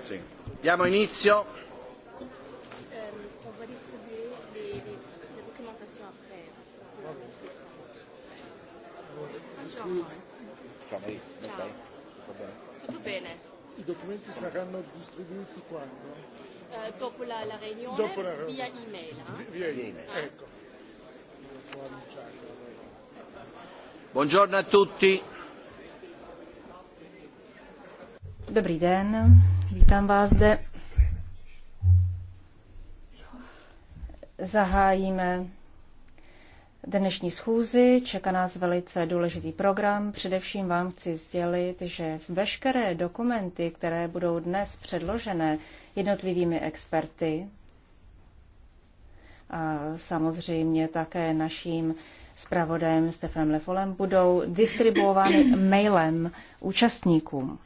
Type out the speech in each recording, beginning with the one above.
Sì. Diamo inizio. Ehm, eh, Ciao Maria, come stai? Tutto bene? Tutto bene. I documenti saranno distribuiti quando? Eh, dopo la, la riunione, dopo la riunione. via email. Eh? Via email, ah. ecco. Buongiorno a tutti. Dobrý den, vítám vás zde. Zahájíme dnešní schůzi. Čeká nás velice důležitý program. Především vám chci sdělit, že veškeré dokumenty, které budou dnes předložené jednotlivými experty, a samozřejmě také naším zpravodajem Stefanem Lefolem budou distribuovány mailem účastníkům.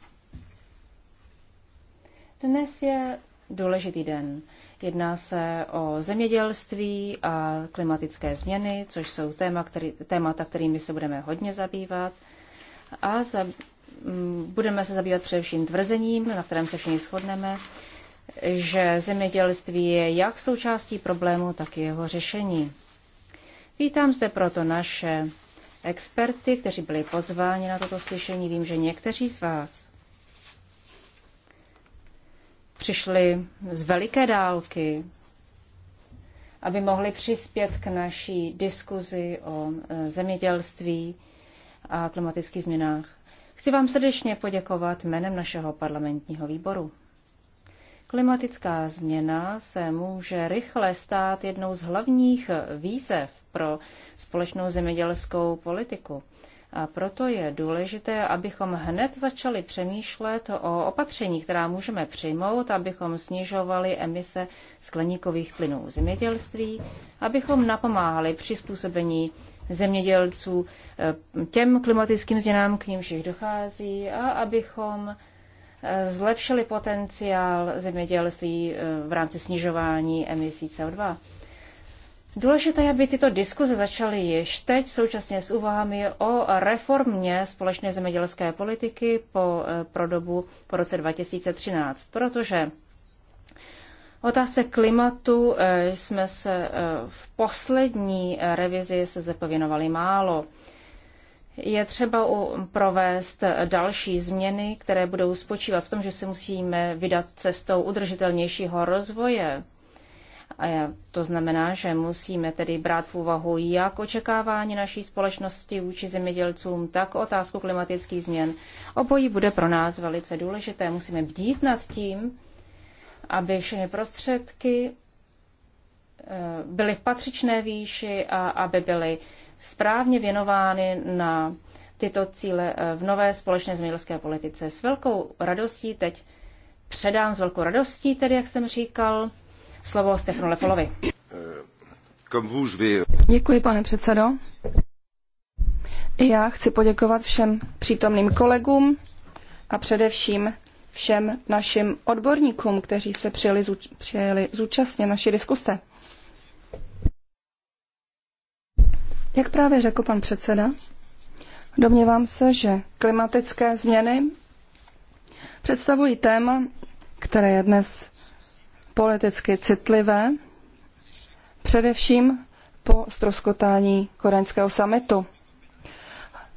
Dnes je důležitý den. Jedná se o zemědělství a klimatické změny, což jsou téma, který, témata, kterými se budeme hodně zabývat. A za, mm, budeme se zabývat především tvrzením, na kterém se všichni shodneme, že zemědělství je jak součástí problému, tak i jeho řešení. Vítám zde proto naše experty, kteří byli pozváni na toto slyšení. Vím, že někteří z vás přišli z veliké dálky, aby mohli přispět k naší diskuzi o e, zemědělství a klimatických změnách. Chci vám srdečně poděkovat jménem našeho parlamentního výboru. Klimatická změna se může rychle stát jednou z hlavních výzev pro společnou zemědělskou politiku. A proto je důležité, abychom hned začali přemýšlet o opatření, která můžeme přijmout, abychom snižovali emise skleníkových plynů v zemědělství, abychom napomáhali přizpůsobení zemědělců eh, těm klimatickým změnám, k nímž jich dochází a abychom eh, zlepšili potenciál zemědělství eh, v rámci snižování emisí CO2. Důležité je, aby tyto diskuze začaly již teď, současně s úvahami o reformě společné zemědělské politiky po, e, pro dobu po roce 2013, protože otázce klimatu e, jsme se e, v poslední revizi se zapověnovali málo. Je třeba provést další změny, které budou spočívat v tom, že se musíme vydat cestou udržitelnějšího rozvoje, a to znamená, že musíme tedy brát v úvahu jak očekávání naší společnosti vůči zemědělcům, tak otázku klimatických změn. Obojí bude pro nás velice důležité. Musíme bdít nad tím, aby všechny prostředky eh, byly v patřičné výši a aby byly správně věnovány na tyto cíle eh, v nové společné zemědělské politice. S velkou radostí teď předám, s velkou radostí tedy, jak jsem říkal, slovo Stefanu Děkuji, pane předsedo. Já chci poděkovat všem přítomným kolegům a především všem našim odborníkům, kteří se přijeli, přijeli zúčastnit naší diskuse. Jak právě řekl pan předseda, domnívám se, že klimatické změny představují téma, které je dnes politicky citlivé, především po stroskotání koreňského samitu.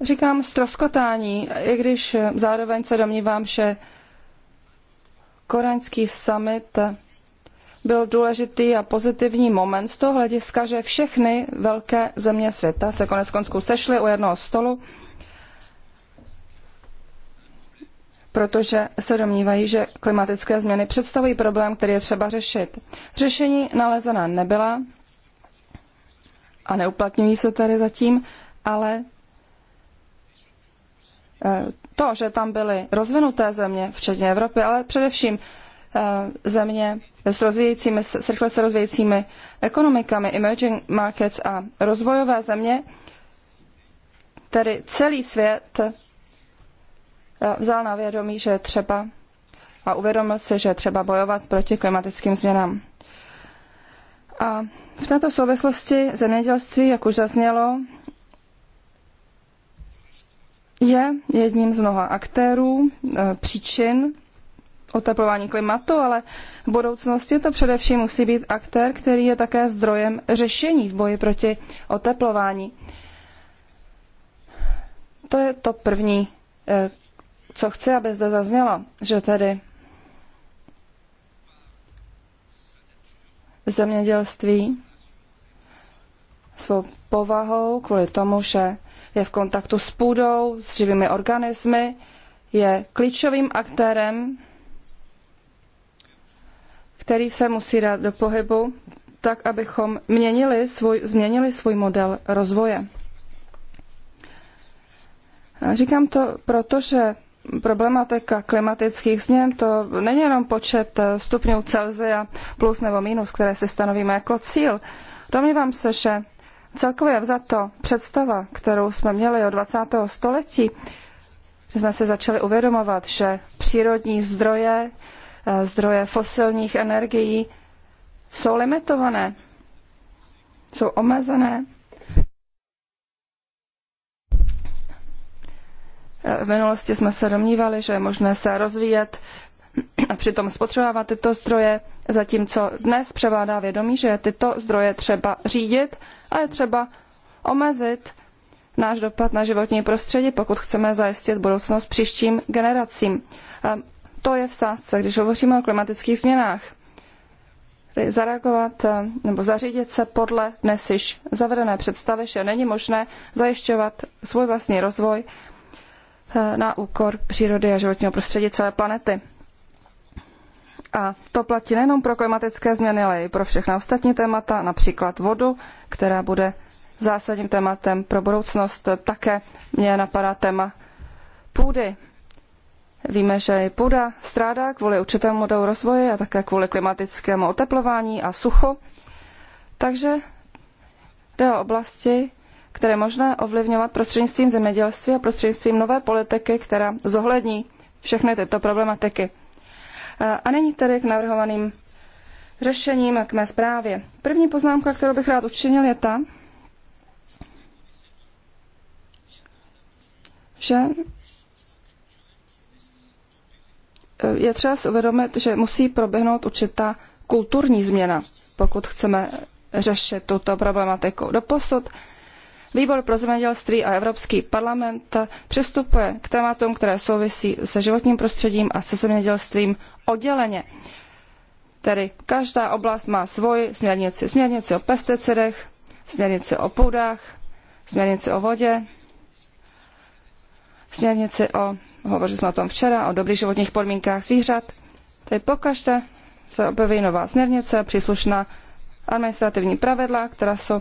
Říkám stroskotání, i když zároveň se domnívám, že koreňský summit byl důležitý a pozitivní moment z toho hlediska, že všechny velké země světa se konec konců sešly u jednoho stolu protože se domnívají, že klimatické změny představují problém, který je třeba řešit. Řešení nalezena nebyla a neuplatňují se tady zatím, ale eh, to, že tam byly rozvinuté země, včetně Evropy, ale především eh, země s, rozvíjícími, s rychle se rozvíjícími ekonomikami, emerging markets a rozvojové země, tedy celý svět Eh, vzal na vědomí, že třeba a uvědomil si, že třeba bojovat proti klimatickým změnám. A v této souvislosti zemědělství, jak už zaznělo, je jedním z mnoha aktérů, eh, příčin oteplování klimatu, ale v budoucnosti to především musí být aktér, který je také zdrojem řešení v boji proti oteplování. To je to první eh, co chci, aby zde zaznělo, že tedy zemědělství svou povahou, kvůli tomu, že je v kontaktu s půdou, s živými organismy, je klíčovým aktérem, který se musí dát do pohybu, tak abychom měnili svůj, změnili svůj model rozvoje. říkám to proto, že problematika klimatických změn to není jenom počet eh, stupňů Celsia plus nebo minus, které si stanovíme jako cíl. Domnívám se, že celkově vzato představa, kterou jsme měli od 20. století, že jsme si začali uvědomovat, že přírodní zdroje, eh, zdroje fosilních energií jsou limitované, jsou omezené V minulosti jsme se domnívali, že je možné se rozvíjet a přitom spotřebovávat tyto zdroje, zatímco dnes převládá vědomí, že je tyto zdroje třeba řídit a je třeba omezit náš dopad na životní prostředí, pokud chceme zajistit budoucnost příštím generacím. To je v sázce, když hovoříme o klimatických změnách. Zareagovat eh, nebo zařídit se podle dnes již zavedené představy, že není možné zajišťovat svůj vlastní rozvoj Eh, na úkor přírody a životního prostředí celé planety. A to platí nejenom pro klimatické změny, ale i pro všechna ostatní témata, například vodu, která bude zásadním tématem pro budoucnost. Také mě napadá téma půdy. Víme, že i půda strádá kvůli určitému modelu rozvoje a také kvůli klimatickému oteplování a suchu. Takže jde o oblasti, které je možné ovlivňovat prostřednictvím zemědělství a prostřednictvím nové politiky, která zohlední všechny tyto problematiky. Eh, a nyní tedy k navrhovaným řešením k mé zprávě. První poznámka, kterou bych rád učinil, je ta, že eh, je třeba si uvědomit, že musí proběhnout určitá kulturní změna, pokud chceme řešit tuto problematiku. Doposud Výbor pro zemědělství a Evropský parlament přistupuje k tématům, které souvisí se životním prostředím a se zemědělstvím odděleně. Tedy každá oblast má svoji směrnici. Směrnici o pesticidech, směrnici o půdách, směrnici o vodě, směrnici o, hovořili jsme o tom včera, o dobrých životních podmínkách zvířat. Tedy pokažte se objeví nová směrnice, příslušná administrativní pravidla, která jsou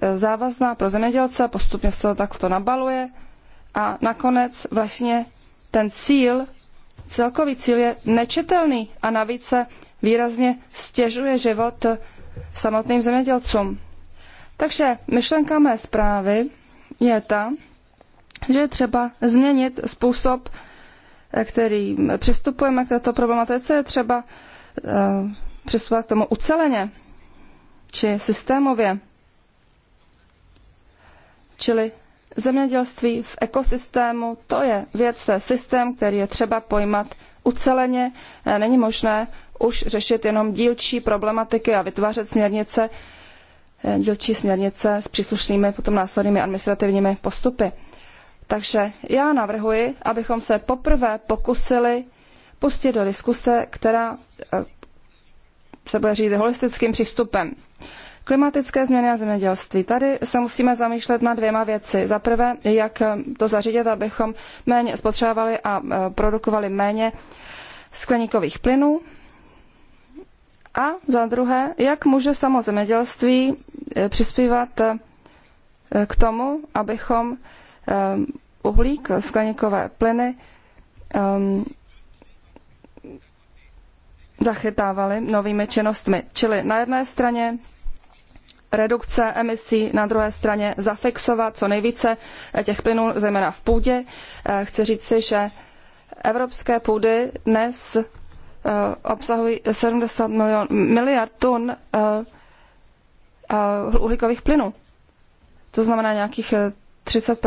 Eh, závazná pro zemědělce, postupně se to takto nabaluje a nakonec vlastně ten cíl, celkový cíl je nečitelný a navíc se výrazně stěžuje život samotným zemědělcům. Takže myšlenka mé zprávy je ta, že je třeba změnit způsob, eh, který přistupujeme k této problematice, je třeba eh, přistupovat k tomu uceleně či systémově. Čili zemědělství v ekosystému, to je věc, to je systém, který je třeba pojmat uceleně. Eh, není možné už řešit jenom dílčí problematiky a vytvářet směrnice, eh, dílčí směrnice s příslušnými potom následnými administrativními postupy. Takže já navrhuji, abychom se poprvé pokusili pustit do diskuse, která eh, se bude řídit holistickým přístupem. Klimatické změny a zemědělství. Tady se musíme zamýšlet na dvěma věci. Za prvé, jak eh, to zařídit, abychom méně spotřebovali a eh, produkovali méně skleníkových plynů. A za druhé, jak může samo zemědělství eh, přispívat k tomu, abychom uhlík, skleníkové plyny ehm, zachytávali novými činnostmi. Čili na jedné straně redukce emisí, na druhé straně zafixovat co nejvíce těch plynů, zejména v půdě. Eh, chci říci, že evropské půdy dnes eh, obsahují 70 milion, miliard tun eh, uhlíkových plynů. To znamená nějakých 30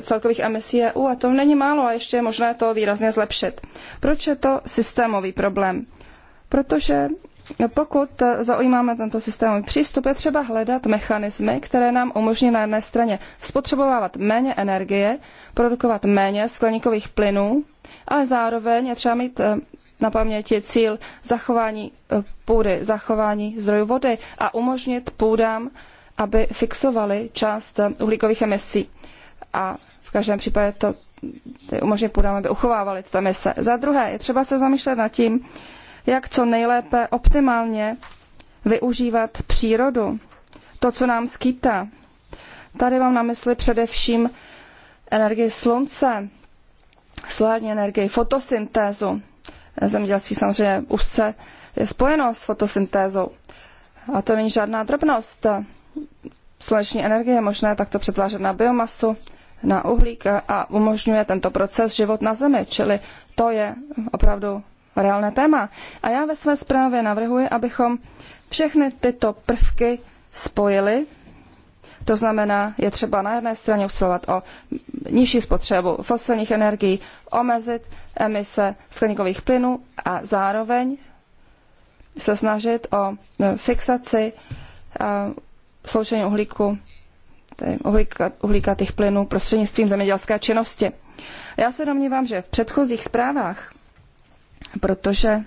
celkových emisí EU a to není málo a ještě je možné to výrazně zlepšit. Proč je to systémový problém? Protože No, pokud eh, zaujímáme tento systémový přístup, je třeba hledat mechanismy, které nám umožní na jedné straně spotřebovávat méně energie, produkovat méně skleníkových plynů, ale zároveň je třeba mít eh, na paměti cíl zachování eh, půdy, zachování zdrojů vody a umožnit půdám, aby fixovaly část uhlíkových emisí. A v každém případě to umožnit půdám, aby uchovávaly tyto emise. Za druhé, je třeba se zamýšlet nad tím, jak co nejlépe optimálně využívat přírodu, to, co nám skýtá. Tady mám na mysli především energii slunce, solární energii, fotosyntézu. Zemědělství samozřejmě úzce je spojeno s fotosyntézou. A to není žádná drobnost. Sluneční energie je možné takto přetvářet na biomasu, na uhlík a umožňuje tento proces život na Zemi, čili to je opravdu reálné téma. A já ve své zprávě navrhuji, abychom všechny tyto prvky spojili. To znamená, je třeba na jedné straně usilovat o nižší spotřebu fosilních energií, omezit emise skleníkových plynů a zároveň se snažit o e, fixaci e, sloučení uhlíku, uhlíka, uhlíkatých plynů prostřednictvím zemědělské činnosti. Já se domnívám, že v předchozích zprávách protože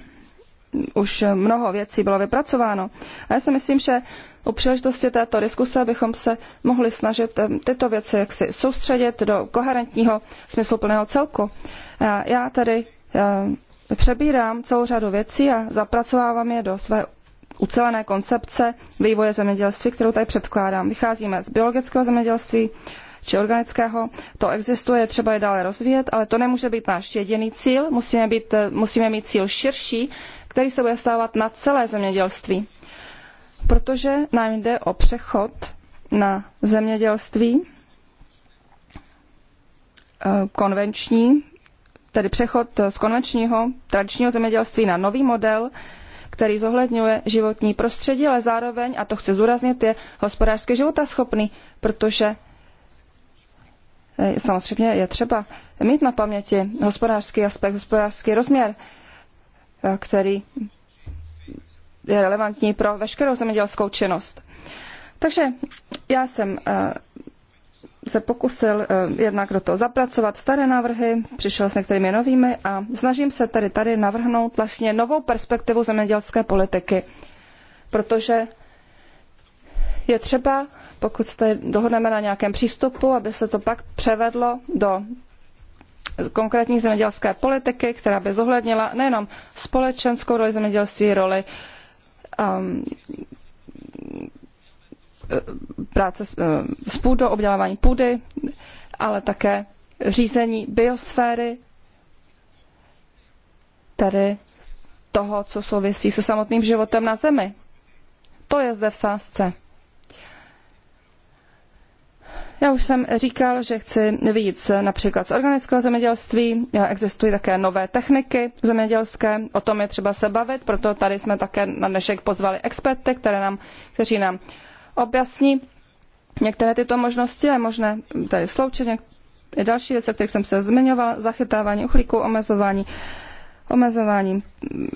už mnoho věcí bylo vypracováno. A já si myslím, že u příležitosti této diskuse bychom se mohli snažit eh, tyto věci jaksi soustředit do koherentního smysluplného celku. A já tady eh, přebírám celou řadu věcí a zapracovávám je do své ucelené koncepce vývoje zemědělství, kterou tady předkládám. Vycházíme z biologického zemědělství, či organického. To existuje, třeba je dále rozvíjet, ale to nemůže být náš jediný cíl. Musíme, být, eh, musíme mít cíl širší, který se bude stávat na celé zemědělství. Protože nám jde o přechod na zemědělství eh, konvenční, tedy přechod z konvenčního tradičního zemědělství na nový model, který zohledňuje životní prostředí, ale zároveň, a to chci zdůraznit, je hospodářsky životaschopný, protože Eh, samozřejmě je třeba mít na paměti hospodářský aspekt, hospodářský rozměr, eh, který je relevantní pro veškerou zemědělskou činnost. Takže já jsem eh, se pokusil jednak do toho zapracovat staré návrhy, přišel s některými novými a snažím se tady tady navrhnout vlastně novou perspektivu zemědělské politiky, protože je třeba, pokud se dohodneme na nějakém přístupu, aby se to pak převedlo do konkrétní zemědělské politiky, která by zohlednila nejenom společenskou roli zemědělství, roli um, práce s, eh, s půdou, obdělávání půdy, ale také řízení biosféry, tedy toho, co souvisí se samotným životem na Zemi. To je zde v sázce. Já už jsem říkal, že chci vyjít například z organického zemědělství. Existují také nové techniky zemědělské, o tom je třeba se bavit, proto tady jsme také na dnešek pozvali experty, které nám, kteří nám objasní některé tyto možnosti je možné tady sloučit. I další věci, o kterých jsem se zmiňoval, zachytávání uhlíku, omezování, omezování mm,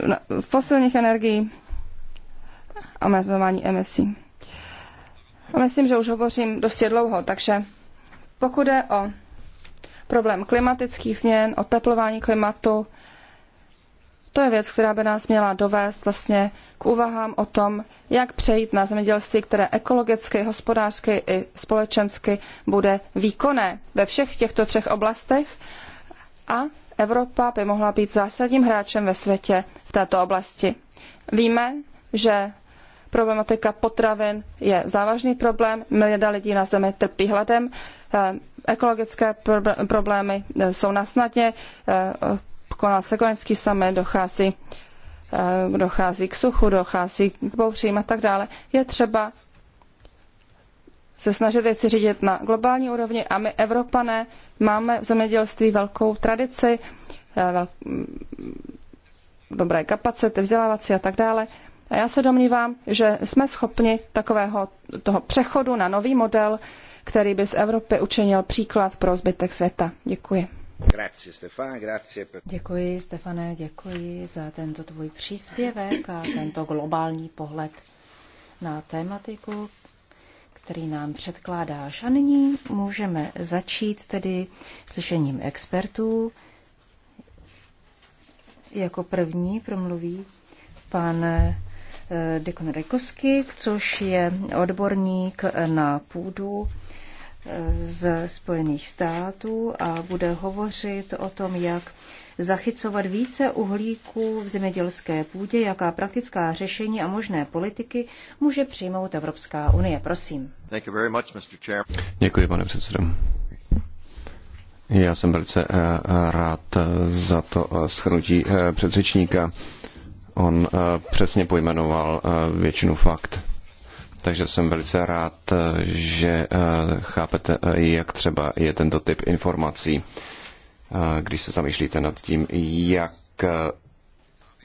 fosilních energií, omezování emisí. Myslím, že už hovořím dosti dlouho, takže pokud je o problém klimatických změn, oteplování klimatu, to je věc, která by nás měla dovést vlastně k úvahám o tom, jak přejít na zemědělství, které ekologicky, hospodářsky i společensky bude výkonné ve všech těchto třech oblastech a Evropa by mohla být zásadním hráčem ve světě v této oblasti. Víme, že Problematika potravin je závažný problém, miliarda lidí na zemi trpí hladem, eh, ekologické problémy eh, jsou na snadě, eh, konal se konecký samé dochází, dochází k suchu, dochází k bouřím a tak dále. Je třeba se snažit věci řídit na globální úrovni a my Evropané máme v zemědělství velkou tradici, dobré kapacity, vzdělávací a tak dále. A já se domnívám, že jsme schopni takového toho přechodu na nový model, který by z Evropy učinil příklad pro zbytek světa. Děkuji. Grazie, Stefan, grazie Děkuji, Stefane, děkuji za tento tvůj příspěvek a tento globální pohled na tématiku, který nám předkládáš. A nyní můžeme začít tedy slyšením expertů. Jako první promluví pan Eh, Dekon Rekosky, což je odborník na půdu eh, z Spojených států a bude hovořit o tom, jak zachycovat více uhlíku v zemědělské půdě, jaká praktická řešení a možné politiky může přijmout Evropská unie. Prosím. Děkuji, pane předsedo. Já jsem velice eh, rád za to shrnutí předřečníka. On eh, přesně pojmenoval eh, většinu fakt. Takže jsem velice rád, eh, že chápete, jak třeba je tento typ informací, když se zamýšlíte nad tím, jak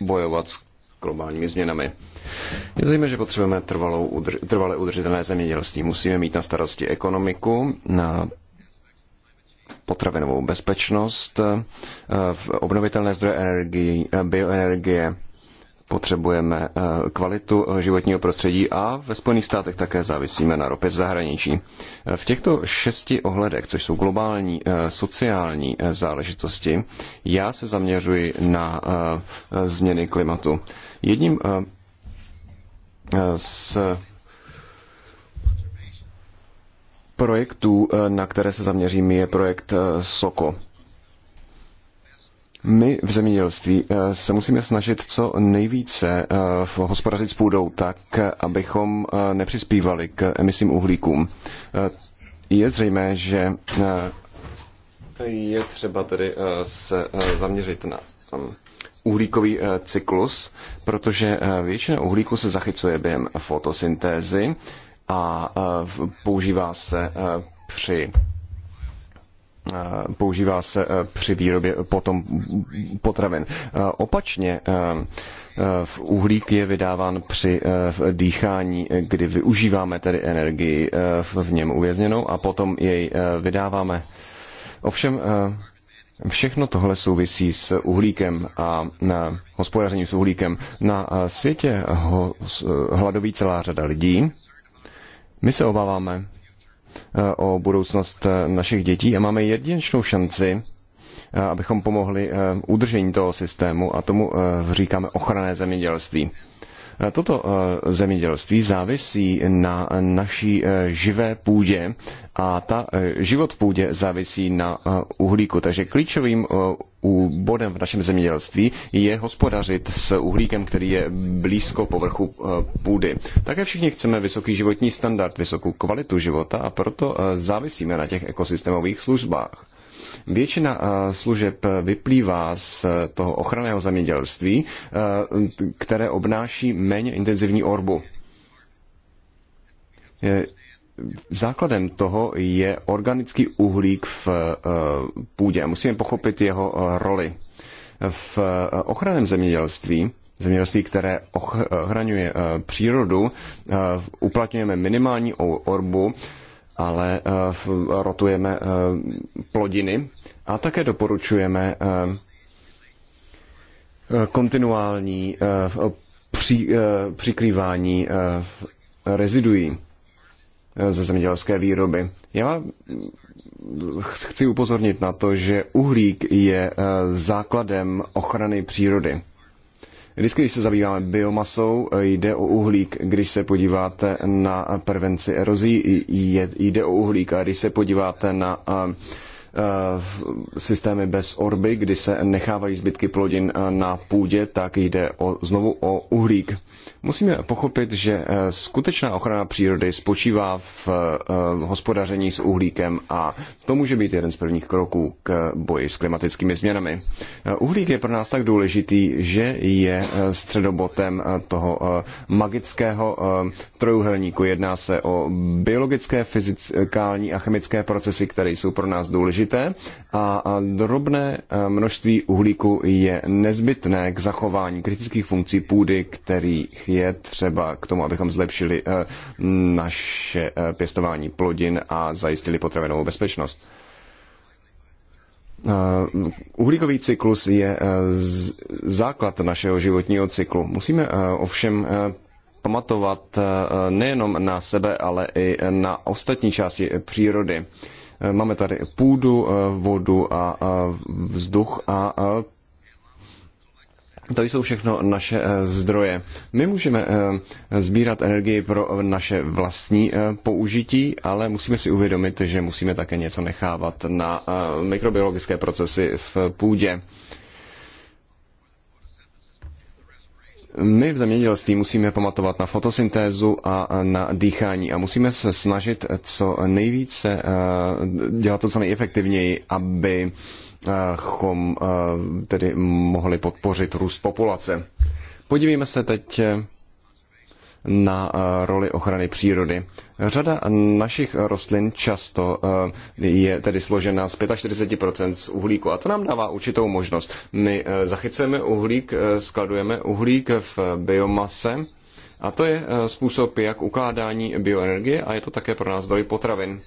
bojovat s globálními změnami. Je zajímavé, že potřebujeme trvalou, trvalé udržitelné zemědělství. Musíme mít na starosti ekonomiku, na potravinovou bezpečnost, obnovitelné zdroje energie, bioenergie, potřebujeme eh, kvalitu eh, životního prostředí a ve Spojených státech také závisíme na ropě z zahraničí. Eh, v těchto šesti ohledech, což jsou globální sociální záležitosti, já se zaměřuji na změny klimatu. Jedním z projektů, na které se zaměřím, je projekt SOKO. My v zemědělství eh, se musíme snažit co nejvíce eh, v hospodařit s půdou tak, abychom eh, nepřispívali k emisím uhlíkům. Je zřejmé, že je třeba tedy se zaměřit na mm, uhlíkový cyklus, protože většina uhlíku se zachycuje během fotosyntézy a používá se při Eh, používá se eh, při výrobě potom potravin. Eh, opačně v uhlík je vydáván při dýchání, kdy využíváme tedy energii v něm uvězněnou a potom jej vydáváme. Ovšem Všechno tohle souvisí s uhlíkem a na hospodařením s uhlíkem. Na světě ho hladoví celá řada lidí. My se obáváme, Eh, o budoucnost eh, našich dětí a máme jedinečnou šanci, eh, abychom pomohli udržení toho systému a tomu říkáme ochranné zemědělství. Toto eh, zemědělství závisí na naší eh, živé půdě a ta eh, život v půdě závisí na uhlíku. Takže klíčovým bodem v našem zemědělství je hospodařit s uhlíkem, který je blízko povrchu půdy. Také všichni chceme vysoký životní standard, vysokou kvalitu života a proto závisíme na těch ekosystémových službách. Většina eh, služeb vyplývá z toho ochranného zemědělství, eh, které obnáší méně intenzivní orbu. Eh, základem toho je organický uhlík v půdě. Musíme pochopit jeho roli. V ochranném zemědělství zemědělství, které ochraňuje přírodu, uplatňujeme minimální orbu ale eh, rotujeme eh, plodiny a také doporučujeme eh, kontinuální při, přikrývání reziduí ze zemědělské výroby. Já chci upozornit na to, že uhlík je základem ochrany přírody. Vždycky, když se zabýváme biomasou, eh, jde o uhlík. Když se podíváte na prevenci erozí, jde o uhlík. A když se podíváte na eh, eh, systémy bez orby, kdy se nechávají zbytky plodin na půdě, tak jde o, znovu o uhlík. Musíme pochopit, že eh, skutečná ochrana přírody spočívá v eh, hospodaření s uhlíkem a to může být jeden z prvních kroků k boji s klimatickými změnami. Eh, uhlík je pro nás tak důležitý, že je středobotem toho magického trojuhelníku. Jedná se o biologické, fyzikální a chemické procesy, které jsou pro nás důležité a drobné množství uhlíku je nezbytné k zachování kritických funkcí půdy, který je třeba k tomu, abychom zlepšili eh, naše eh, pěstování plodin a zajistili potravinovou bezpečnost. Eh, uhlíkový cyklus je základ našeho životního cyklu. Musíme ovšem pamatovat nejenom na sebe, ale i na ostatní části přírody. Máme tady půdu, vodu a vzduch a to jsou všechno naše eh, zdroje. My můžeme eh, sbírat energii pro naše vlastní eh, použití, ale musíme si uvědomit, že musíme také něco nechávat na mikrobiologické procesy v půdě. My v zemědělství musíme pamatovat na fotosyntézu a na dýchání a musíme se snažit co nejvíce dělat to co nejefektivněji, aby bychom tedy mohli podpořit růst populace. Podívejme se teď eh, na eh, roli ochrany přírody. Řada našich rostlin často eh, je tedy složena z 45% z uhlíku a to nám dává určitou možnost. My zachycujeme uhlík, skladujeme uhlík v biomase a to je způsob jak ukládání bioenergie a je to také pro nás zdroj potravin.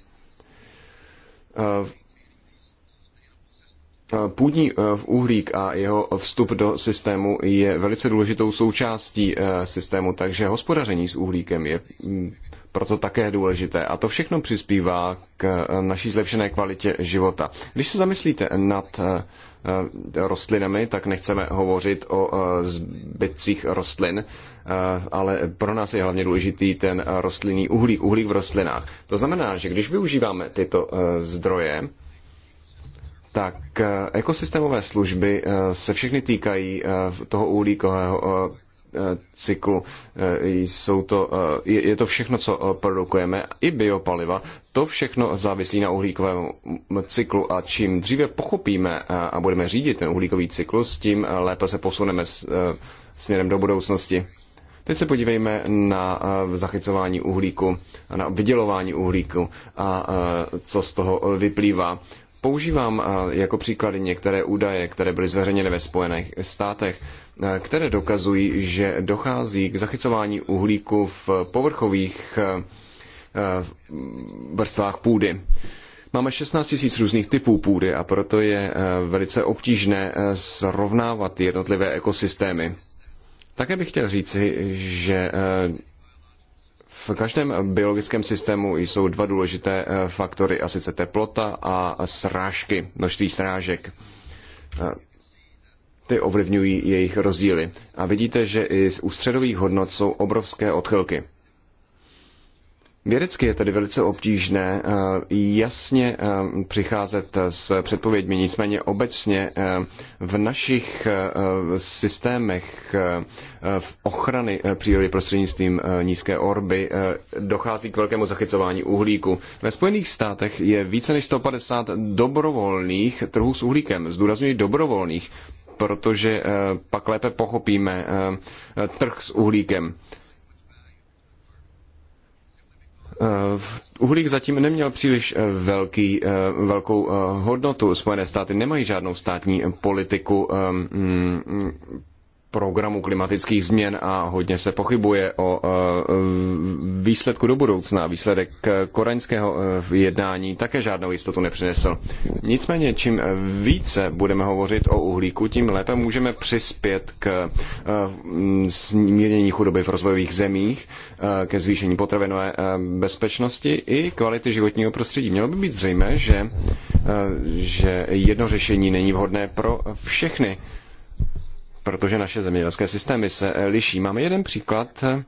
Půdní eh, uhlík a jeho vstup do systému je velice důležitou součástí eh, systému, takže hospodaření s uhlíkem je mm, proto také důležité. A to všechno přispívá k eh, naší zlepšené kvalitě života. Když se zamyslíte nad rostlinami, tak nechceme hovořit o zbytcích rostlin, ale pro nás je hlavně důležitý ten rostlinný uhlík, uhlík v rostlinách. To znamená, že když využíváme tyto zdroje, tak eh, ekosystémové služby eh, se všechny týkají eh, toho uhlíkového cyklu. Jsou to, je to všechno, co produkujeme, i biopaliva. To všechno závisí na uhlíkovém cyklu a čím dříve pochopíme a budeme řídit ten uhlíkový cyklus, tím lépe se posuneme směrem do budoucnosti. Teď se podívejme na zachycování uhlíku, na vydělování uhlíku a co z toho vyplývá. Používám eh, jako příklady některé údaje, které byly zveřejněny ve Spojených státech, eh, které dokazují, že dochází k zachycování uhlíku v povrchových eh, vrstvách půdy. Máme 16 000 různých typů půdy a proto je velice obtížné srovnávat jednotlivé ekosystémy. Také bych chtěl říci, že v každém biologickém systému jsou dva důležité eh, faktory, a sice teplota a srážky, množství srážek. Eh, ty ovlivňují jejich rozdíly. A vidíte, že i u středových hodnot jsou obrovské odchylky. Vědecky je tedy velice obtížné eh, jasně eh, přicházet s předpověďmi, nicméně obecně eh, v našich systémech v ochrany přírody prostřednictvím nízké orby dochází k velkému zachycování uhlíku. Ve Spojených státech je více než 150 dobrovolných trhů s uhlíkem, zdůrazňuji dobrovolných, protože pak lépe pochopíme trh s uhlíkem. Uhlík zatím neměl příliš eh, velký, eh, velkou eh, hodnotu. Spojené státy nemají žádnou státní politiku mm, programu klimatických změn a hodně se pochybuje o e, výsledku do budoucna. Výsledek koreňského e, jednání také žádnou jistotu nepřinesl. Nicméně, čím více budeme hovořit o uhlíku, tím lépe můžeme přispět k e, zmírnění chudoby v rozvojových zemích, ke zvýšení potravinové bezpečnosti i kvality životního prostředí. Mělo by být zřejmé, že, že jedno řešení není vhodné pro všechny protože naše zemědělské systémy se eh, liší. Máme jeden příklad eh,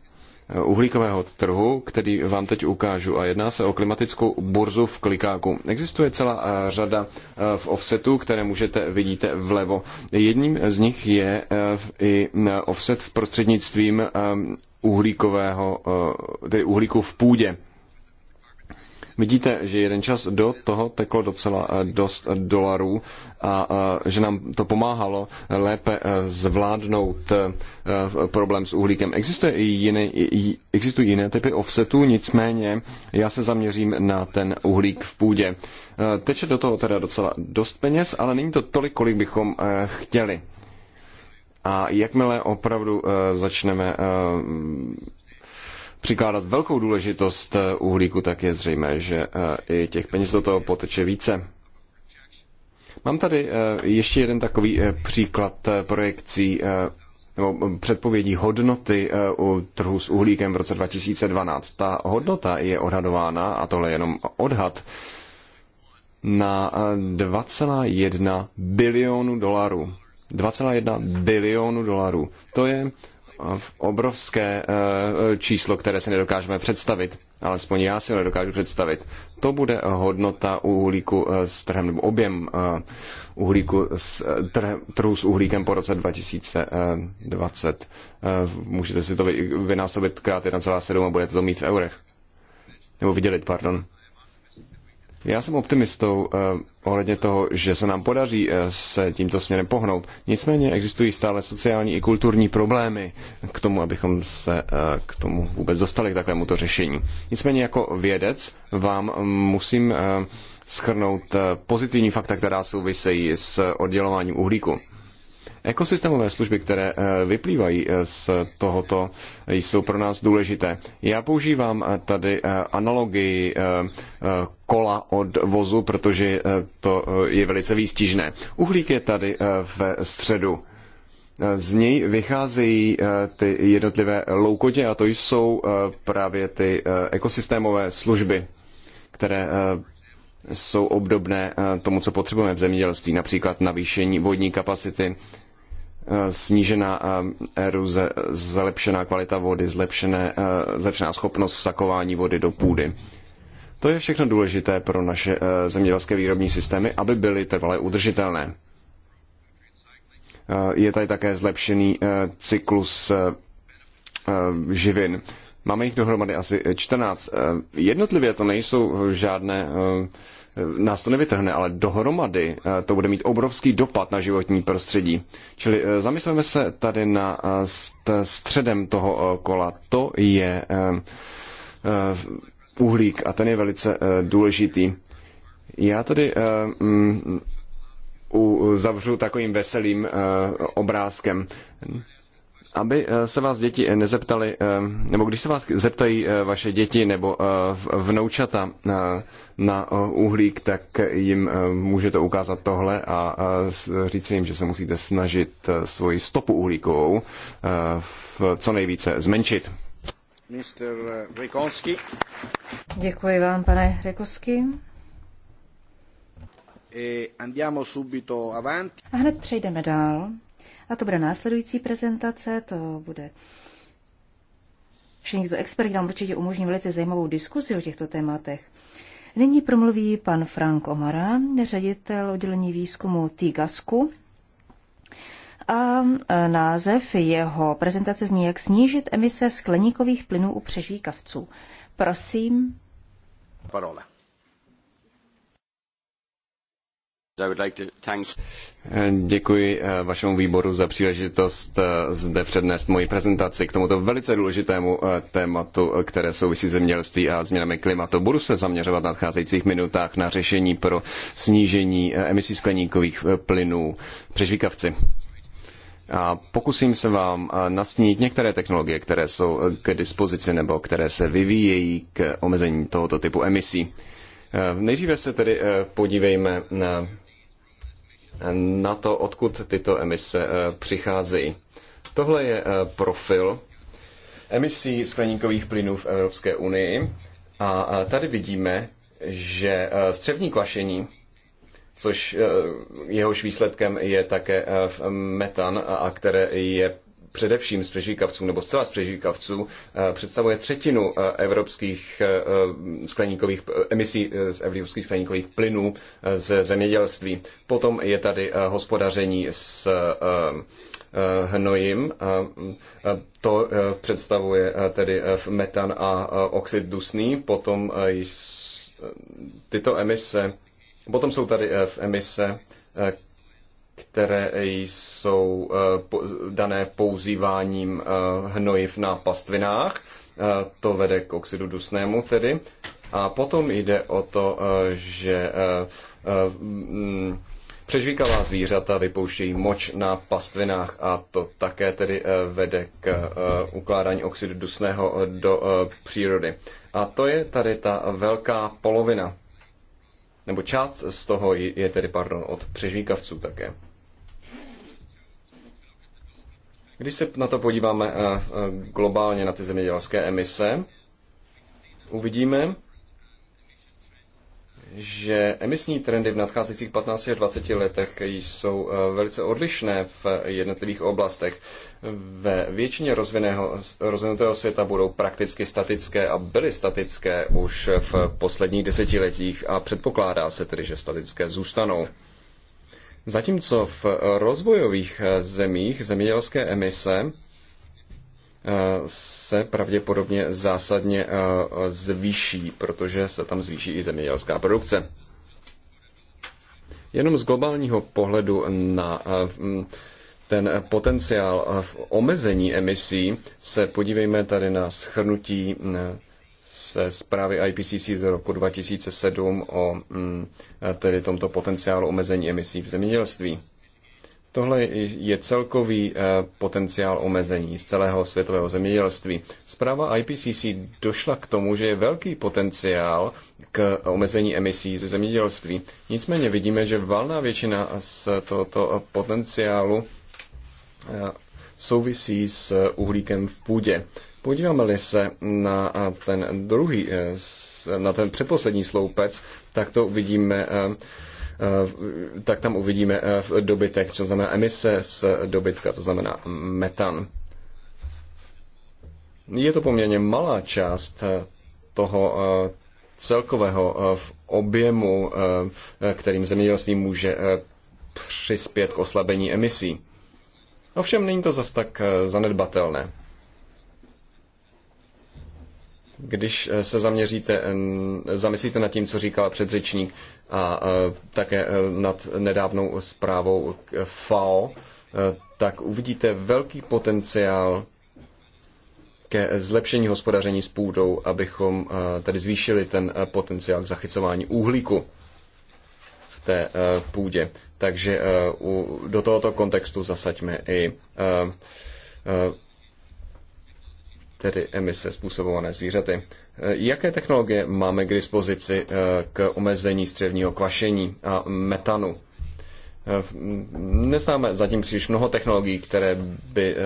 uhlíkového trhu, který vám teď ukážu a jedná se o klimatickou burzu v klikáku. Existuje celá eh, řada v offsetu, které můžete vidíte vlevo. Jedním z nich je i offset v prostřednictvím uhlíkového, tedy uhlíku v půdě. Vidíte, že jeden čas do toho teklo docela eh, dost dolarů a eh, že nám to pomáhalo lépe eh, zvládnout problém s uhlíkem. Existuje i jiné, existují jiné typy offsetů, nicméně já se zaměřím na ten uhlík v půdě. Teče do toho teda docela dost peněz, ale není to tolik, kolik bychom chtěli. A jakmile opravdu začneme přikládat velkou důležitost eh, uhlíku, tak je zřejmé, že eh, i těch peněz do toho poteče více. Mám tady eh, ještě jeden takový příklad projekcí nebo předpovědí hodnoty u trhu s uhlíkem v roce 2012. Ta hodnota je odhadována, a tohle je jenom odhad, na 2,1 bilionu dolarů. 2,1 bilionu dolarů. To je obrovské eh, číslo, které si nedokážeme představit, alespoň já si ho nedokážu představit. To bude hodnota uhlíku eh, s trhem, nebo objem eh, uhlíku s trhem, trhu s uhlíkem po roce 2020. Můžete si to vynásobit krát 1,7 a budete to mít v eurech. Nebo vydělit, pardon. Já jsem optimistou eh, ohledně toho, že se nám podaří eh, se tímto směrem pohnout. Nicméně existují stále sociální i kulturní problémy k tomu, abychom se eh, k tomu vůbec dostali, k takovému to řešení. Nicméně jako vědec vám musím schrnout pozitivní fakta, která souvisejí s oddělováním uhlíku. Ekosystémové služby, které eh, vyplývají eh, z tohoto, eh, jsou pro nás důležité. Já používám tady analogii kola od vozu, protože to je velice výstižné. Uhlík je tady ve středu. Z něj vycházejí ty jednotlivé loukotě a to jsou právě ty ekosystémové služby, které jsou obdobné tomu, co potřebujeme v zemědělství, například navýšení vodní kapacity, Eh, snížená eh, eruze, zlepšená kvalita vody, zlepšené, eh, zlepšená schopnost vsakování vody do půdy. To je všechno důležité pro naše zemědělské výrobní systémy, aby byly trvale udržitelné. Je tady také zlepšený cyklus živin. Máme jich dohromady asi 14. Jednotlivě to nejsou žádné nás to nevytrhne, ale dohromady eh, to bude mít obrovský dopad na životní prostředí. Čili eh, zamysleme se tady na eh, středem toho kola. To je uhlík a ten je velice důležitý. Já tady mm, uzavřu takovým veselým obrázkem aby eh, se vás děti eh, nezeptali, eh, nebo když se vás zeptají vaše děti nebo vnoučata na uhlík, tak jim můžete ukázat tohle a říct jim, že se musíte snažit svoji stopu uhlíkovou co nejvíce zmenšit. Děkuji vám, pane Rekovský. E a hned přejdeme dál. A to bude následující prezentace, to bude všichni to experti nám určitě umožní velice zajímavou diskuzi o těchto tématech. Nyní promluví pan Frank Omara, ředitel oddělení výzkumu TIGASku. A e, název jeho prezentace zní, jak snížit emise skleníkových plynů u přežíkavců. Prosím. Parole. Děkuji eh, vašemu výboru za příležitost eh, zde přednést moji prezentaci k tomuto velice důležitému eh, tématu, které souvisí zemědělství a změnami klimatu. Budu se zaměřovat v nadcházejících minutách na řešení pro snížení emisí skleníkových plynů přežvíkavci. A pokusím se vám nastínit některé technologie, které jsou k dispozici nebo které se vyvíjejí k omezení tohoto typu emisí. Nejdříve se tedy podívejme na na to, odkud tyto emise eh, přicházejí. Tohle je eh, profil emisí skleníkových plynů v Evropské unii a eh, tady vidíme, že střevní kvašení, což jehož výsledkem je také metan, a které je především z přežvíkavců nebo zcela z přežvíkavců eh, představuje třetinu eh, evropských eh, skleníkových emisí z evropských skleníkových plynů ze zemědělství. Potom je tady hospodaření s hnojím. To představuje tedy metan a oxid dusný. Potom tyto emise, potom jsou tady v emise které jsou eh, dané používáním eh, hnojiv na pastvinách. Eh, to vede k oxidu dusnému tedy. A potom jde o to, že mm, přežvíkavá zvířata vypouštějí moč na pastvinách a to také tedy vede k ukládání oxidu dusného do přírody. A to je tady ta velká polovina nebo část z toho je tedy, pardon, od přežvíkavců také. Když se na to podíváme eh, eh, globálně na ty zemědělské emise, uvidíme, že emisní trendy v nadcházejících 15 až 20 letech jsou eh, velice odlišné v jednotlivých oblastech. Ve většině rozvinutého světa budou prakticky statické a byly statické už v posledních desetiletích a předpokládá se tedy, že statické zůstanou. Zatímco v rozvojových eh, zemích zemědělské emise se pravděpodobně zásadně eh, zvýší, protože se tam zvýší i zemědělská produkce. Jenom z globálního pohledu na eh, ten potenciál eh, v omezení emisí se podívejme tady na schrnutí se zprávy IPCC z roku 2007 o mm, tedy tomto potenciálu omezení emisí v zemědělství. Tohle je celkový eh, potenciál omezení z celého světového zemědělství. Zpráva IPCC došla k tomu, že je velký potenciál k omezení emisí ze zemědělství. Nicméně vidíme, že valná většina z tohoto potenciálu eh, souvisí s eh, uhlíkem v půdě. Podíváme-li se na ten druhý, na ten předposlední sloupec, tak to vidíme Eh, tak tam uvidíme eh, v dobytek, co znamená emise z dobytka, to znamená metan. Je to poměrně malá část eh, toho celkového v objemu, kterým zemědělství může přispět k oslabení emisí. Ovšem není to zas tak zanedbatelné. Když eh, se zaměříte, eh, zamyslíte nad tím, co říkal předřečník a eh, také nad nedávnou zprávou FAO, tak uvidíte velký potenciál ke zlepšení hospodaření s půdou, abychom tady zvýšili ten potenciál k zachycování uhlíku v té půdě. Takže do tohoto kontextu zasaďme i tedy emise způsobované zvířaty. E, jaké technologie máme k dispozici e, k omezení střevního kvašení a metanu? E, neznáme zatím příliš mnoho technologií, které by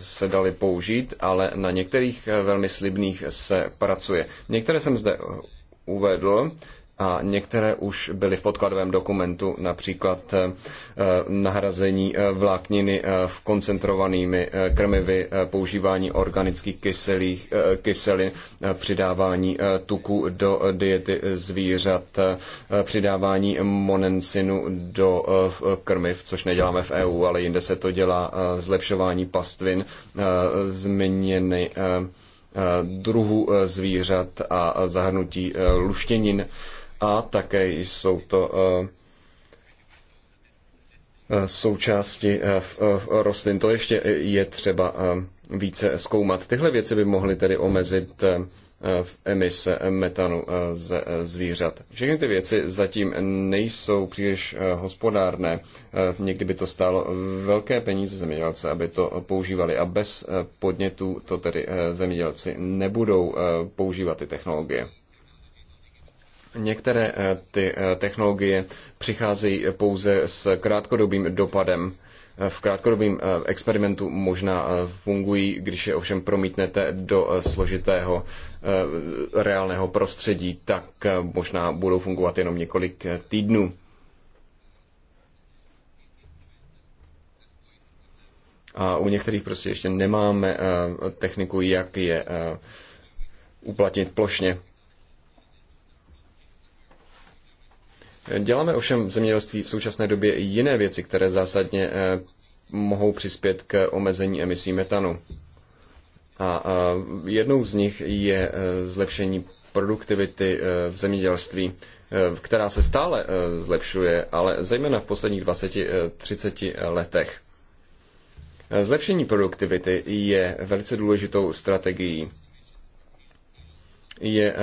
se daly použít, ale na některých velmi slibných se pracuje. Některé jsem zde uvedl, a některé už byly v podkladovém dokumentu, například eh, nahrazení eh, vlákniny eh, v koncentrovanými krmivy, používání organických kyselých, kyselin, přidávání tuku do diety zvířat, přidávání monensinu do krmiv, což neděláme v EU, ale jinde se to dělá, zlepšování pastvin, změněny druhu zvířat a zahrnutí luštěnin a také jsou to eh, eh, součásti eh, rostlin. To ještě je třeba více zkoumat. Tyhle věci by mohly tedy omezit v emise metanu ze zvířat. Všechny ty věci zatím nejsou příliš hospodárné. Někdy by to stálo velké peníze zemědělce, aby to používali a bez podnětů to tedy zemědělci nebudou používat ty technologie. Některé eh, ty eh, technologie přicházejí pouze s krátkodobým dopadem. Eh, v krátkodobém experimentu možná fungují, když je ovšem promítnete do složitého reálného prostředí, tak možná budou fungovat jenom několik týdnů. A u některých prostě ještě nemáme techniku, jak je uplatnit plošně. Děláme ovšem v zemědělství v současné době jiné věci, které zásadně eh, mohou přispět k omezení emisí metanu. A eh, jednou z nich je eh, zlepšení produktivity v zemědělství, která se stále zlepšuje, ale zejména v posledních 20-30 letech. Zlepšení produktivity je velice důležitou strategií je eh,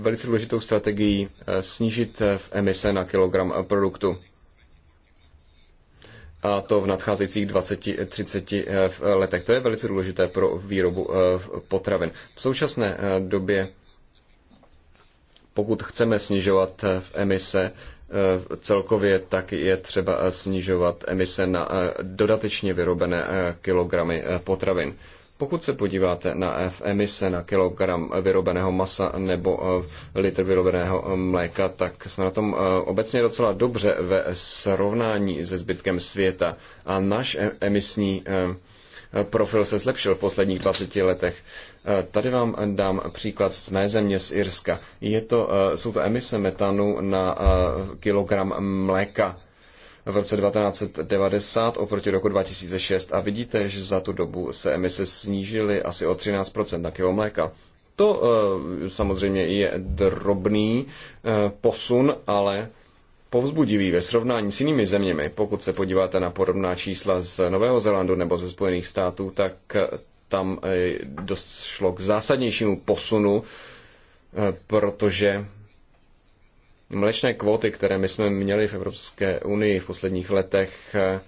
velice důležitou strategií eh, snížit eh, v emise na kilogram produktu. A to v nadcházejících 20-30 letech. To je velice důležité pro výrobu potravin. V současné době, pokud chceme snižovat emise celkově, tak je třeba snižovat emise na dodatečně vyrobené kilogramy potravin. Pokud se podíváte na emise na kilogram vyrobeného masa nebo eh, litr vyrobeného eh, mléka, tak jsme na tom eh, obecně docela dobře ve srovnání se zbytkem světa. A náš e- emisní profil se zlepšil v posledních 20 letech. Tady vám dám příklad z mé země, z Irska. Je to, jsou to emise metanu na kilogram mléka v roce 1990 oproti roku 2006 a vidíte, že za tu dobu se emise snížily asi o 13% na kilo mléka. To eh, samozřejmě je drobný eh, posun, ale povzbudivý ve srovnání s jinými zeměmi. Pokud se podíváte na podobná čísla z Nového Zélandu nebo ze Spojených států, tak eh, tam došlo k zásadnějšímu posunu, protože mlečné kvóty, které my jsme měli v Evropské unii v posledních letech, eh,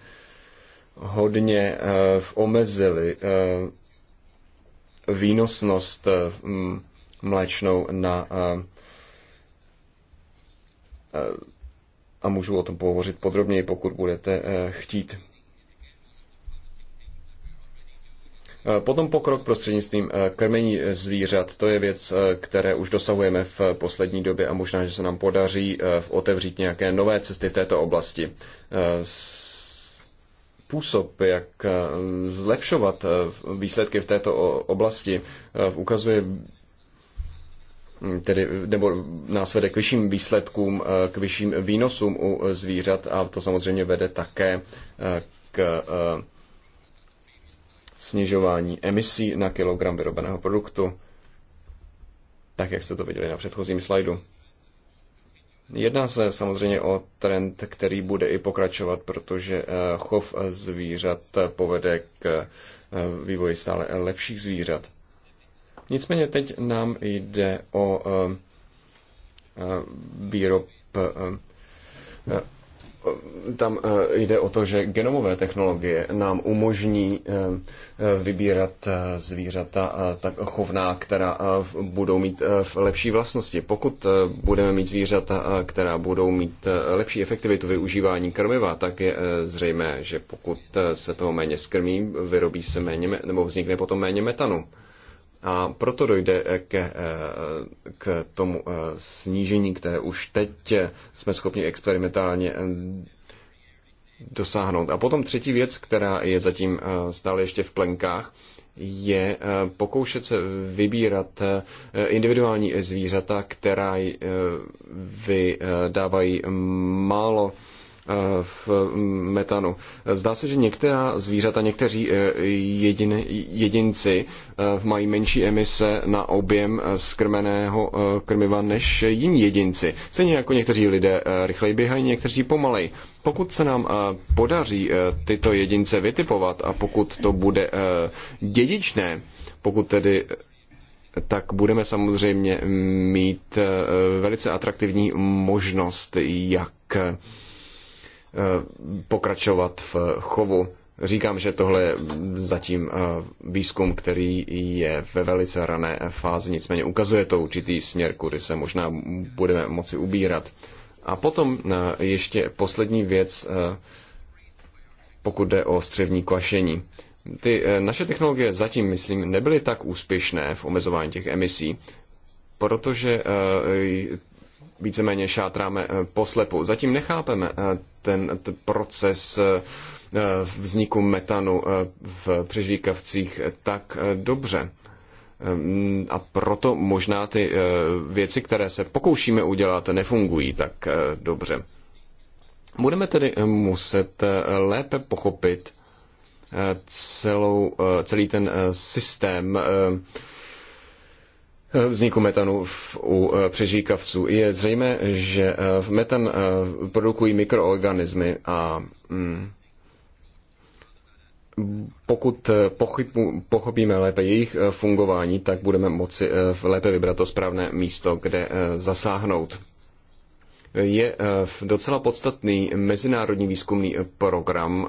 hodně eh, omezily eh, výnosnost mléčnou na a můžu o tom pohovořit podrobněji, pokud budete chtít. Eh, potom pokrok prostřednictvím eh, krmení zvířat, to je věc, eh, které už dosahujeme v poslední době a možná, že se nám podaří otevřít nějaké nové cesty v této oblasti. Působ, jak zlepšovat výsledky v této oblasti, ukazuje hm, tedy, nebo nás vede k vyšším výsledkům, k vyšším výnosům u zvířat a to samozřejmě vede také k snižování emisí na kilogram vyrobeného produktu, tak jak jste to viděli na předchozím slajdu. Jedná se samozřejmě o trend, který bude i pokračovat, protože eh, chov zvířat povede k eh, vývoji stále lepších zvířat. Nicméně teď nám jde o eh, výrob tam eh, jde o to, že genomové technologie nám umožní eh, eh, vybírat zvířata tak chovná, která budou mít lepší vlastnosti. Pokud budeme mít zvířata, která budou mít lepší efektivitu využívání krmiva, tak je zřejmé, že pokud se toho méně skrmí, vyrobí se méně, nebo vznikne potom méně metanu. A proto dojde ke, eh, k tomu eh, snížení, které už teď eh, jsme schopni experimentálně dosáhnout. A potom třetí věc, která je zatím stále ještě v plenkách, je pokoušet se vybírat individuální zvířata, která vydávají málo Eh, v mm, metanu. Zdá se, že některá zvířata, někteří eh, jedinci eh, mají menší emise na objem skrmeného krmiva než jiní jedinci. Stejně jako někteří lidé rychleji běhají, někteří pomalej. Pokud se nám podaří tyto jedince vytipovat a pokud to bude dědičné, pokud tedy tak budeme samozřejmě mít velice atraktivní možnost, jak Eh, pokračovat v chovu. Říkám, že tohle je zatím eh, výzkum, který je ve velice rané fázi, nicméně ukazuje to určitý směr, kudy se možná budeme moci ubírat. A potom eh, ještě poslední věc, pokud jde o střevní kvašení. Ty naše technologie zatím, myslím, nebyly tak úspěšné v omezování těch emisí, protože víceméně šátráme eh, poslepu. Zatím nechápeme eh, ten proces eh, vzniku metanu v přežvíkavcích tak dobře. Ehm, a proto možná ty věci, které se pokoušíme udělat, nefungují tak dobře. Budeme tedy muset lépe pochopit celou, celý ten systém vzniku metanu u eh, přežvíkavců. Je zřejmé, že eh, metan eh, produkují mikroorganismy a mm, pokud pochopíme lépe jejich fungování, tak budeme moci lépe vybrat to správné místo, kde zasáhnout. Je docela podstatný mezinárodní výzkumný program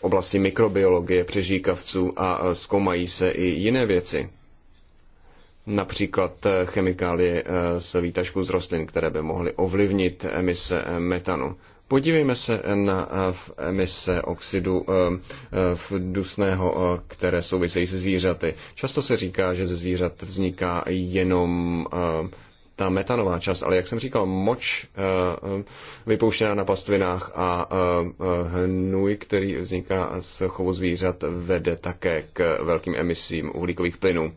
oblasti mikrobiologie přežíkavců a zkoumají se i jiné věci. Například eh, chemikálie z eh, výtažků z rostlin, které by mohly ovlivnit emise eh, metanu. Podívejme se na emise oxidu dusného, které souvisejí se zvířaty. Často se říká, že ze zvířat vzniká jenom ta metanová část, ale jak jsem říkal, moč eh, eh, vypouštěná na pastvinách a eh, hnůj, který vzniká z chovu zvířat, vede také k velkým emisím uhlíkových plynů.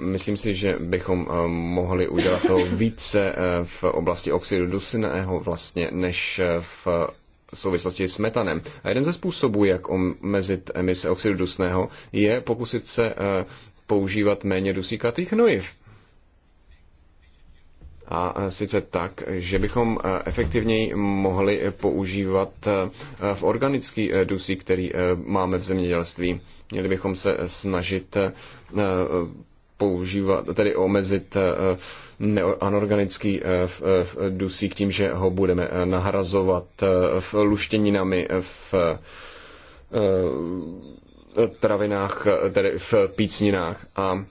Myslím si, že bychom mohli udělat to více v oblasti oxidu dusinného vlastně, než v souvislosti s metanem. A jeden ze způsobů, jak omezit emise oxidu dusného, je pokusit se používat méně dusíkatých hnojiv. A sice tak, že bychom eh, efektivněji mohli používat eh, v organický eh, dusík, který máme v zemědělství. Měli bychom se snažit používat, tedy omezit anorganický dusík tím, že ho budeme nahrazovat v luštěninami, v travinách, tedy v pícninách. A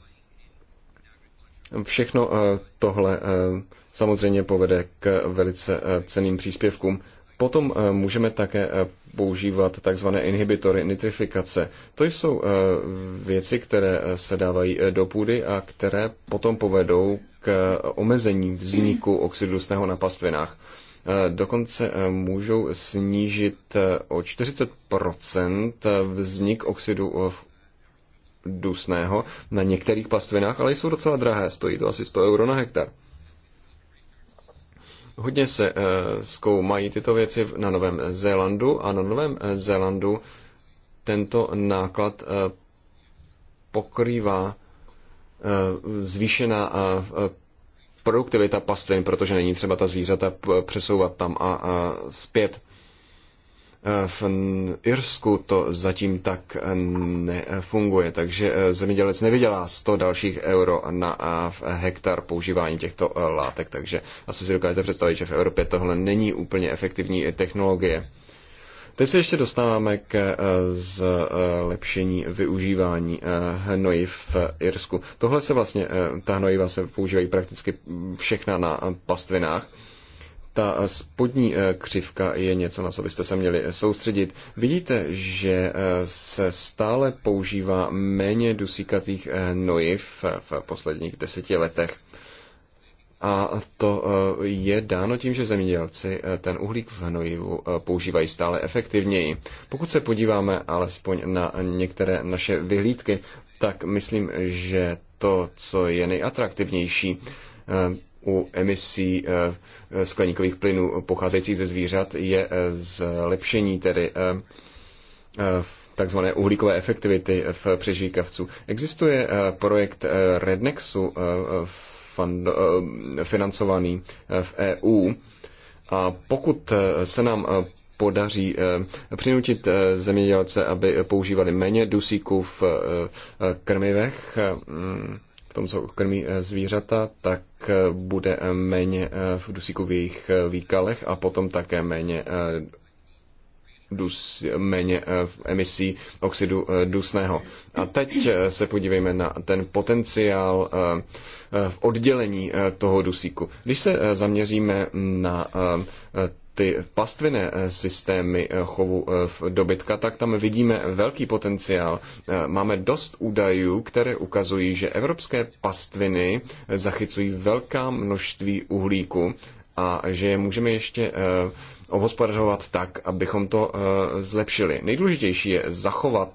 Všechno eh, tohle eh, samozřejmě povede k velice eh, ceným příspěvkům. Potom můžeme také používat takzvané inhibitory, nitrifikace. To jsou věci, které se dávají do půdy a které potom povedou k omezení vzniku oxidu dusného na pastvinách. Dokonce můžou snížit o 40 vznik oxidu dusného na některých pastvinách, ale jsou docela drahé, stojí to asi 100 euro na hektar. Hodně se eh, zkoumají tyto věci na Novém Zélandu a na Novém eh, Zélandu tento náklad eh, pokrývá zvýšená produktivita pastvin, protože není třeba ta zvířata přesouvat tam a zpět. V Irsku to zatím tak nefunguje, takže eh, zemědělec nevydělá 100 dalších euro na hektar používání těchto eh, látek, takže asi si dokážete představit, že v Evropě tohle není úplně efektivní technologie. Teď se ještě dostáváme k eh, zlepšení využívání hnojiv v Irsku. Tohle se vlastně, ta hnojiva se používají prakticky všechna na pastvinách ta spodní eh, křivka je něco, na co byste se měli soustředit. Vidíte, že eh, se stále používá méně dusíkatých eh, nojiv v posledních deseti letech. A to je dáno tím, že zemědělci ten uhlík v hnojivu používají stále efektivněji. Pokud se podíváme alespoň na některé naše vyhlídky, tak myslím, že to, co je nejatraktivnější, u emisí eh, skleníkových plynů pocházejících ze zvířat je eh, zlepšení tedy eh, takzvané uhlíkové efektivity v přežíkavců. Existuje projekt Rednexu financovaný v EU a pokud se nám podaří přinutit zemědělce, aby používali méně dusíků v krmivech, mm, v tom, co krmí eh, zvířata, tak eh, bude eh, méně v dusíku v jejich výkalech a potom také méně dus, méně v emisí oxidu dusného. A teď se podívejme na ten potenciál v oddělení toho dusíku. Když se zaměříme na ty pastviné eh, systémy eh, chovu eh, v dobytka, tak tam vidíme velký potenciál. Máme dost údajů, které ukazují, že evropské pastviny zachycují velká množství uhlíku a že je můžeme ještě obhospodařovat tak, abychom to zlepšili. Nejdůležitější je zachovat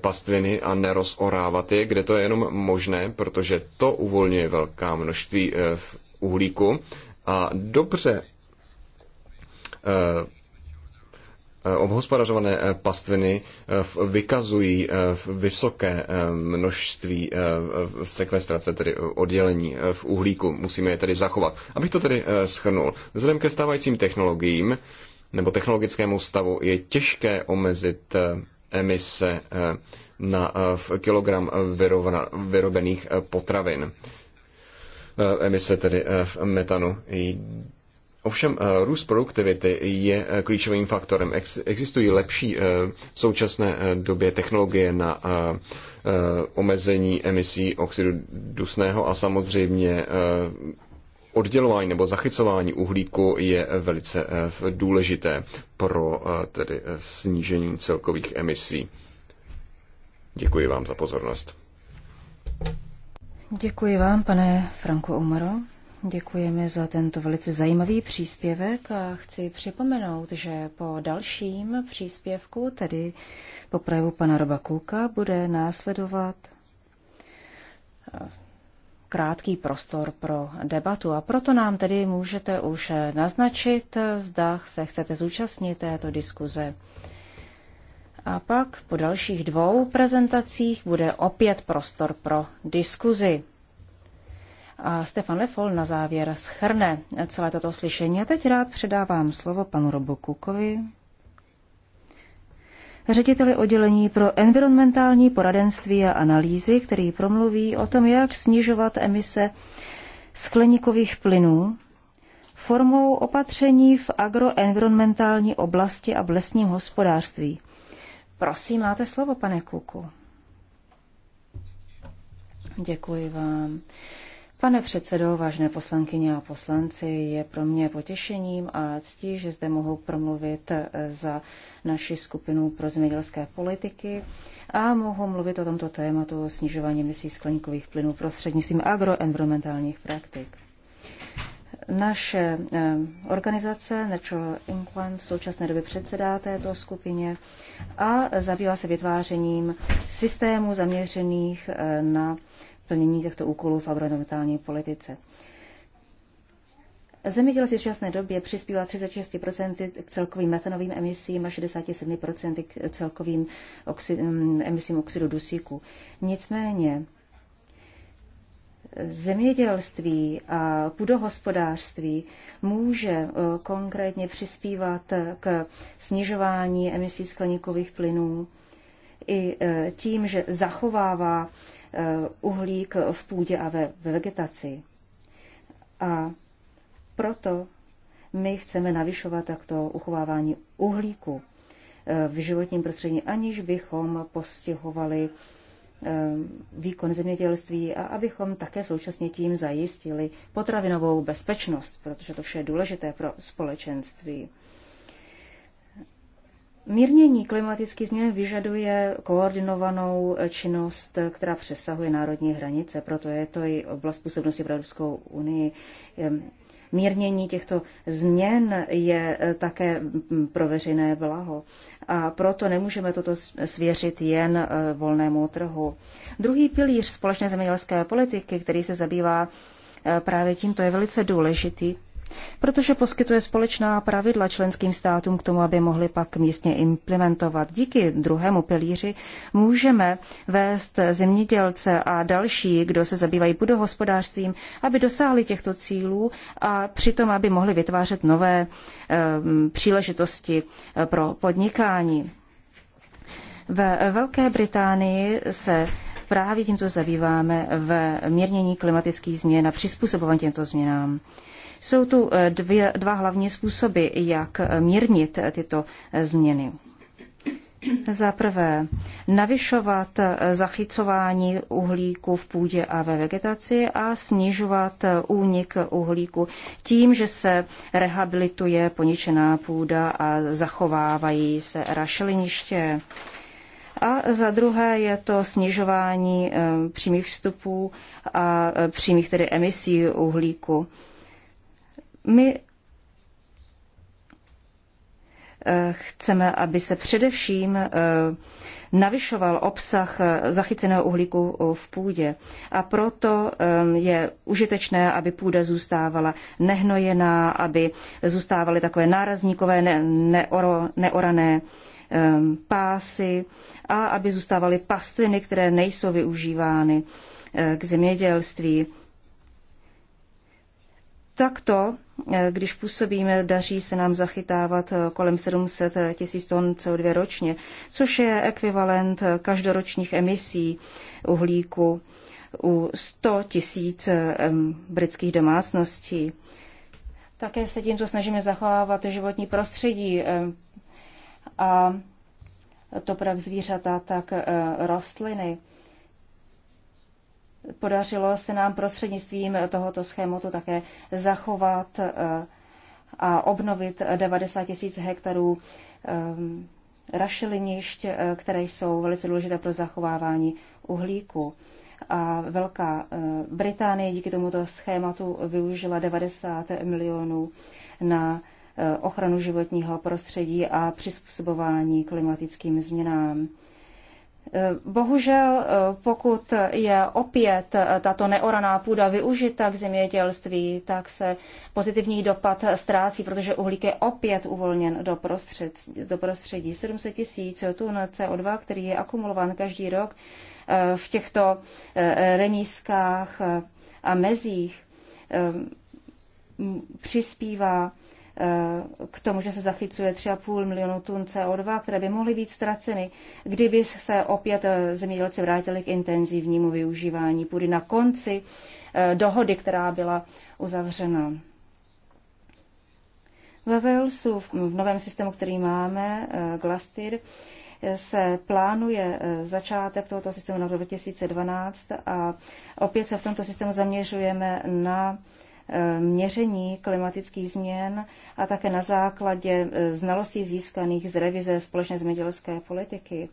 pastviny a nerozorávat je, kde to je jenom možné, protože to uvolňuje velká množství uhlíku. A dobře obhospodařované pastviny vykazují vysoké množství sekvestrace, tedy oddělení eh, v uhlíku. Musíme je tedy zachovat. Abych to tedy eh, schrnul. Vzhledem ke stávajícím technologiím nebo technologickému stavu je těžké omezit eh, emise na kilogram vyrobených potravin. Emise tedy v metanu Ovšem eh, růst produktivity je eh, klíčovým faktorem. Existují lepší eh, v současné době technologie na omezení emisí oxidu dusného a samozřejmě oddělování nebo zachycování uhlíku je velice důležité pro tedy snížení celkových emisí. Děkuji vám za pozornost. Děkuji vám, pane Franko Umaro. Děkujeme za tento velice zajímavý příspěvek a chci připomenout, že po dalším příspěvku, tedy po projevu pana Roba Kuka, bude následovat eh, krátký prostor pro debatu a proto nám tedy můžete už naznačit, zda se chcete zúčastnit této diskuze. A pak po dalších dvou prezentacích bude opět prostor pro diskuzi. A Stefan Lefol na závěr schrne celé toto slyšení. A teď rád předávám slovo panu Robu Kukovi, řediteli oddělení pro environmentální poradenství a analýzy, který promluví o tom, jak snižovat emise skleníkových plynů formou opatření v agroenvironmentální oblasti a v lesním hospodářství. Prosím, máte slovo, pane Kuku. Děkuji vám. Pane předsedo, vážné poslankyně a poslanci, je pro mě potěšením a ctí, že zde mohu promluvit eh, za naši skupinu pro zemědělské politiky a mohu mluvit o tomto tématu snižování emisí skleníkových plynů prostřednictvím agroenvironmentálních praktik. Naše eh, organizace Natural England v současné době předsedá této skupině a zabývá se vytvářením systémů zaměřených eh, na plnění těchto úkolů v agronomitální politice. Zemědělství v současné době přispívá 36% k celkovým metanovým emisím a 67% k celkovým oxid, mm, emisím oxidu dusíku. Nicméně zemědělství a půdohospodářství může eh, konkrétně přispívat k snižování emisí skleníkových plynů i eh, tím, že zachovává Eh, uhlík v půdě a ve vegetaci. A proto my chceme navyšovat takto uchovávání uhlíku eh, v životním prostředí, aniž bychom postihovali eh, výkon zemědělství a abychom také současně tím zajistili potravinovou bezpečnost, protože to vše je důležité pro společenství. Mírnění klimatických změn vyžaduje koordinovanou činnost, která přesahuje národní hranice, proto je to i oblast působnosti pro Evropskou unii. Mírnění těchto změn je eh, také mm, pro veřejné blaho a proto nemůžeme toto svěřit jen eh, volnému trhu. Druhý pilíř společné zemědělské politiky, který se zabývá eh, právě tímto, je velice důležitý protože poskytuje společná pravidla členským státům k tomu, aby mohli pak místně implementovat. Díky druhému pilíři můžeme vést zemědělce a další, kdo se zabývají budohospodářstvím, aby dosáhli těchto cílů a přitom, aby mohli vytvářet nové um, příležitosti eh, pro podnikání. Ve Velké Británii se právě tímto zabýváme v mírnění klimatických změn a přizpůsobování těmto změnám. Jsou tu eh, dvě, dva hlavní způsoby, jak eh, mírnit eh, tyto změny. Za prvé, navyšovat zachycování uhlíku v půdě a ve vegetaci a snižovat únik uhlíku tím, že se rehabilituje poničená půda a zachovávají se rašeliniště. A za druhé je to snižování přímých vstupů a přímých tedy emisí uhlíku my eh, chceme, aby se především eh, navyšoval obsah eh, zachyceného uhlíku v půdě. A proto je užitečné, aby půda zůstávala nehnojená, aby zůstávaly takové nárazníkové, ne, neoro, neorané pásy a aby zůstávaly pastviny, které nejsou využívány k zemědělství. Takto Eh, když působíme, daří se nám zachytávat eh, kolem 700 tisíc ton CO2 ročně, což je ekvivalent eh, každoročních emisí uhlíku u 100 tisíc britských domácností. Také se tímto snažíme zachovávat životní prostředí a to pro zvířata, tak rostliny podařilo se nám prostřednictvím tohoto schématu také zachovat eh, a obnovit 90 tisíc hektarů eh, rašelinišť, eh, které jsou velice důležité pro zachovávání uhlíku. A Velká Británie díky tomuto schématu využila 90 milionů na ochranu životního prostředí a přizpůsobování klimatickým změnám. Bohužel, eh, pokud je opět eh, tato neoraná půda využita v zemědělství, tak se pozitivní dopad ztrácí, protože uhlík je opět uvolněn do, prostřed, do prostředí. 700 tisíc tun CO2, který je akumulován každý rok eh, v těchto remískách a mezích, přispívá k tomu, že se zachycuje 3,5 milionu tun CO2, které by mohly být ztraceny, kdyby se opět eh, zemědělci vrátili k intenzivnímu využívání půdy na konci eh, dohody, která byla uzavřena. Ve Walesu, v novém systému, který máme, eh, Glastir, se plánuje začátek tohoto systému na 2012 a opět se v tomto systému zaměřujeme na Eh, měření klimatických změn a také na základě eh, znalostí získaných z revize společné zemědělské politiky.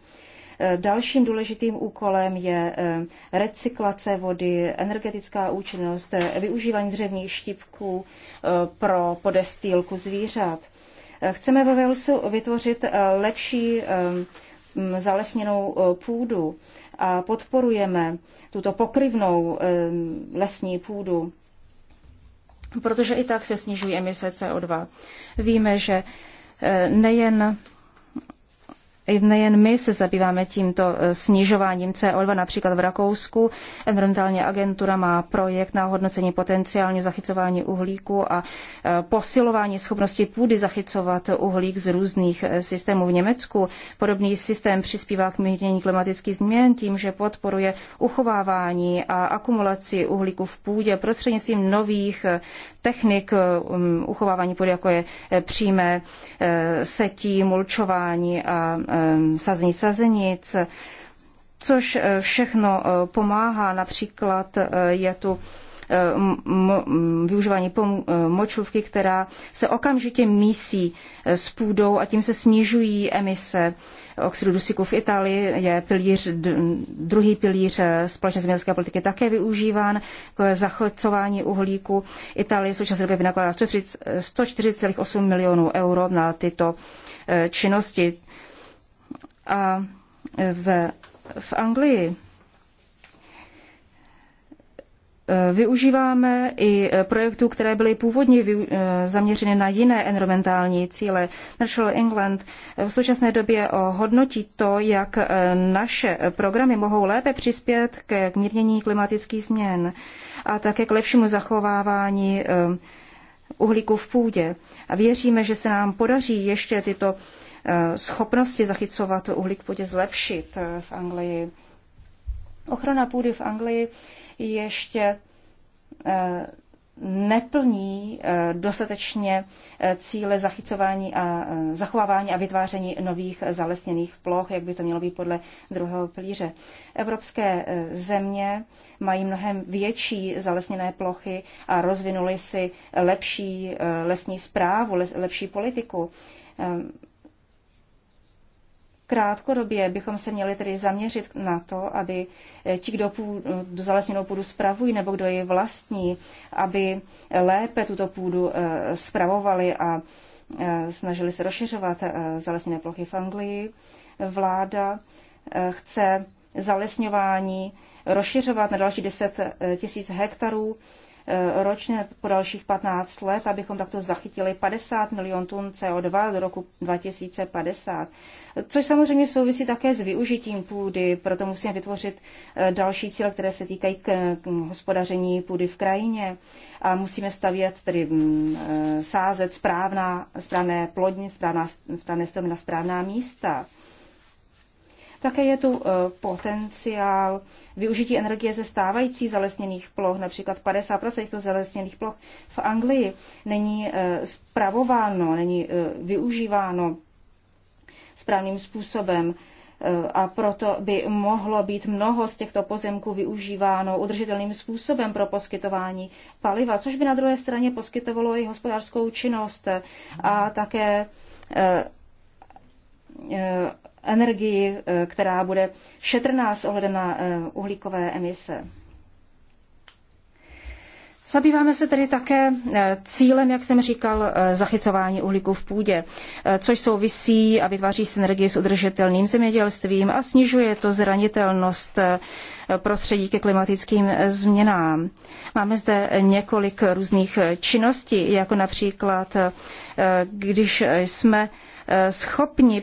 Eh, dalším důležitým úkolem je recyklace vody, energetická účinnost, využívání dřevních štípků pro podestýlku zvířat. Chceme ve Walesu vytvořit lepší zalesněnou půdu a podporujeme tuto pokryvnou lesní půdu protože i tak se snižují emise CO2. Víme, že eh, nejen Nejen my se zabýváme tímto e, snižováním CO2, například v Rakousku. Environmentální agentura má projekt na hodnocení potenciálně zachycování uhlíku a e, posilování schopnosti půdy zachycovat uhlík z různých e, systémů v Německu. Podobný systém přispívá k mírnění klimatických změn tím, že podporuje uchovávání a akumulaci uhlíku v půdě prostřednictvím nových technik eh, um, uchovávání půdy, jako je eh, přímé eh, setí, mulčování a sazení sazenic, což všechno pomáhá. Například je tu Mm, využívání eh, močovky, která se okamžitě mísí eh, s půdou a tím se snižují emise oxidu dusíku v Itálii. Je pilíř, druhý pilíř eh, společné zemědělské politiky také využíván k zachocování uhlíku. Itálie v současné době vynakládá 140,8 milionů euro na tyto činnosti. A v, v Anglii Eh, využíváme i eh, projektů, které byly původně eh, zaměřeny na jiné environmentální cíle. Natural England v současné době hodnotí to, jak naše programy mohou lépe přispět k mírnění klimatických změn a také k lepšímu zachovávání uhlíku v půdě. A věříme, že se nám podaří ještě tyto schopnosti zachycovat uhlík v půdě zlepšit v Anglii. Ochrana půdy v Anglii ještě eh, neplní eh, dostatečně eh, cíle zachycování a zachovávání a vytváření nových zalesněných ploch, jak by to mělo být podle druhého pilíře. Evropské země mají mnohem větší zalesněné plochy a rozvinuli si lepší lesní zprávu, lepší politiku. Ehm, Krátkodobě bychom se měli tedy zaměřit na to, aby eh, ti, kdo půdu, eh, zalesněnou půdu spravují nebo kdo ji vlastní, aby lépe tuto půdu eh, spravovali a snažili se rozšiřovat zalesněné plochy v Anglii. Vláda chce zalesňování rozšiřovat na další 10 tisíc hektarů Eh, ročně po dalších 15 let, abychom takto zachytili 50 milion tun CO2 do roku 2050. Což samozřejmě souvisí také s využitím půdy, proto musíme vytvořit eh, další cíle, které se týkají k, hospodaření půdy v krajině a musíme stavět, tedy mm, eh, sázet správná, správné plodiny, správná, správné stromy na správná místa také je tu e, potenciál využití energie ze stávající zalesněných ploch, například 50% těchto zalesněných ploch v Anglii není e, spravováno, není e, využíváno správným způsobem a proto by mohlo být mnoho z těchto pozemků využíváno udržitelným způsobem pro poskytování paliva, což by na druhé straně poskytovalo i hospodářskou činnost a také energii, eh, která bude šetrná s ohledem na eh, uhlíkové emise. Zabýváme se tedy také eh, cílem, jak jsem říkal, zachycování uhlíku v půdě, což souvisí a vytváří synergii s udržitelným zemědělstvím a snižuje to zranitelnost prostředí ke klimatickým změnám. Máme zde několik různých činností, jako například, když jsme schopni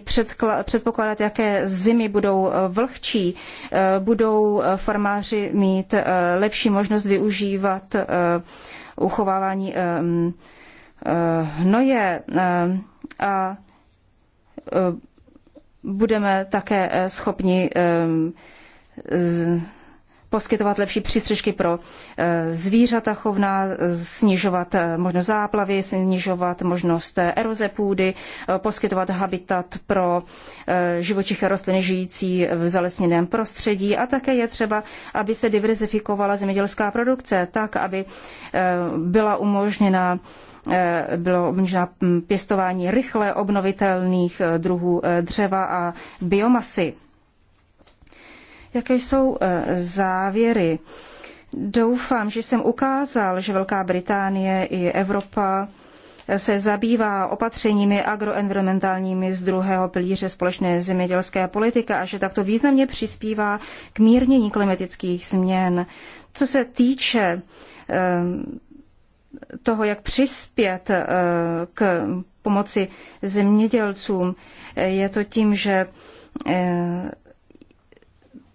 předpokládat, jaké zimy budou eh, vlhčí, eh, budou eh, farmáři mít lepší možnost využívat uchovávání mm, hnoje a budeme také schopni poskytovat lepší přístřežky pro e, zvířata chovná, snižovat e, možnost záplavy, snižovat možnost e, eroze půdy, poskytovat habitat pro živočiché rostliny žijící v zalesněném prostředí a také je třeba, aby se diverzifikovala zemědělská produkce tak, aby byla umožněna bylo možná pěstování rychle obnovitelných druhů dřeva a biomasy jaké jsou eh, závěry. Doufám, že jsem ukázal, že Velká Británie i Evropa eh, se zabývá opatřeními agroenvironmentálními z druhého pilíře společné zemědělské politiky a že takto významně přispívá k mírnění klimatických změn. Co se týče eh, toho, jak přispět k pomoci zemědělcům, je to tím, že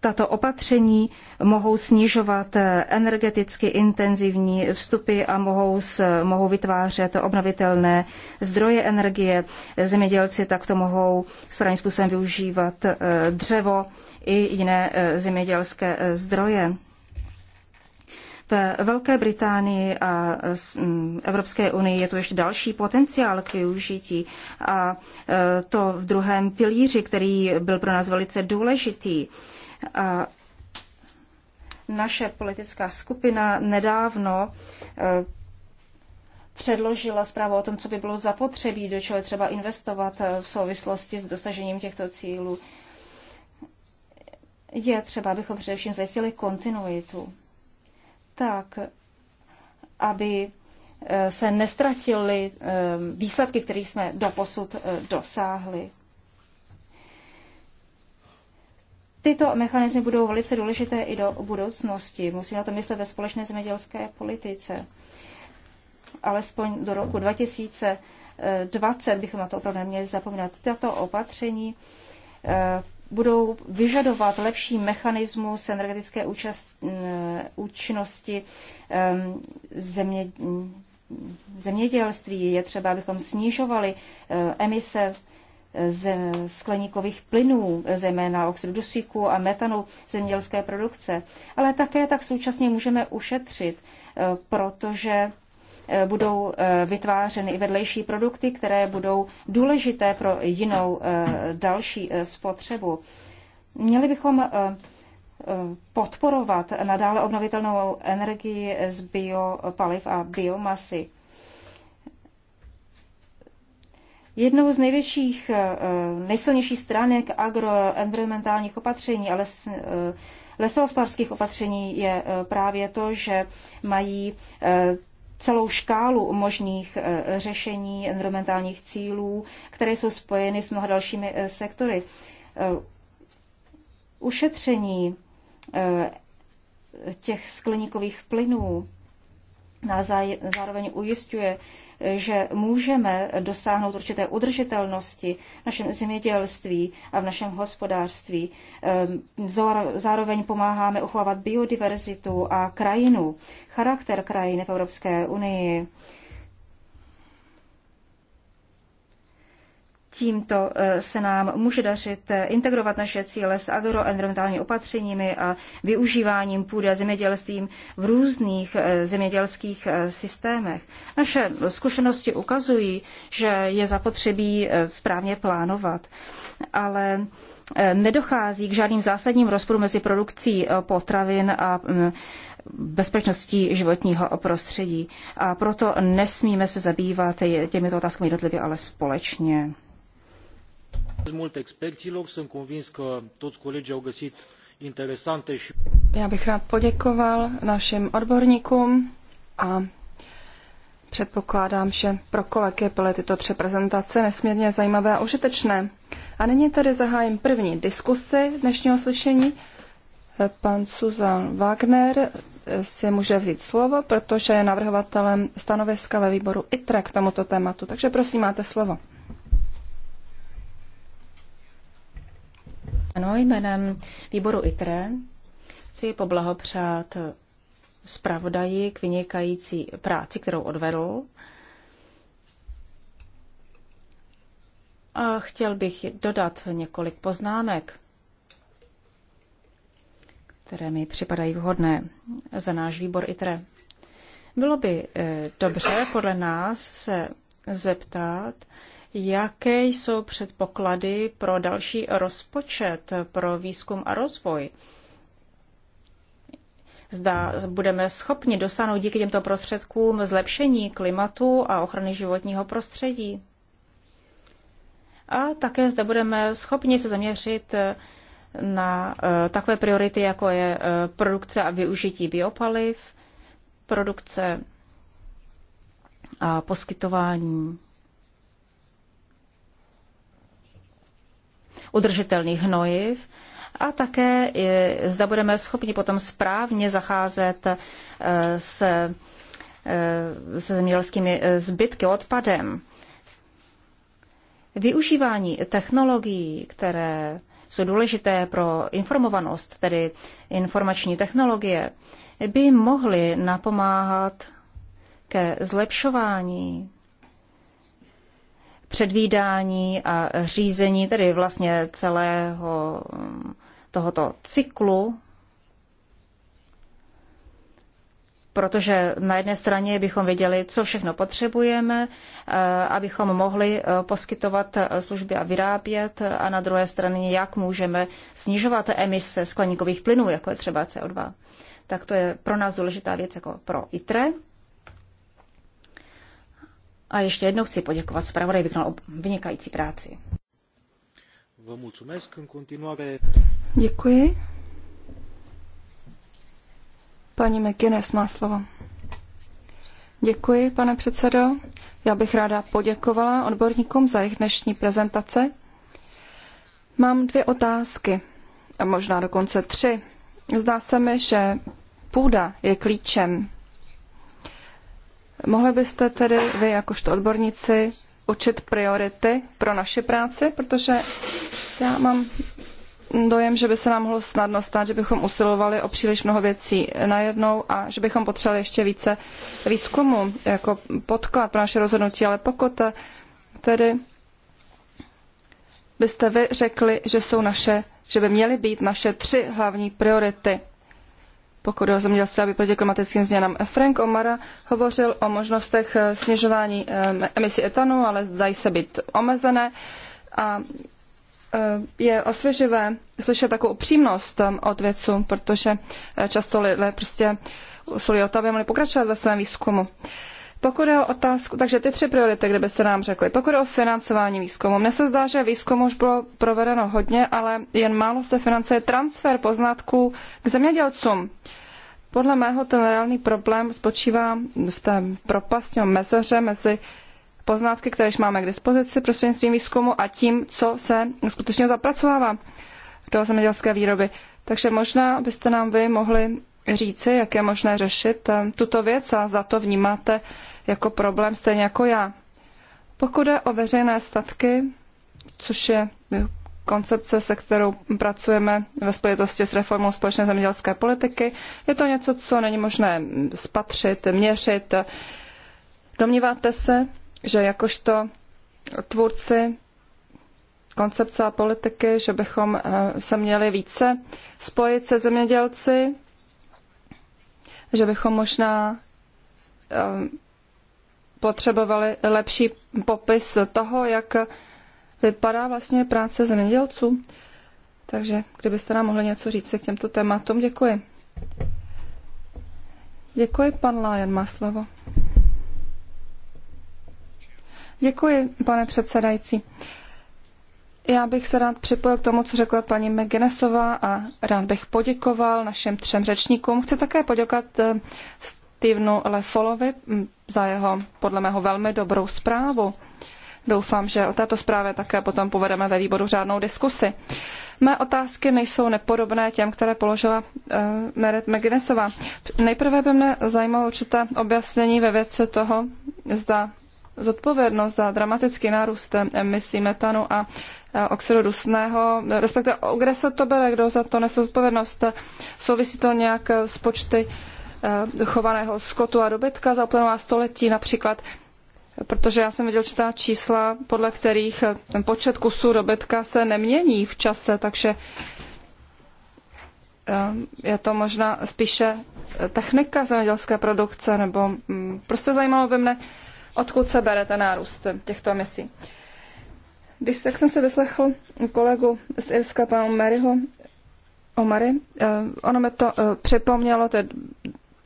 tato opatření mohou snižovat eh, energeticky intenzivní vstupy a mohou, s, mohou vytvářet obnovitelné zdroje energie. Zemědělci takto mohou správným způsobem využívat eh, dřevo i jiné eh, zemědělské zdroje. Ve Velké Británii a mm, Evropské unii je tu ještě další potenciál k využití a to v druhém pilíři, který byl pro nás velice důležitý naše politická skupina nedávno eh, předložila zprávu o tom, co by bylo zapotřebí, do čeho je třeba investovat eh, v souvislosti s dosažením těchto cílů. Je třeba, abychom především zajistili kontinuitu, tak aby eh, se nestratily výsledky, které jsme doposud dosáhli. Tyto mechanismy budou velice důležité i do budoucnosti. Musí na to myslet ve společné zemědělské politice. Alespoň do roku 2020 bychom na to opravdu neměli zapomínat. Tato opatření eh, budou vyžadovat lepší mechanismus energetické účast, eh, účinnosti eh, země, zemědělství. Je třeba, abychom snižovali emise ze skleníkových plynů, zejména oxidu dusíku a metanu zemědělské produkce. Ale také tak současně můžeme ušetřit, eh, protože eh, budou eh, vytvářeny i vedlejší produkty, které budou důležité pro jinou další spotřebu. Měli bychom podporovat nadále obnovitelnou energii z biopaliv a biomasy. Jednou z největších, eh, eh, nejsilnějších stránek agroenvironmentálních opatření a les, eh, lesohospodářských opatření je právě to, že mají celou škálu možných řešení environmentálních cílů, které jsou spojeny s mnoha dalšími sektory. Ušetření těch skleníkových plynů nás zároveň ujistuje, že můžeme dosáhnout určité udržitelnosti v našem zemědělství a v našem hospodářství. Ehm, zároveň pomáháme uchovávat biodiverzitu a krajinu, charakter krajiny v Evropské unii Tímto eh, se nám může dařit eh, integrovat naše cíle s agroenvironmentálními opatřeními a využíváním půdy a zemědělstvím v různých eh, zemědělských systémech. Naše zkušenosti ukazují, že je zapotřebí správně plánovat, ale nedochází k žádným zásadním rozporům mezi produkcí potravin a mm, bezpečností životního prostředí. A proto nesmíme se zabývat těmito otázkami jednotlivě, ale společně. Já bych rád poděkoval našim odborníkům a Předpokládám, že pro kolegy byly tyto tři prezentace nesmírně zajímavé a užitečné. A nyní tedy zahájím první diskusi dnešního slyšení. Pan Susan Wagner si může vzít slovo, protože je navrhovatelem stanoviska ve výboru ITRE k tomuto tématu. Takže prosím, máte slovo. Ano, jménem výboru ITRE chci poblahopřát zpravodaji k vynikající práci, kterou odvedl. A chtěl bych dodat několik poznámek, které mi připadají vhodné za náš výbor ITRE. Bylo by eh, dobře podle nás se zeptat, Jaké jsou předpoklady pro další rozpočet pro výzkum a rozvoj? Zda budeme schopni dosáhnout díky těmto prostředkům zlepšení klimatu a ochrany životního prostředí. A také zde budeme schopni se zaměřit eh, na eh, takové priority, jako je eh, produkce a využití biopaliv, produkce a poskytování udržitelných hnojiv a také zda budeme schopni potom správně zacházet eh, se, eh, se zemědělskými eh, zbytky, odpadem. Využívání technologií, které jsou důležité pro informovanost, tedy informační technologie, by mohly napomáhat ke zlepšování předvídání a řízení, tedy vlastně celého tohoto cyklu, protože na jedné straně bychom věděli, co všechno potřebujeme, eh, abychom mohli eh, poskytovat služby a vyrábět, a na druhé straně, jak můžeme snižovat emise skleníkových plynů, jako je třeba CO2. Tak to je pro nás důležitá věc jako pro ITRE. A ještě jednou chci poděkovat zpravodaj, vykonal vynikající práci. Děkuji. Paní McGuinness má slovo. Děkuji, pane předsedo. Já bych ráda poděkovala odborníkům za jejich dnešní prezentace. Mám dvě otázky, a možná dokonce tři. Zdá se mi, že půda je klíčem Mohli byste tedy vy, jakožto odborníci, určit priority pro naši práci, protože já mám dojem, že by se nám mohlo snadno stát, že bychom usilovali o příliš mnoho věcí najednou a že bychom potřebovali ještě více výzkumu jako podklad pro naše rozhodnutí, ale pokud tedy byste vy řekli, že jsou naše, že by měly být naše tři hlavní priority pokud o zemědělství a proti klimatickým změnám. Frank Omara hovořil o možnostech eh, snižování eh, emisí etanu, ale zdají se být omezené a eh, je osvěživé slyšet takovou přímnost od vědců, protože často lidé prostě jsou aby mohli pokračovat ve svém výzkumu. Pokud je o otázku, takže ty tři priority, kdyby se nám řekly. Pokud je o financování výzkumu, mně se zdá, že výzkumu už bylo provedeno hodně, ale jen málo se financuje transfer poznatků k zemědělcům. Podle mého ten reálný problém spočívá v té propasti, mezeře mezi poznatky, které máme k dispozici prostřednictvím výzkumu a tím, co se skutečně zapracovává do zemědělské výroby. Takže možná byste nám vy mohli říci, jak je možné řešit eh, tuto věc a za to vnímáte jako problém, stejně jako já. Pokud je o veřejné statky, což je koncepce, se kterou pracujeme ve spojitosti s reformou společné zemědělské politiky. Je to něco, co není možné spatřit, měřit. Domníváte se, že jakožto tvůrci koncepce a politiky, že bychom eh, se měli více spojit se zemědělci, že bychom možná eh, potřebovali lepší popis toho, jak vypadá vlastně práce zemědělců. Takže kdybyste nám mohli něco říct k těmto tématům, děkuji. Děkuji, pan Lájen má slovo. Děkuji, pane předsedající. Já bych se rád připojil k tomu, co řekla paní McGuinnessová a rád bych poděkoval našim třem řečníkům. Chci také poděkovat eh, Tivnu Lefolovi mm, za jeho, podle mého, velmi dobrou zprávu. Doufám, že o této zprávě také potom povedeme ve výboru řádnou diskusi. Mé otázky nejsou nepodobné těm, které položila uh, Merit McGuinnessová. Nejprve by mě zajímalo určité objasnění ve věci toho, zda zodpovědnost za dramatický nárůst emisí metanu a oxidu dusného, respektive kde se to bere, kdo za to nese zodpovědnost. Souvisí to nějak s počty Eh, chovaného skotu a dobytka za uplynulá století například, protože já jsem viděl určitá čísla, podle kterých eh, ten počet kusů dobytka se nemění v čase, takže eh, je to možná spíše technika zemědělské produkce, nebo mm, prostě zajímalo by mne, odkud se bere ten nárůst těchto emisí. Když jak jsem se vyslechl kolegu z Irska, panu Maryho, Omary, ono mi to připomnělo ty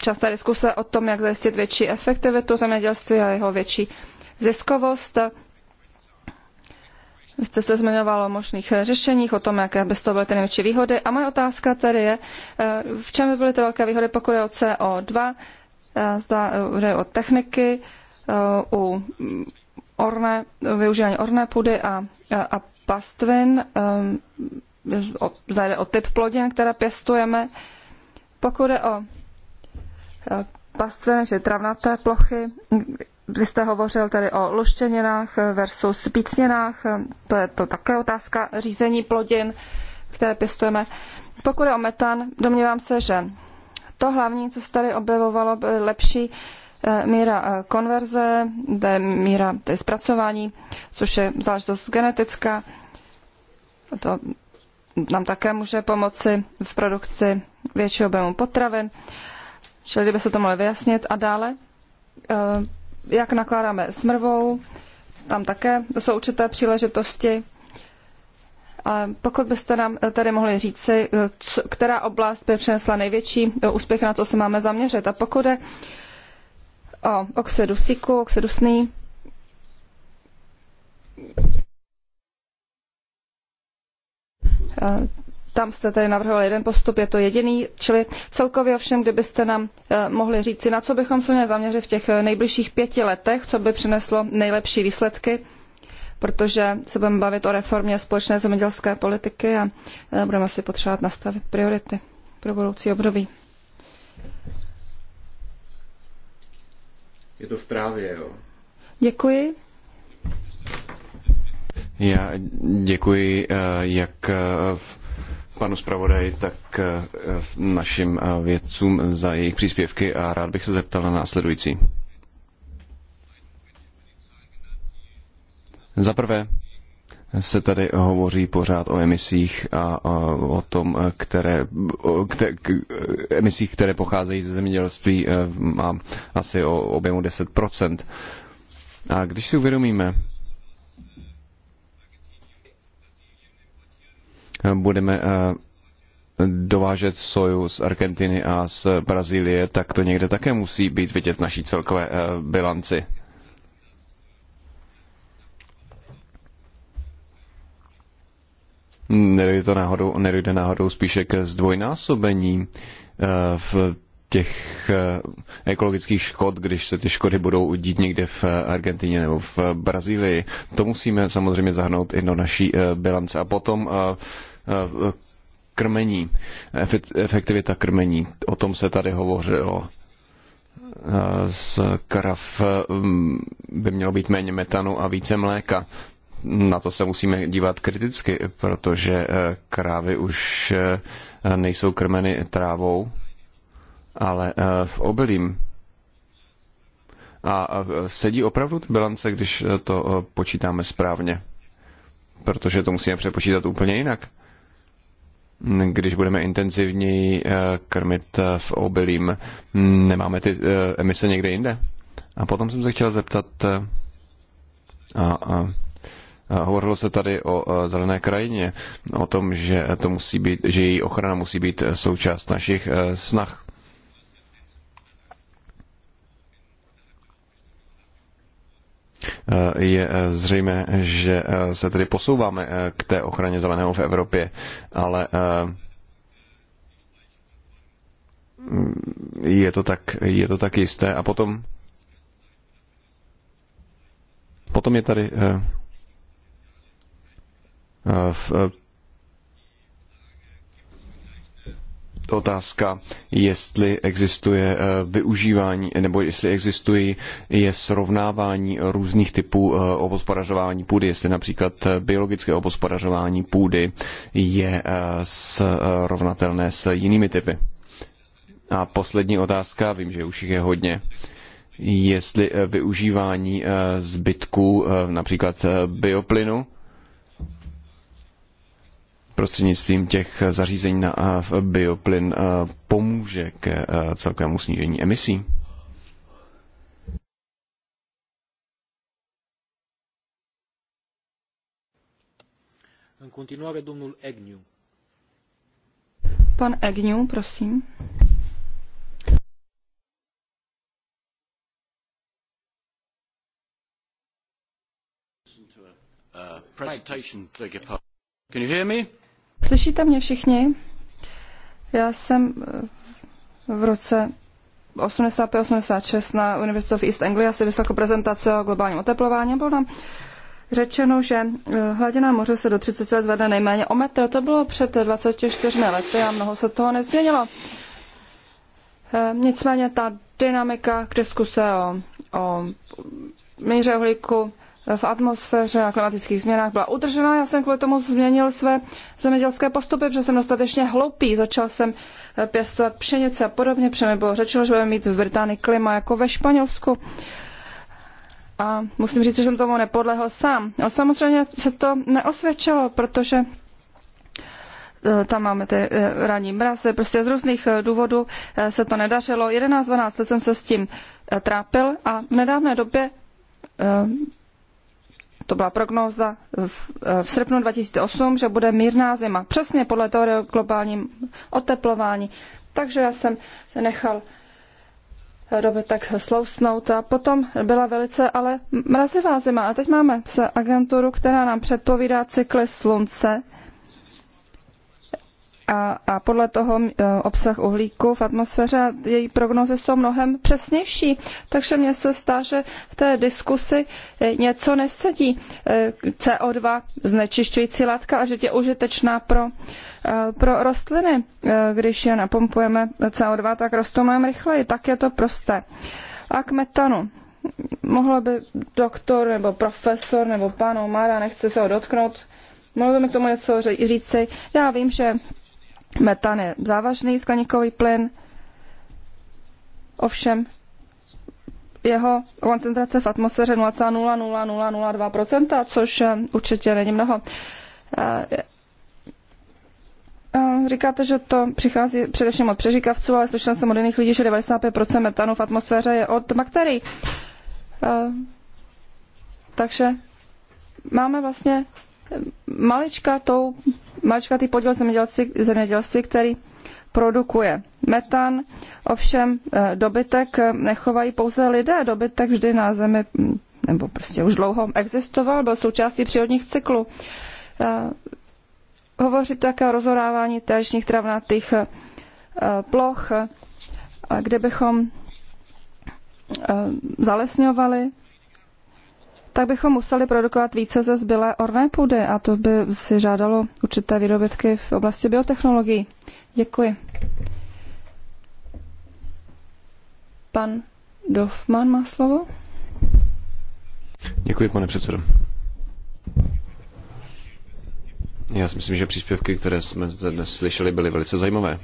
časté diskuse o tom, jak zajistit větší efektivitu zemědělství a jeho větší ziskovost. Vy jste se zmiňoval o možných řešeních, o tom, jaké by to byly ty největší výhody. A moje otázka tedy je, eh, v čem by byly ty velké výhody, pokud je o CO2, eh, zda jde eh, o techniky, u orné, využívání orné půdy a, a pastvin, zda jde o typ plodin, které pěstujeme. Pokud je o pastviny že travnaté plochy. Vy jste hovořil tedy o luštěninách versus pícninách, to je to také otázka řízení plodin, které pěstujeme. Pokud je o metan, domnívám se, že to hlavní, co se tady objevovalo, by lepší eh, míra eh, konverze, míra té zpracování, což je záležitost genetická. To nám také může pomoci v produkci většího objemu potravin. Čili kdyby se to mohli vyjasnit. A dále, eh, jak nakládáme s mrvou, tam také jsou určité příležitosti. Ale pokud byste nám tady mohli říci, eh, která oblast by přinesla největší eh, úspěch, na co se máme zaměřit. A pokud je o síku, oxidu sný, a, tam jste tedy navrhoval jeden postup, je to jediný, čili celkově ovšem, kdybyste nám eh, mohli říci, na co bychom se měli zaměřit v těch eh, nejbližších pěti letech, co by přineslo nejlepší výsledky, protože se budeme bavit o reformě společné zemědělské politiky a eh, budeme si potřebovat nastavit priority pro budoucí období. Je to v trávě, jo. Děkuji. Já děkuji, jak panu zpravodaji, tak eh, našim eh, vědcům za jejich příspěvky a rád bych se zeptal na následující. Za prvé, se tady hovoří pořád o emisích a, eh, o tom, které, kte, emisích, které pocházejí ze zemědělství a asi o objemu 10%. A když si uvědomíme, budeme eh, dovážet soju z Argentiny a z Brazílie, tak to někde také musí být vidět v naší celkové eh, bilanci. Nedojde, to náhodou, nedojde náhodou spíše k zdvojnásobení eh, v těch ekologických škod, když se ty škody budou udít někde v Argentině nebo v Brazílii. To musíme samozřejmě zahrnout i do naší bilance. A potom Eh, krmení, efektivita krmení. O tom se tady hovořilo. Eh, z krav mm, by mělo být méně metanu a více mléka. Na to se musíme dívat kriticky, protože eh, krávy už nejsou krmeny trávou, ale v obilím. A sedí opravdu ty bilance, když to počítáme správně, protože to musíme přepočítat úplně jinak když budeme intenzivněji eh, krmit eh, v obilím, nemáme ty eh, emise někde jinde? A potom jsem se chtěl zeptat, a, a, a hovořilo se tady o zelené krajině, o tom, že to musí být, že její ochrana musí být součást našich snah. Eh, je eh, zřejmé, že eh, se tedy posouváme k té ochraně zeleného v Evropě, ale je to tak, je to tak jisté. A potom, potom je tady v otázka, jestli existuje eh, využívání, nebo jestli existují, je srovnávání různých typů eh, obospodařování půdy, jestli například eh, biologické obospodařování půdy je srovnatelné s jinými typy. A poslední otázka, vím, že už jich je hodně jestli využívání zbytků, například bioplynu, prostřednictvím těch zařízení na bioplyn pomůže ke celkovému snížení emisí? În continuare, domnul Egniu. Pan Egniu, prosím. Uh, uh, presentation, beg your pardon. Can you hear me? Slyšíte mě všichni? Já jsem eh, v roce 85-86 na univerzitě v East Anglia si vyslechla prezentace o globálním oteplování. Bylo nám řečeno, že eh, hladina moře se do 30 let zvedne nejméně o metr. To bylo před 24 lety a mnoho se toho nezměnilo. Eh, nicméně ta dynamika k diskuse o, o míře uhlíku v atmosféře a klimatických změnách byla udržena. Já jsem kvůli tomu změnil své zemědělské postupy, protože jsem dostatečně hloupý. Začal jsem eh, pěstovat pšenice a podobně, protože mi bylo řečeno, že budeme mít v Británii klima jako ve Španělsku. A musím říct, že jsem tomu nepodlehl sám. Ale no, samozřejmě se to neosvědčilo, protože eh, tam máme ty eh, ranní mrazy, prostě z různých důvodů se to nedařilo. 11-12 let jsem se s tím trápil a v nedávné době to byla prognóza v, v srpnu 2008, že bude mírná zima. Přesně podle teorie o globálním oteplování. Takže já jsem se nechal eh, doby tak slousnout a potom byla velice ale mrazivá zima. A teď máme se agenturu, která nám předpovídá cykly slunce, a, a podle toho e, obsah uhlíku v atmosféře, její prognózy jsou mnohem přesnější. Takže mně se zdá, že v té diskusi e, něco nesedí. E, CO2 znečišťující látka, a že je užitečná pro, pro rostliny. Když je napompujeme CO2, tak rostou mnohem rychleji. Tak je to prosté. A k metanu mohla by doktor nebo profesor nebo pan Omara, nechce se ho dotknout, mohl by mi k tomu něco říci. Já vím, že Metan je závažný skleníkový plyn, ovšem jeho koncentrace v atmosféře 0,00002%, což eh, určitě není mnoho. Eh, eh, říkáte, že to přichází především od přeříkavců, ale slyšel jsem od jiných lidí, že 95% metanu v atmosféře je od bakterií. Takže máme vlastně malička tou maličkatý podíl zemědělství, zemědělství který produkuje metan, ovšem eh, dobytek nechovají pouze lidé, dobytek vždy na zemi, mm, nebo prostě už dlouho existoval, byl součástí přírodních cyklů. Eh, Hovoří také o rozorávání téžních travnatých eh, ploch, kde bychom zalesňovali tak bychom museli produkovat více ze zbylé orné půdy a to by si žádalo určité výdobytky v oblasti biotechnologií. Děkuji. Pan Dofman má slovo. Děkuji, pane předsedo. Já si myslím, že příspěvky, které jsme dnes slyšeli, byly velice zajímavé.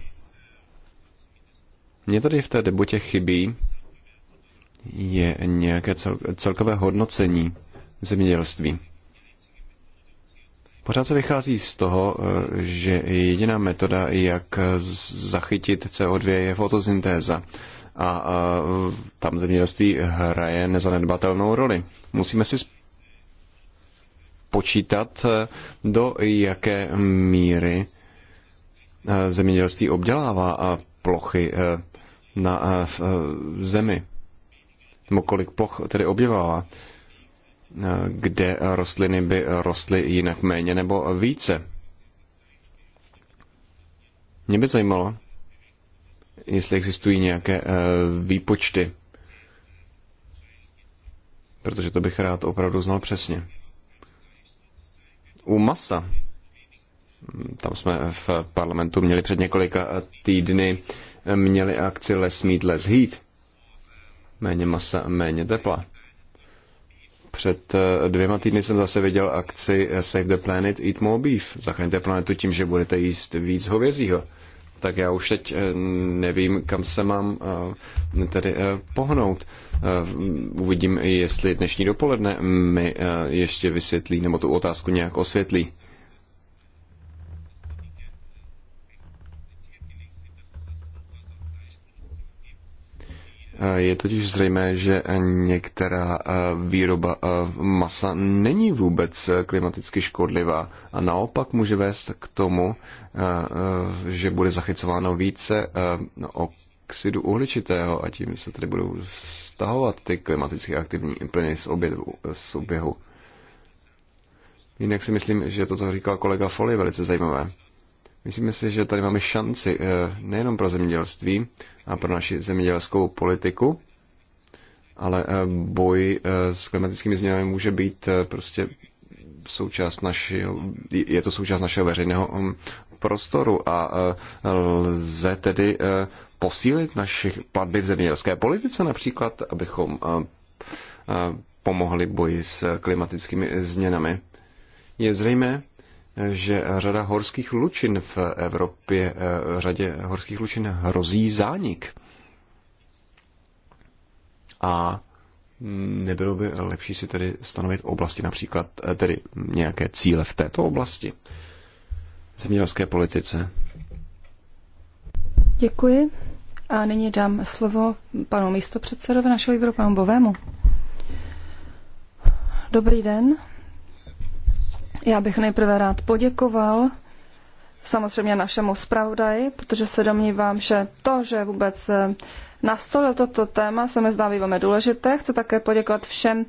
Mně tady v té debutě chybí je nějaké celkové hodnocení zemědělství. Pořád se vychází z toho, eh, že jediná metoda, jak zachytit CO2, je fotosyntéza. A tam zemědělství hraje nezanedbatelnou roli. Musíme si počítat, eh, do jaké míry eh, zemědělství obdělává plochy na zemi nebo kolik ploch tedy objevovala, eh, kde rostliny by rostly jinak méně nebo více. Mě by zajímalo, jestli existují nějaké eh, výpočty, protože to bych rád opravdu znal přesně. U masa, tam jsme v parlamentu měli před několika eh, týdny, měli akci Les Meat, Les Heat – méně masa, méně tepla. Před eh, dvěma týdny jsem zase viděl akci Save the Planet, Eat More Beef. Zachraňte planetu tím, že budete jíst víc hovězího. Tak já už teď eh, nevím, kam se mám eh, tedy pohnout. Uvidím, jestli dnešní dopoledne mi ještě vysvětlí, nebo tu otázku nějak osvětlí. Je totiž zřejmé, že některá eh, výroba eh, masa není vůbec eh, klimaticky škodlivá a naopak může vést k tomu, že bude zachycováno více oxidu uhličitého a tím se tedy budou stahovat ty klimaticky aktivní plyny z, oběhu, z oběhu. Jinak si myslím, že to, co říkal kolega Foli, je velice zajímavé. Myslíme si, že tady máme šanci eh, nejenom pro zemědělství a pro naši zemědělskou politiku, ale eh, boj eh, s klimatickými změnami může být prostě součást našeho, je to součást našeho veřejného mm, prostoru a lze tedy posílit našich platby v zemědělské politice například, abychom pomohli boji s klimatickými změnami. Je zřejmé, že řada horských lučin v Evropě, eh, řadě horských lučin hrozí zánik. A nebylo by lepší si tedy stanovit oblasti, například eh, tedy nějaké cíle v této oblasti zemědělské politice? Děkuji. A nyní dám slovo panu místopředsedovi našeho výboru, panu Bovému. Dobrý den. Já bych nejprve rád poděkoval samozřejmě našemu zpravodaji, protože se domnívám, že to, že vůbec eh, nastolil toto téma, se mi zdá velmi důležité. Chci také poděkovat všem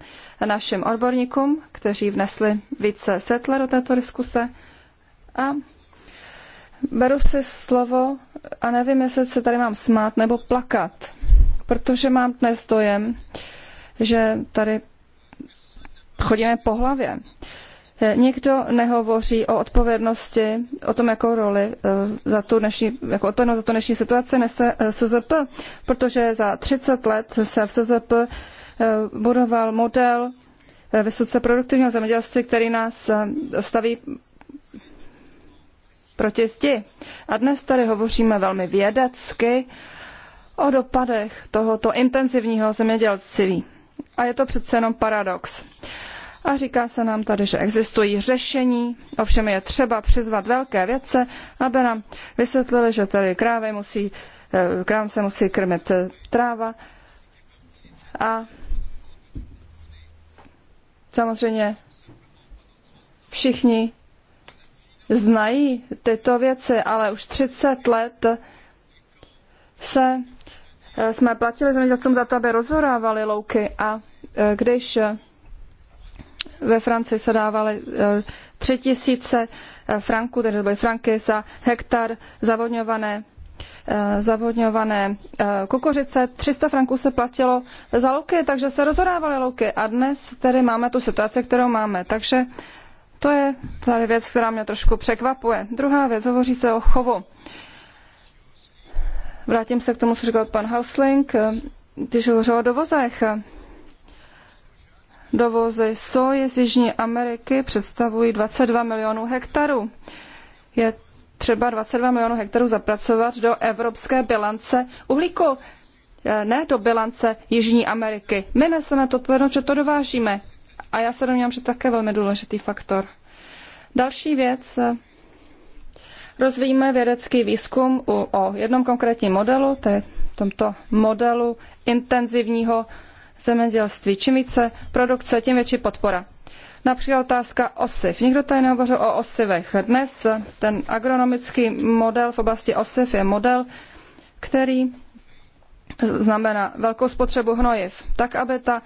našim odborníkům, kteří vnesli více světla do této diskuse. A beru si slovo a nevím, jestli se tady mám smát nebo plakat, protože mám dnes dojem, že tady chodíme po hlavě. Eh, nikdo nehovoří o odpovědnosti, o tom, jakou roli eh, za tu dnešní, jako odpovědnost za tu dnešní situaci nese eh, SZP, protože za 30 let se v SZP budoval model vysoce produktivního zemědělství, který nás staví proti zdi. A dnes tady hovoříme velmi vědecky o dopadech tohoto intenzivního zemědělství. A je to přece jenom paradox. Uh, a říká se nám tady, že existují řešení, ovšem je třeba přizvat velké vědce, aby nám vysvětlili, že tady krávy musí, eh, krám se musí krmit eh, tráva a samozřejmě všichni znají tyto věci, ale už 30 let se eh, jsme platili zemědělcům za to, aby rozorávali louky a když ve Francii se dávaly eh, tři tisíce eh, franků, tedy to byly franky za hektar zavodňované eh, zavodňované kukuřice. 300 franků se platilo za louky, takže se rozhodávaly louky. A dnes tedy máme tu situaci, kterou máme. Takže to je tady věc, která mě trošku překvapuje. Druhá věc, hovoří se o chovu. Vrátím se k tomu, co říkal pan Hausling, když hovořil o dovozech. Dovozy soje z Jižní Ameriky představují 22 milionů hektarů. Je třeba 22 milionů hektarů zapracovat do evropské bilance uhlíku, eh, ne do bilance Jižní Ameriky. My neseme to odpovědnost, že to dovážíme. A já se domnívám, že také velmi důležitý faktor. Další věc. Eh, rozvíjíme vědecký výzkum o jednom konkrétním modelu, to je tomto modelu intenzivního zemědělství. Čím více produkce, tím větší podpora. Například otázka osiv. Nikdo tady nehovořil o osivech. Dnes ten agronomický model v oblasti osiv je model, který znamená velkou spotřebu hnojiv. Tak, aby ta,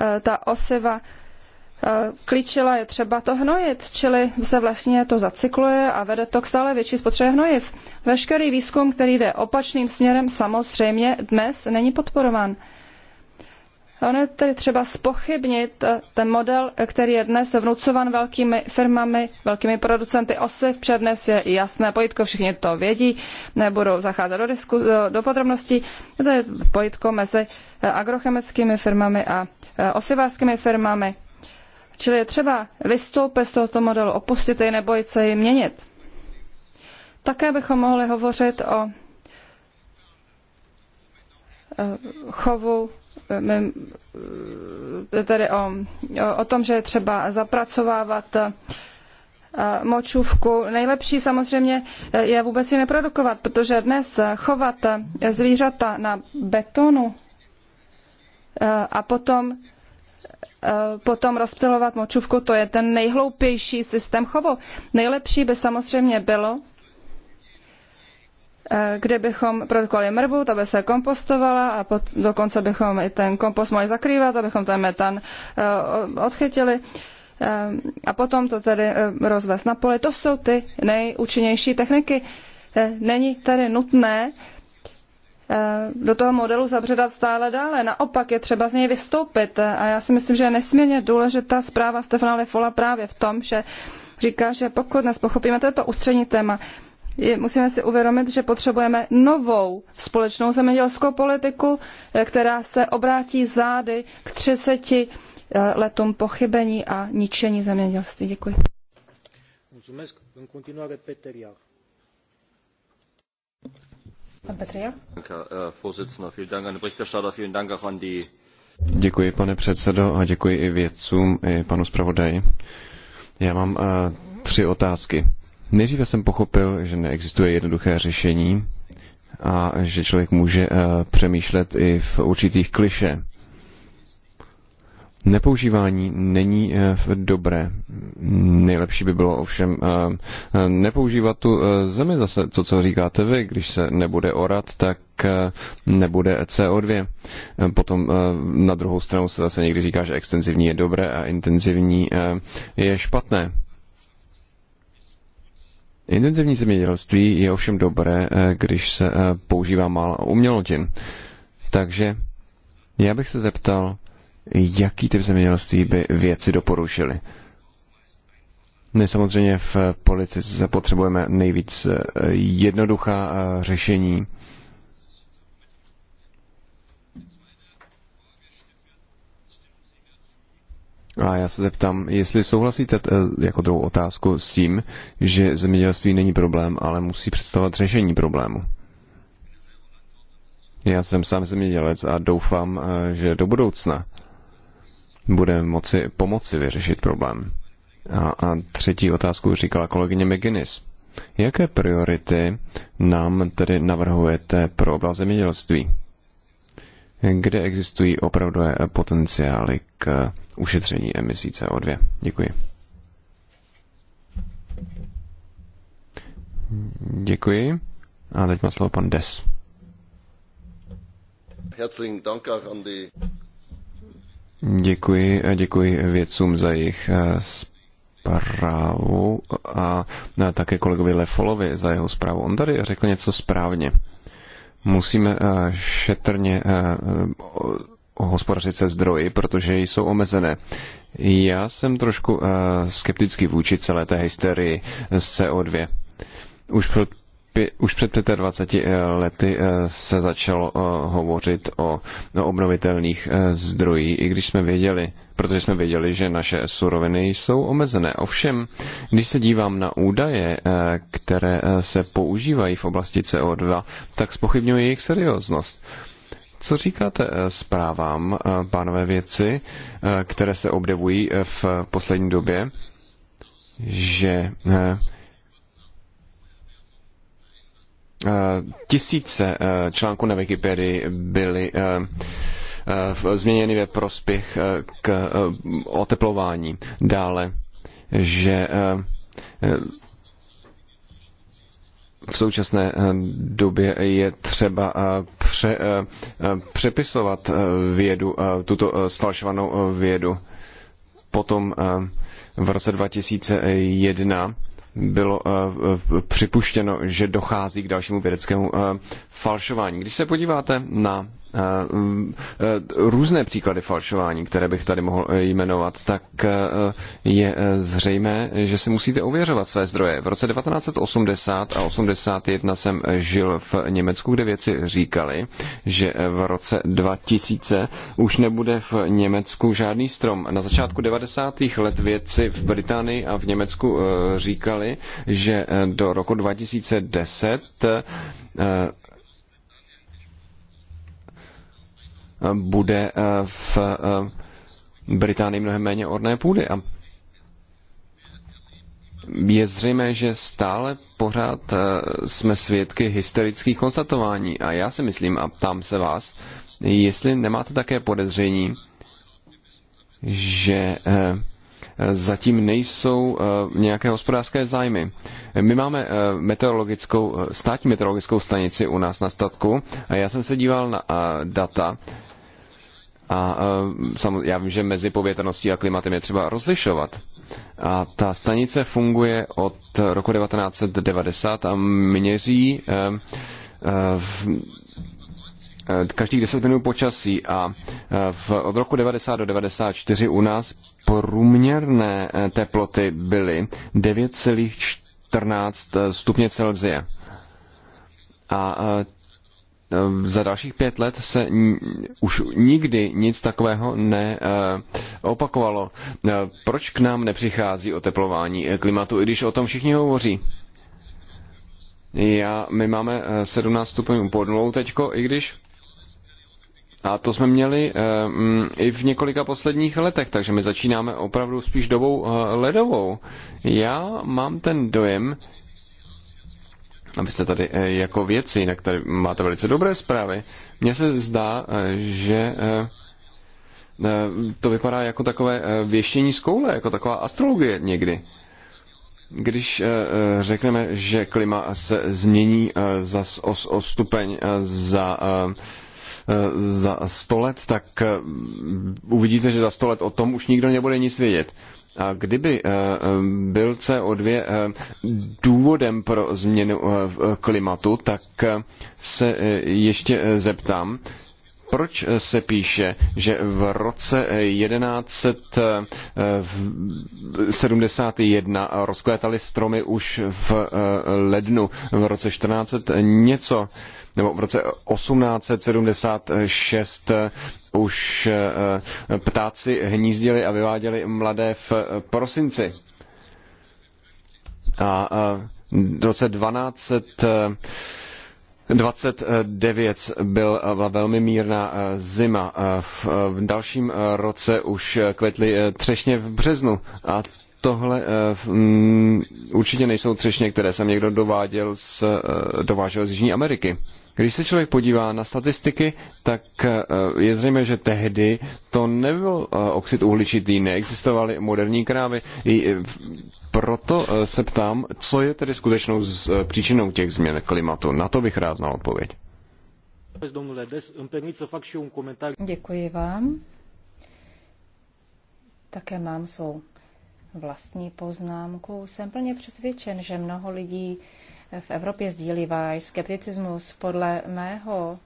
eh, ta osiva eh, klíčila, je třeba to hnojit, čili se vlastně to zacykluje a vede to k stále větší spotřebě hnojiv. Veškerý výzkum, který jde opačným směrem, samozřejmě dnes není podporován. Ono je tedy třeba spochybnit ten model, který je dnes vnucovan velkými firmami, velkými producenty osiv. Přednes je jasné pojitko, všichni to vědí, nebudou zacházet do, disku, do, do podrobností. To je pojitko mezi eh, agrochemickými firmami a eh, osivářskými firmami. Čili je třeba vystoupit z tohoto modelu, opustit jej, nebojit se jej měnit. Také bychom mohli hovořit o chovu, eh, tedy o, o tom, že je třeba zapracovávat eh, močůvku. Nejlepší samozřejmě eh, je vůbec ji neprodukovat, protože dnes chovat zvířata na betonu a potom potom rozptylovat močůvku, to je ten nejhloupější systém chovu. Nejlepší by samozřejmě bylo, Eh, kde bychom produkovali mrvu, ta by se kompostovala a pot, dokonce bychom i ten kompost mohli zakrývat, abychom ten metan eh, odchytili eh, a potom to tedy rozvést na poli. To jsou ty nejúčinnější techniky. Není tedy nutné do toho modelu zabředat stále dále. Naopak je třeba z něj vystoupit. A já si myslím, že je nesmírně důležitá zpráva Stefana Lefola právě v tom, že říká, že pokud dnes pochopíme, to je to ústřední téma, musíme si uvědomit, že potřebujeme novou společnou zemědělskou politiku, eh, která se obrátí zády k 30 eh, letům pochybení a ničení zemědělství. Děkuji. Mulțumesc. În continuare, Peter Iar. Děkuji, pane předsedo, a děkuji i vědcům, i panu zpravodaji. Já mám eh, tři otázky. Nejdříve jsem pochopil, že neexistuje jednoduché řešení a že člověk může eh, přemýšlet i v určitých kliše. Nepoužívání není eh, dobré. Nejlepší by bylo ovšem eh, nepoužívat tu zemi zase, co co říkáte vy, když se nebude orat, tak nebude CO2. Potom na druhou stranu se zase někdy říká, že extenzivní je dobré a intenzivní je špatné. Intenzivní zemědělství je ovšem dobré, eh, když se eh, používá málo umělotin. Takže já bych se zeptal, jaký typ zemědělství by věci doporučili. My samozřejmě v eh, politice potřebujeme nejvíc jednoduchá řešení A já se zeptám, jestli souhlasíte eh, jako druhou otázku s tím, že zemědělství není problém, ale musí představovat řešení problému. Já jsem sám zemědělec a doufám, eh, že do budoucna bude moci pomoci vyřešit problém. A, a třetí otázku říkala kolegyně McGuinness. Jaké priority nám tedy navrhujete pro oblast zemědělství? Kde existují opravdu potenciály k ušetření emisí CO2. Děkuji. Děkuji. A teď má slovo pan Des. Děkuji a děkuji vědcům za jejich eh, zprávu a také kolegovi Lefolovi za jeho zprávu. On tady řekl něco správně. Musíme eh, šetrně eh, hospodařit se zdroji, protože jsou omezené. Já jsem trošku uh, skeptický vůči celé té hysterii z CO2. Už před, už před 25 eh, lety eh, se začalo hovořit o obnovitelných zdrojích, i když jsme věděli, protože jsme věděli, že naše suroviny jsou omezené. Ovšem, když se dívám na údaje, které se používají v oblasti CO2, tak spochybňuji jejich serióznost. Uh, co říkáte eh, zprávám, eh, pánové věci, eh, které se objevují v poslední době, že tisíce článků na Wikipedii byly změněny ve prospěch k oteplování. Dále, že v současné eh, době je třeba eh, pře, eh, přepisovat vědu, tuto sfalšovanou vědu. Potom v roce 2001 bylo připuštěno, že dochází k dalšímu vědeckému falšování. Když se podíváte na Mm, e, různé příklady falšování, které bych tady mohl e, jmenovat, tak e, je zřejmé, že si musíte ověřovat své zdroje. V roce 1980 a 81 jsem žil v Německu, kde věci říkali, že v roce 2000 už nebude v Německu žádný strom. Na začátku 90. let věci v Británii a v Německu říkali, že do roku 2010 bude eh, v eh, Británii mnohem méně orné půdy. A je zřejmé, že stále pořád eh, jsme svědky hysterických konstatování. A já si myslím, a ptám se vás, jestli nemáte také podezření, že zatím nejsou nějaké hospodářské zájmy. My máme meteorologickou, státní meteorologickou stanici u nás na statku a já jsem se díval na data a e, samozřejmě, já vím, že mezi povětrností a klimatem je třeba rozlišovat. A ta stanice funguje od roku 1990 a měří e, e, každých 10 minut počasí a v, od roku 90 do 94 u nás průměrné teploty byly 9,14 stupně Celsia. A Ehm, za dalších pět let se už nikdy nic takového neopakovalo. Eh, eh, proč k nám nepřichází oteplování klimatu, i když o tom všichni hovoří? Já, my máme 17 eh, stupňů pod nulou teďko, i když a to jsme měli um, i v několika posledních letech, takže my začínáme opravdu spíš dobou uh, ledovou. Já mám ten dojem, abyste tady eh, jako věci, jinak tady máte velice dobré zprávy. Mně se zdá, eh, že eh, to vypadá jako takové věštění z koule, jako taková astrologie někdy. Když řekneme, že klima se změní za o, o stupeň za za 100 let, tak uvidíte, že za 100 let o tom už nikdo nebude nic vědět. A kdyby eh, eh, byl CO2 eh, důvodem pro změnu klimatu, tak se ještě zeptám, proč se píše, že v roce 1171 eh, rozkvétaly stromy už v eh, lednu, v roce 14 něco, nebo v roce 1876 eh, už ptáci hnízdili a vyváděli mladé v prosinci. A v roce 12 29 eh, byla velmi mírná eh, zima. Eh, v dalším roce už kvetly třešně v březnu a tohle um, určitě nejsou třešně, které jsem někdo dováděl z, dovážel z Jižní Ameriky. Když se člověk podívá na statistiky, tak eh, je zřejmé, že tehdy to nebyl eh, oxid uhličitý, neexistovaly moderní krávy. I eh, proto se ptám, co je tedy skutečnou příčinou těch změn klimatu. Na to bych rád znal odpověď. Děkuji vám. Také mám svou vlastní poznámku. Jsem plně přesvědčen, že mnoho lidí v Evropě sdílí váš skepticismus. Podle mého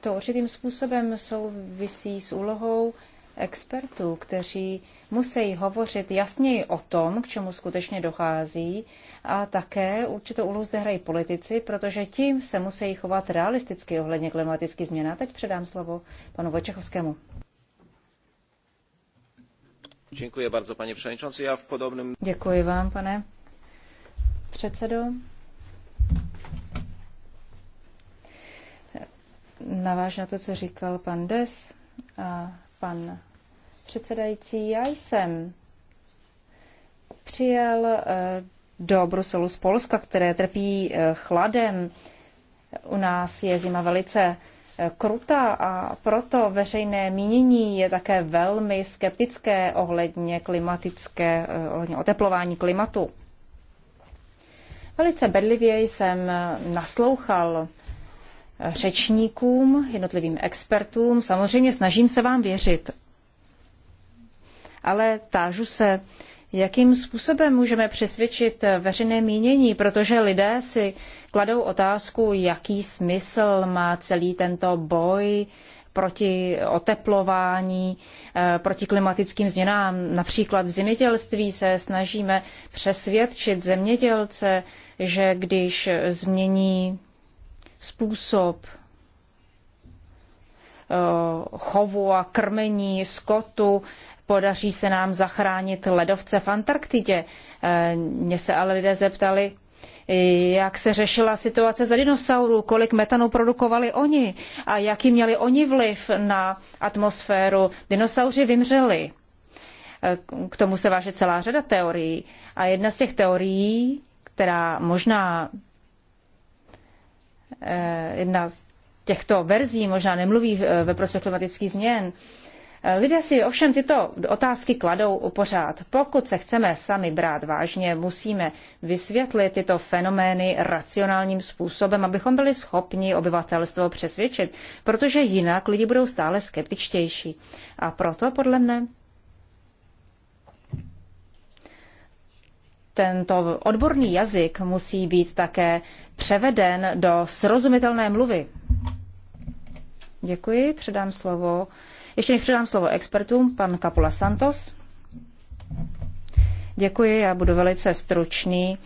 to určitým způsobem souvisí s úlohou expertů, kteří musí hovořit jasněji o tom, k čemu skutečně dochází a také určitou úlohu zde hrají politici, protože tím se musí chovat realisticky ohledně klimatických změn. A teď předám slovo panu Vojčechovskému. Děkuji bardzo, paní předsedající. Já v podobném... Děkuji vám, pane předsedo. navážu na to, co říkal pan Des a pan předsedající. Já jsem přijel eh, do Bruselu z Polska, které trpí eh, chladem. U nás je zima velice eh, krutá a proto veřejné mínění je také velmi skeptické ohledně klimatické, ohledně oteplování klimatu. Velice bedlivě jsem naslouchal řečníkům, jednotlivým expertům. Samozřejmě snažím se vám věřit. Ale tážu se, jakým způsobem můžeme přesvědčit veřejné mínění, protože lidé si kladou otázku, jaký smysl má celý tento boj proti oteplování, eh, proti klimatickým změnám. Například v zemědělství se snažíme přesvědčit zemědělce, že když změní způsob eh, chovu a krmení skotu, podaří se nám zachránit ledovce v Antarktidě. Eh, mě se ale lidé zeptali, jak se řešila situace za dinosaurů, kolik metanu produkovali oni a jaký měli oni vliv na atmosféru. Dinosauři vymřeli. Eh, k tomu se váže celá řada teorií. A jedna z těch teorií, která možná Eh, jedna z těchto verzí možná nemluví eh, ve prospěch klimatických změn. Eh, lidé si ovšem tyto otázky kladou pořád. Pokud se chceme sami brát vážně, musíme vysvětlit tyto fenomény racionálním způsobem, abychom byli schopni obyvatelstvo přesvědčit, protože jinak lidi budou stále skeptičtější. A proto, podle mne, tento odborný jazyk musí být také převeden do srozumitelné mluvy. Děkuji, předám slovo. Ještě než předám slovo expertům, pan Kapula Santos. Děkuji, já budu velice stručný.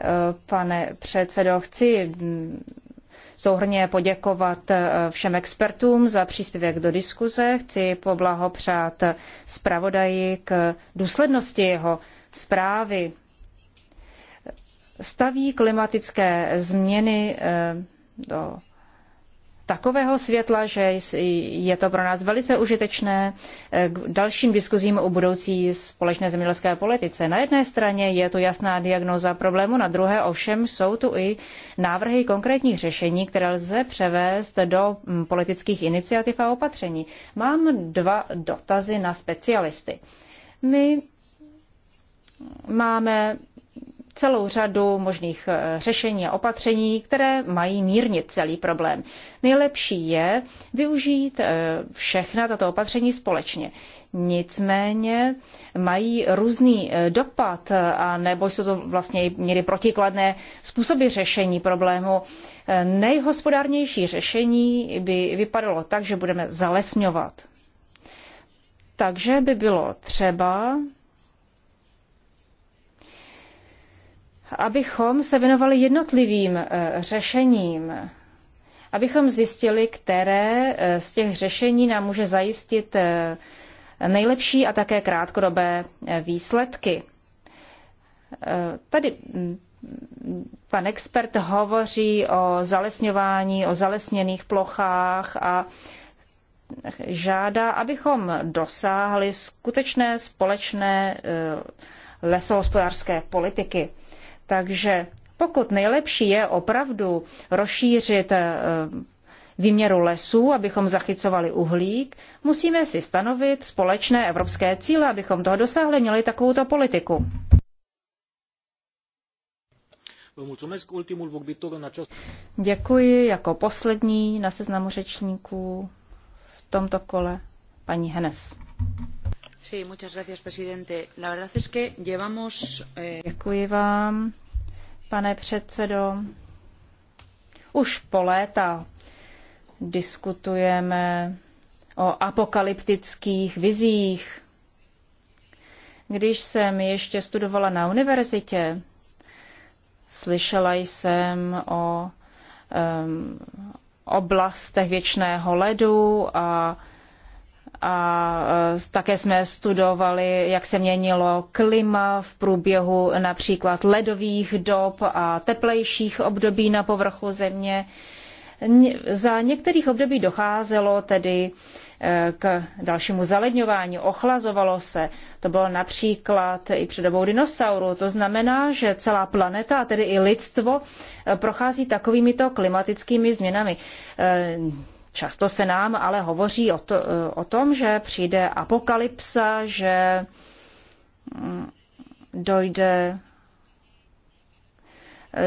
Eh, pane předsedo, chci mm, souhrně poděkovat eh, všem expertům za příspěvek do diskuze. Chci poblahopřát zpravodaji k důslednosti jeho zprávy staví klimatické změny eh, do takového světla, že je to pro nás velice užitečné eh, k dalším diskuzím o budoucí společné zemědělské politice. Na jedné straně je to jasná diagnoza problému, na druhé ovšem jsou tu i návrhy konkrétních řešení, které lze převést do mm, politických iniciativ a opatření. Mám dva dotazy na specialisty. My máme celou řadu možných eh, řešení a opatření, které mají mírnit celý problém. Nejlepší je využít eh, všechna tato opatření společně. Nicméně mají různý eh, dopad, a nebo jsou to vlastně měly protikladné způsoby řešení problému. Nejhospodárnější řešení by vypadalo tak, že budeme zalesňovat. Takže by bylo třeba abychom se věnovali jednotlivým eh, řešením, abychom zjistili, které eh, z těch řešení nám může zajistit eh, nejlepší a také krátkodobé výsledky. Tady mm, pan expert hovoří o zalesňování, o zalesněných plochách a žádá, abychom dosáhli skutečné společné lesohospodářské politiky. Takže pokud nejlepší je opravdu rozšířit eh, výměru lesů, abychom zachycovali uhlík, musíme si stanovit společné evropské cíle, abychom toho dosáhli, měli takovouto politiku. Děkuji jako poslední na seznamu řečníků v tomto kole paní Henes. Sí, muchas gracias, presidente. La verdad es que llevamos... Eh... Děkuji vám, pane předsedo. Už po léta diskutujeme o apokalyptických vizích. Když jsem ještě studovala na univerzitě, slyšela jsem o um, oblastech věčného ledu a a e, také jsme studovali, jak se měnilo klima v průběhu například ledových dob a teplejších období na povrchu země. Za některých období docházelo tedy e, k dalšímu zaledňování, ochlazovalo se. To bylo například i před dobou dinosaurů. To znamená, že celá planeta, a tedy i lidstvo, e, prochází takovýmito klimatickými změnami. Často se nám ale hovoří o, to, o tom, že přijde apokalypsa, že mm, dojde,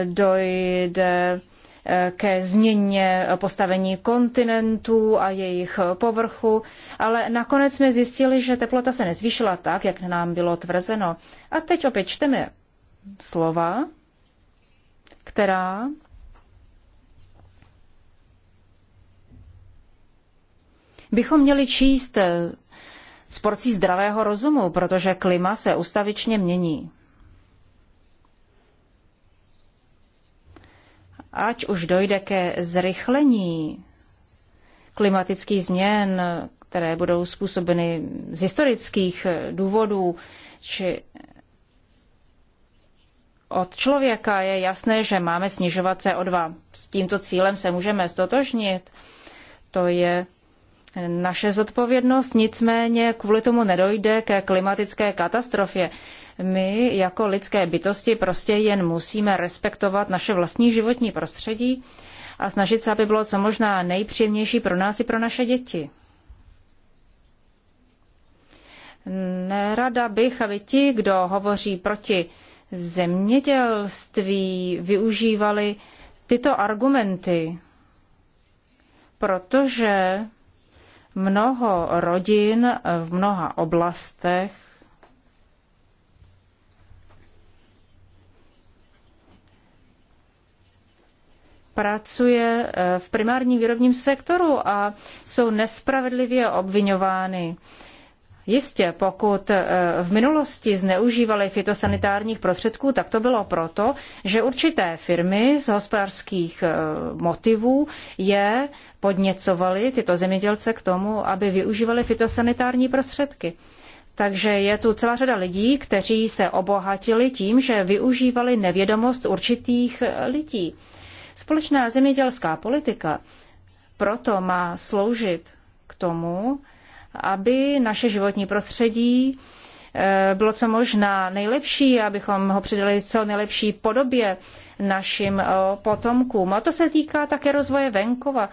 dojde eh, ke změně postavení kontinentů a jejich povrchu, ale nakonec jsme zjistili, že teplota se nezvýšila tak, jak nám bylo tvrzeno. A teď opět čteme slova, která bychom měli číst s eh, porcí zdravého rozumu, protože klima se ustavičně mění. Ať už dojde ke zrychlení klimatických změn, které budou způsobeny z historických eh, důvodů, či od člověka je jasné, že máme snižovat CO2. S tímto cílem se můžeme stotožnit. To je naše zodpovědnost, nicméně kvůli tomu nedojde ke klimatické katastrofě. My jako lidské bytosti prostě jen musíme respektovat naše vlastní životní prostředí a snažit se, aby bylo co možná nejpříjemnější pro nás i pro naše děti. Nerada bych, aby ti, kdo hovoří proti zemědělství, využívali tyto argumenty, protože Mnoho rodin v mnoha oblastech pracuje eh, v primárním výrobním sektoru a jsou nespravedlivě obvinovány. Jistě, pokud eh, v minulosti zneužívali fitosanitárních prostředků, tak to bylo proto, že určité firmy z hospodářských eh, motivů je podněcovaly, tyto zemědělce, k tomu, aby využívali fitosanitární prostředky. Takže je tu celá řada lidí, kteří se obohatili tím, že využívali nevědomost určitých eh, lidí. Společná zemědělská politika proto má sloužit k tomu, aby naše životní prostředí eh, bylo co možná nejlepší, abychom ho přidali co nejlepší podobě našim eh, potomkům. A to se týká také rozvoje venkova.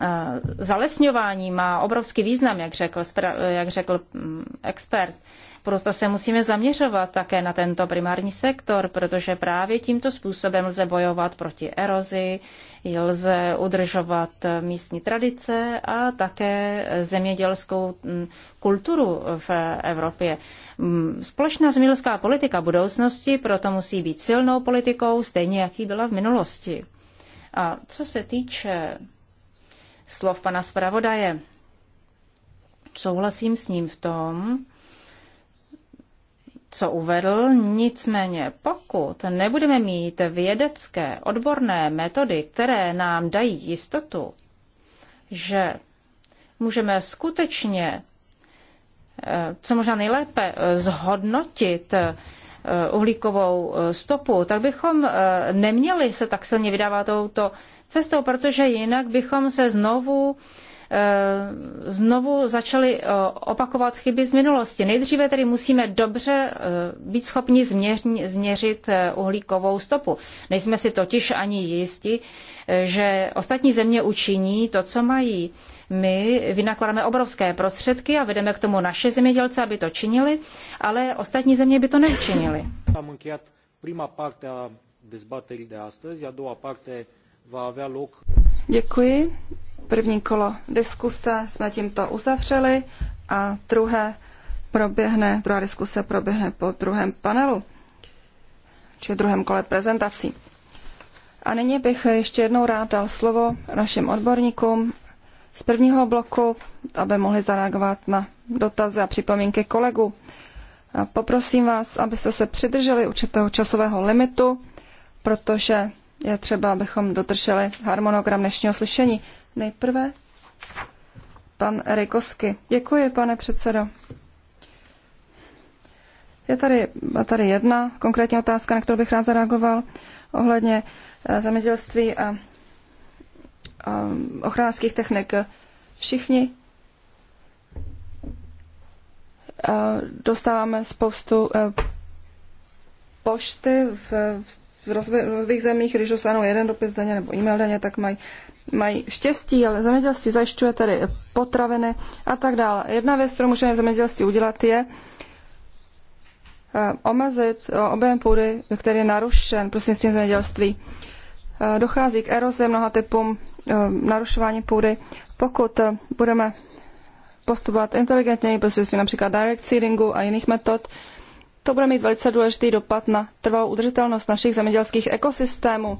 Eh, zalesňování má obrovský význam, jak řekl, jak řekl mm, expert. Proto se musíme zaměřovat také na tento primární sektor, protože právě tímto způsobem lze bojovat proti erozi, lze udržovat místní tradice a také zemědělskou mm, kulturu v Evropě. Mm, společná zemědělská politika budoucnosti proto musí být silnou politikou, stejně jaký byla v minulosti. A co se týče slov pana zpravodaje, souhlasím s ním v tom, co uvedl, nicméně pokud nebudeme mít vědecké odborné metody, které nám dají jistotu, že můžeme skutečně eh, co možná nejlépe eh, zhodnotit eh, uhlíkovou stopu, tak bychom neměli se tak silně vydávat touto cestou, protože jinak bychom se znovu Eh, znovu začali eh, opakovat chyby z minulosti. Nejdříve tedy musíme dobře eh, být schopni změřit uhlíkovou stopu. Nejsme si totiž ani jisti, že ostatní země učiní to, co mají. My vynakladáme obrovské prostředky a vedeme k tomu naše zemědělce, aby to činili, ale ostatní země by to neučinili. Am încheiat prima parte a dezbaterii de astăzi, a doua parte va avea loc. Děkuji. První kolo diskuse jsme tímto uzavřeli a druhé proběhne, druhá diskuse proběhne po druhém panelu, či druhém kole prezentací. A nyní bych ještě jednou rád dal slovo našim odborníkům z prvního bloku, aby mohli zareagovat na dotazy a připomínky kolegů. A poprosím vás, abyste se přidrželi určitého časového limitu, protože je třeba, abychom dodrželi harmonogram dnešního slyšení. Nejprve pan Rejkosky. Děkuji, pane předsedo. Je tady, tady jedna konkrétní otázka, na kterou bych rád zareagoval ohledně eh, zemědělství a, a ochranářských technik. Všichni eh, dostáváme spoustu eh, pošty v, v rozvojových zemích, když dostanou jeden dopis denně nebo e-mail denně, tak mají mají štěstí, ale zemědělství zajišťuje tedy potraviny a tak dále. Jedna věc, kterou můžeme zemědělství udělat, je eh, omezit eh, objem půdy, který je narušen prostřednictvím zemědělství. Eh, dochází k erozi mnoha typům narušování půdy. Pokud budeme postupovat inteligentněji prostřednictvím například direct seedingu a jiných metod, to bude mít velice důležitý dopad na trvalou udržitelnost našich zemědělských ekosystémů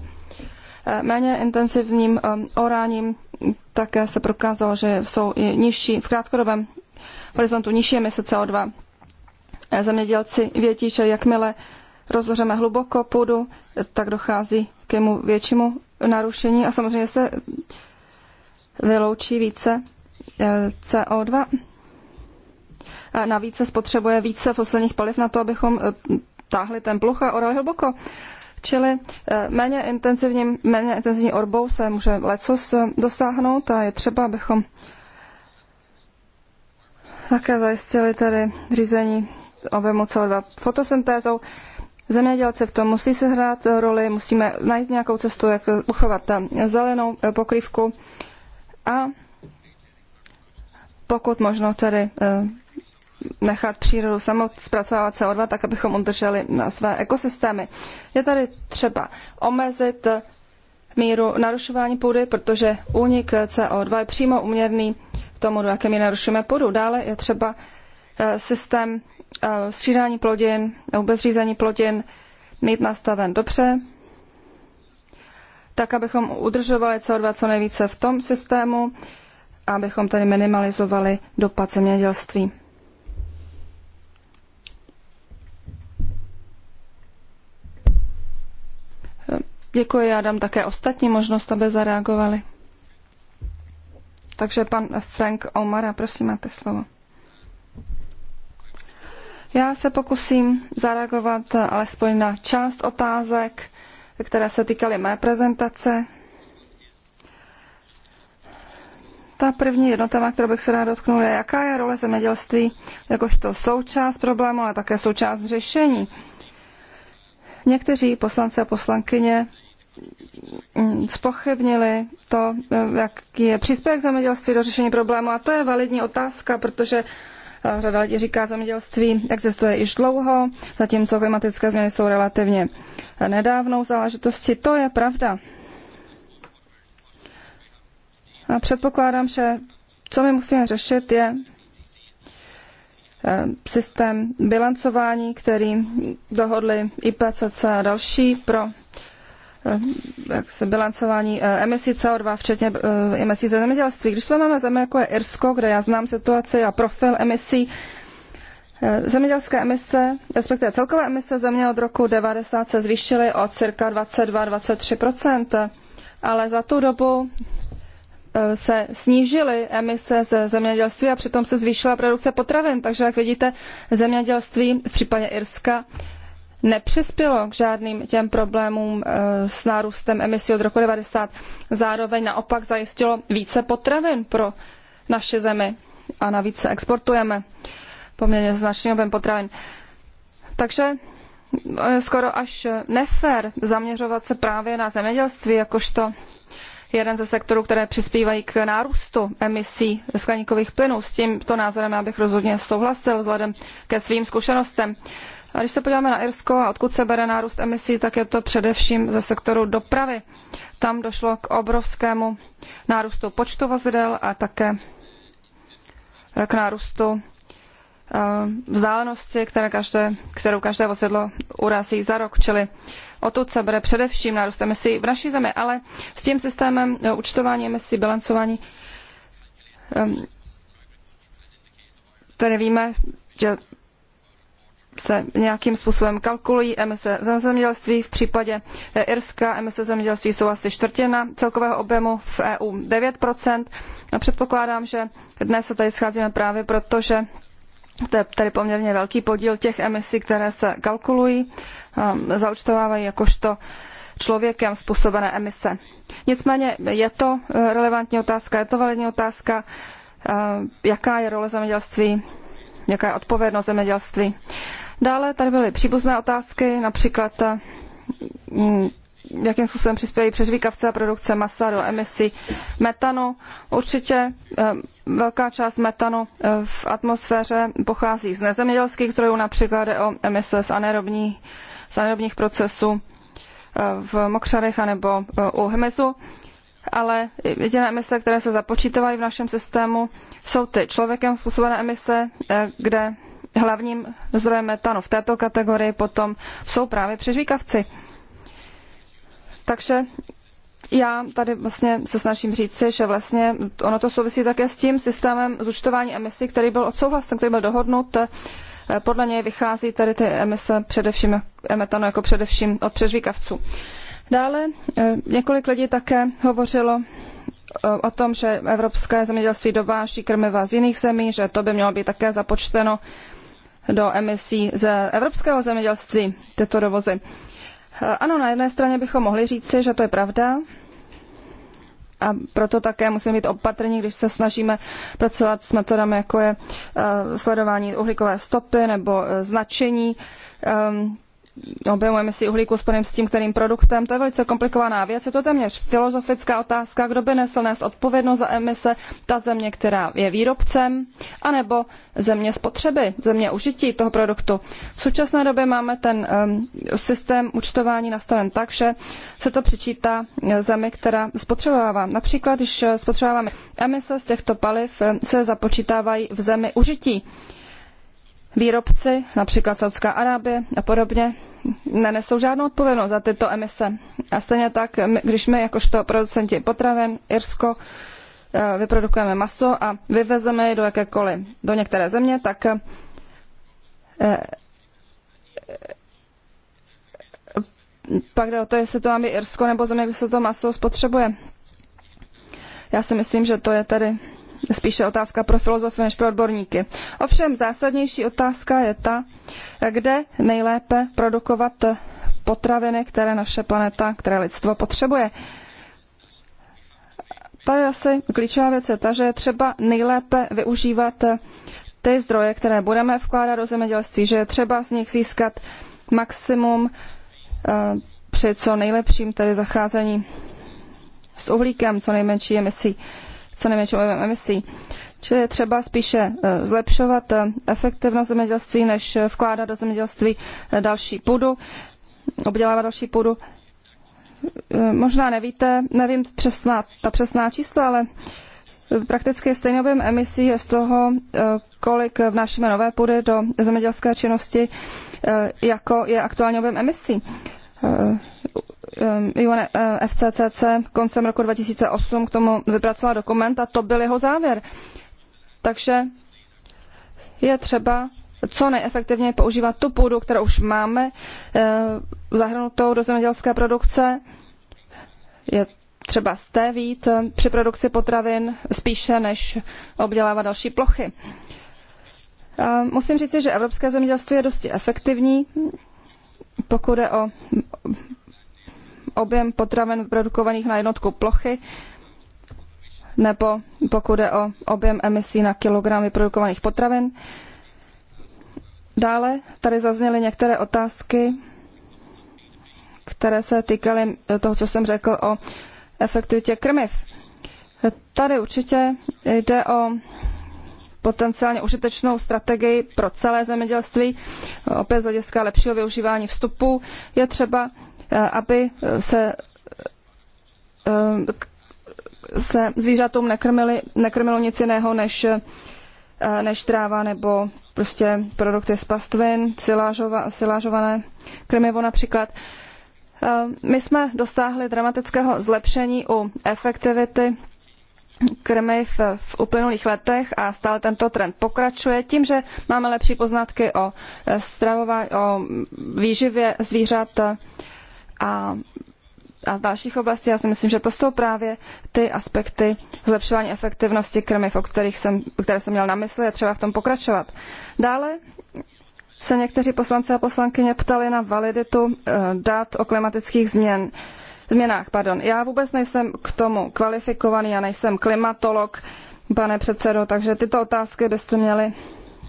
méně intenzivním um, oráním také se prokázalo, že jsou nižší v krátkodobém horizontu nižší emise CO2. Eh, zemědělci vědí, že jakmile rozhořeme hluboko půdu, tak dochází k jemu většímu narušení a samozřejmě se vyloučí více eh, CO2. A navíc se spotřebuje více fosilních paliv na to, abychom eh, táhli ten pluch a orali hluboko. Čili eh, méně, intenzivní, méně intenzivní orbou se může lecos eh, dosáhnout a je třeba, abychom také zajistili tedy řízení objemu CO2 fotosyntézou. Zemědělci v tom musí se hrát roli, musíme najít nějakou cestu, jak uchovat tam zelenou eh, pokrývku a pokud možno tedy nechat přírodu samou zpracovávat CO2, tak abychom udrželi na své ekosystémy. Je tady třeba omezit míru narušování půdy, protože únik CO2 je přímo uměrný tomu, do jaké my narušujeme půdu. Dále je třeba eh, systém eh, střídání plodin, vůbec plodin mít nastaven dobře, tak abychom udržovali CO2 co nejvíce v tom systému, abychom tady minimalizovali dopad zemědělství. Děkuji, já dám také ostatní možnost, aby zareagovali. Takže pan Frank Omara, prosím, máte slovo. Já se pokusím zareagovat alespoň na část otázek, které se týkaly mé prezentace. Ta první jedno téma, kterou bych se rád dotknul, je, jaká je role zemědělství jakožto součást problému, ale také součást řešení. Někteří poslanci a poslankyně Mm, spochybnili to, eh, jaký je příspěvek zemědělství do řešení problému. A to je validní otázka, protože eh, řada lidí říká, zemědělství existuje již dlouho, zatímco klimatické změny jsou relativně eh, nedávnou záležitostí. To je pravda. A předpokládám, že co my musíme řešit, je systém bilancování, který dohodli IPCC a další pro Eh, bilancování eh, emisí CO2, včetně eh, emisí ze zemědělství. Když se máme země, jako je Irsko, kde já znám situaci a profil emisí, Zemědělské emise, respektive celkové emise země od roku 90 se zvýšily o cirka 22-23%, ale za tu dobu se snížily emise ze zemědělství a přitom se zvýšila produkce potravin. Takže, jak vidíte, zemědělství v případě Irska nepřispělo k žádným těm problémům eh, s nárůstem emisí od roku 90. Zároveň naopak zajistilo více potravin pro naše zemi a navíc se exportujeme poměrně značný objem potravin. Takže je eh, skoro až nefér zaměřovat se právě na zemědělství, jakožto jeden ze sektorů, které přispívají k nárůstu emisí skleníkových plynů. S tímto názorem já bych rozhodně souhlasil vzhledem ke svým zkušenostem. A když se podíváme na Irsko a odkud se bere nárůst emisí, tak je to především ze sektoru dopravy. Tam došlo k obrovskému nárůstu počtu vozidel a také eh, k nárůstu eh, vzdálenosti, které každé, kterou každé vozidlo urazí za rok, čili odtud se bere především nárůst emisí v naší zemi, ale s tím systémem eh, účtování emisí, bilancování, tedy víme, že se nějakým způsobem kalkulují emise zemědělství. V případě eh, Irska emise zemědělství jsou asi čtvrtina celkového objemu v EU 9%. Předpokládám, že dnes se tady scházíme právě proto, že to je tady poměrně velký podíl těch emisí, které se kalkulují, zaučtovávají jakožto člověkem způsobené emise. Nicméně je to eh, relevantní otázka, je to validní otázka, eh, jaká je role zemědělství, jaká je odpovědnost zemědělství. Dále tady byly příbuzné otázky, například eh, mm, jakým způsobem přispějí přežvíkavce a produkce masa do emisí metanu. Určitě eh, velká část metanu eh, v atmosféře pochází z nezemědělských zdrojů, například o emise z, anaerobní, z anaerobních procesů v mokřarech anebo u hmyzu. Ale jediné emise, které se započítávají v našem systému, jsou ty člověkem způsobené emise, kde hlavním zdrojem metanu v této kategorii potom jsou právě přežvíkavci. Takže já tady vlastně se snažím říci, že vlastně ono to souvisí také s tím systémem zúčtování emisí, který byl odsouhlasen, který byl dohodnut. Podle něj vychází tady ty emise především metanu jako především od přežvíkavců. Dále eh, několik lidí také hovořilo eh, o tom, že evropské zemědělství dováží krmiva z jiných zemí, že to by mělo být také započteno do emisí z evropského zemědělství tyto dovozy. Eh, ano, na jedné straně bychom mohli říci, že to je pravda, a proto také musíme být opatrní, když se snažíme pracovat s metodami, jako je eh, sledování uhlíkové stopy nebo eh, značení. Ehm, objemujeme si uhlík úsporným s tím, kterým produktem. To je velice komplikovaná věc. Je to téměř filozofická otázka, kdo by nesl nést odpovědnost za emise, ta země, která je výrobcem, anebo země spotřeby, země užití toho produktu. V současné době máme ten um, systém účtování nastaven tak, že se to přičítá zemi, která spotřebovává. Například, když spotřebováváme emise z těchto paliv, se započítávají v zemi užití výrobci, například Saudská Arábie a podobně, nenesou žádnou odpovědnost za tyto emise. A stejně tak, když my jakožto producenti potravin, Irsko, eh, vyprodukujeme maso a vyvezeme je do jakékoliv, do některé země, tak eh, pak jde o to, jestli to máme Irsko nebo země, kde se to maso spotřebuje. Já si myslím, že to je tady spíše otázka pro filozofy než pro odborníky. Ovšem zásadnější otázka je ta, kde nejlépe produkovat potraviny, které naše planeta, které lidstvo potřebuje. Tady asi klíčová věc je ta, že je třeba nejlépe využívat ty zdroje, které budeme vkládat do zemědělství, že je třeba z nich získat maximum eh, při co nejlepším tedy zacházení s uhlíkem, co nejmenší emisí co nejmenším emisí. Čili je třeba spíše eh, zlepšovat eh, efektivnost zemědělství, než eh, vkládat do zemědělství další půdu, obdělávat další půdu. Možná nevíte, nevím přesná, ta přesná čísla, ale prakticky stejný objem emisí je z toho, kolik vnášíme nové půdy do zemědělské činnosti, jako je aktuální objem emisí. UNFCCC ehm, eh, koncem roku 2008 k tomu vypracovala dokument a to byl jeho závěr. Takže je třeba co nejefektivněji používat tu půdu, kterou už máme eh, zahrnutou do zemědělské produkce. Je třeba stévít eh, při produkci potravin spíše, než obdělávat další plochy. Musím říci, že evropské zemědělství je dosti efektivní, pokud je o objem potravin produkovaných na jednotku plochy, nebo pokud je o objem emisí na kilogram vyprodukovaných potravin. Dále tady zazněly některé otázky, které se týkaly toho, co jsem řekl o efektivitě krmiv. Tady určitě jde o potenciálně užitečnou strategii pro celé zemědělství, opět z hlediska lepšího využívání vstupu. Je třeba Eh, aby se eh, se zvířatům nekrmili, nekrmilo nic jiného než, eh, než tráva nebo prostě produkty z pastvin, silážova, silážované krmivo například. My jsme dosáhli dramatického zlepšení u efektivity krmiv v uplynulých letech a stále tento trend pokračuje tím, že máme lepší poznatky o stravování, o výživě zvířat, a a z dalších oblastí. Já si myslím, že to jsou právě ty aspekty zlepšování efektivnosti krmiv, o kterých jsem, které jsem měl na mysli a třeba v tom pokračovat. Dále se někteří poslanci a poslankyně ptali na validitu eh, dat o klimatických změn. Změnách, pardon. Já vůbec nejsem k tomu kvalifikovaný, já nejsem klimatolog, pane předsedo, takže tyto otázky byste měli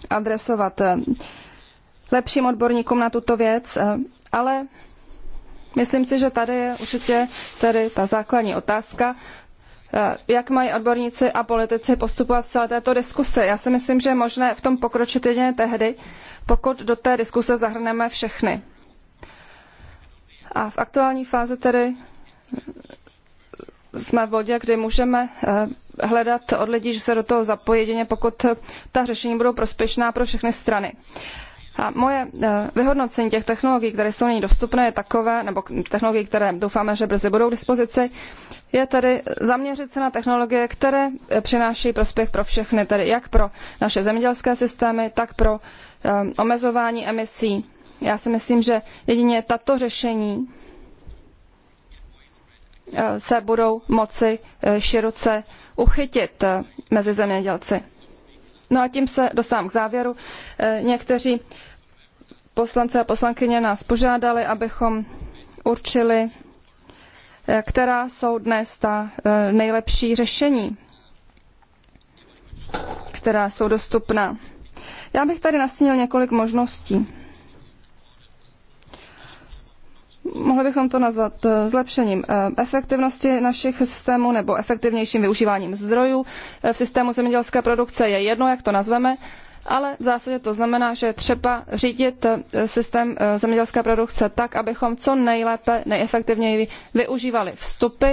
adresovat eh, lepším odborníkům na tuto věc, eh, ale Myslím si, že tady je určitě tady ta základní otázka, eh, jak mají odborníci a politici postupovat v celé této diskusi. Já si myslím, že je možné v tom pokročit jedině tehdy, pokud do té diskuse zahrneme všechny. A v aktuální fázi tedy jsme v bodě, kdy můžeme eh, hledat od lidí, že se do toho zapojí, jedině pokud ta řešení budou prospěšná pro všechny strany. A moje eh, vyhodnocení těch technologií, které jsou nyní dostupné, je takové, nebo technologií, které doufáme, že brzy budou k dispozici, je tedy zaměřit se na technologie, které eh, přináší prospěch pro všechny, tedy jak pro naše zemědělské systémy, tak pro eh, omezování emisí. Já si myslím, že jedině tato řešení se budou moci široce uchytit mezi zemědělci. No a tím se dostávám k závěru. Eh, někteří poslanci a poslankyně nás požádali, abychom určili, eh, která jsou dnes ta eh, nejlepší řešení, která jsou dostupná. Já bych tady nastínil několik možností mohli bychom to nazvat eh, zlepšením eh, efektivnosti našich systémů nebo efektivnějším využíváním zdrojů eh, v systému zemědělské produkce. Je jedno, jak to nazveme, ale v zásadě to znamená, že je třeba řídit systém zemědělské produkce tak, abychom co nejlépe, nejefektivněji využívali vstupy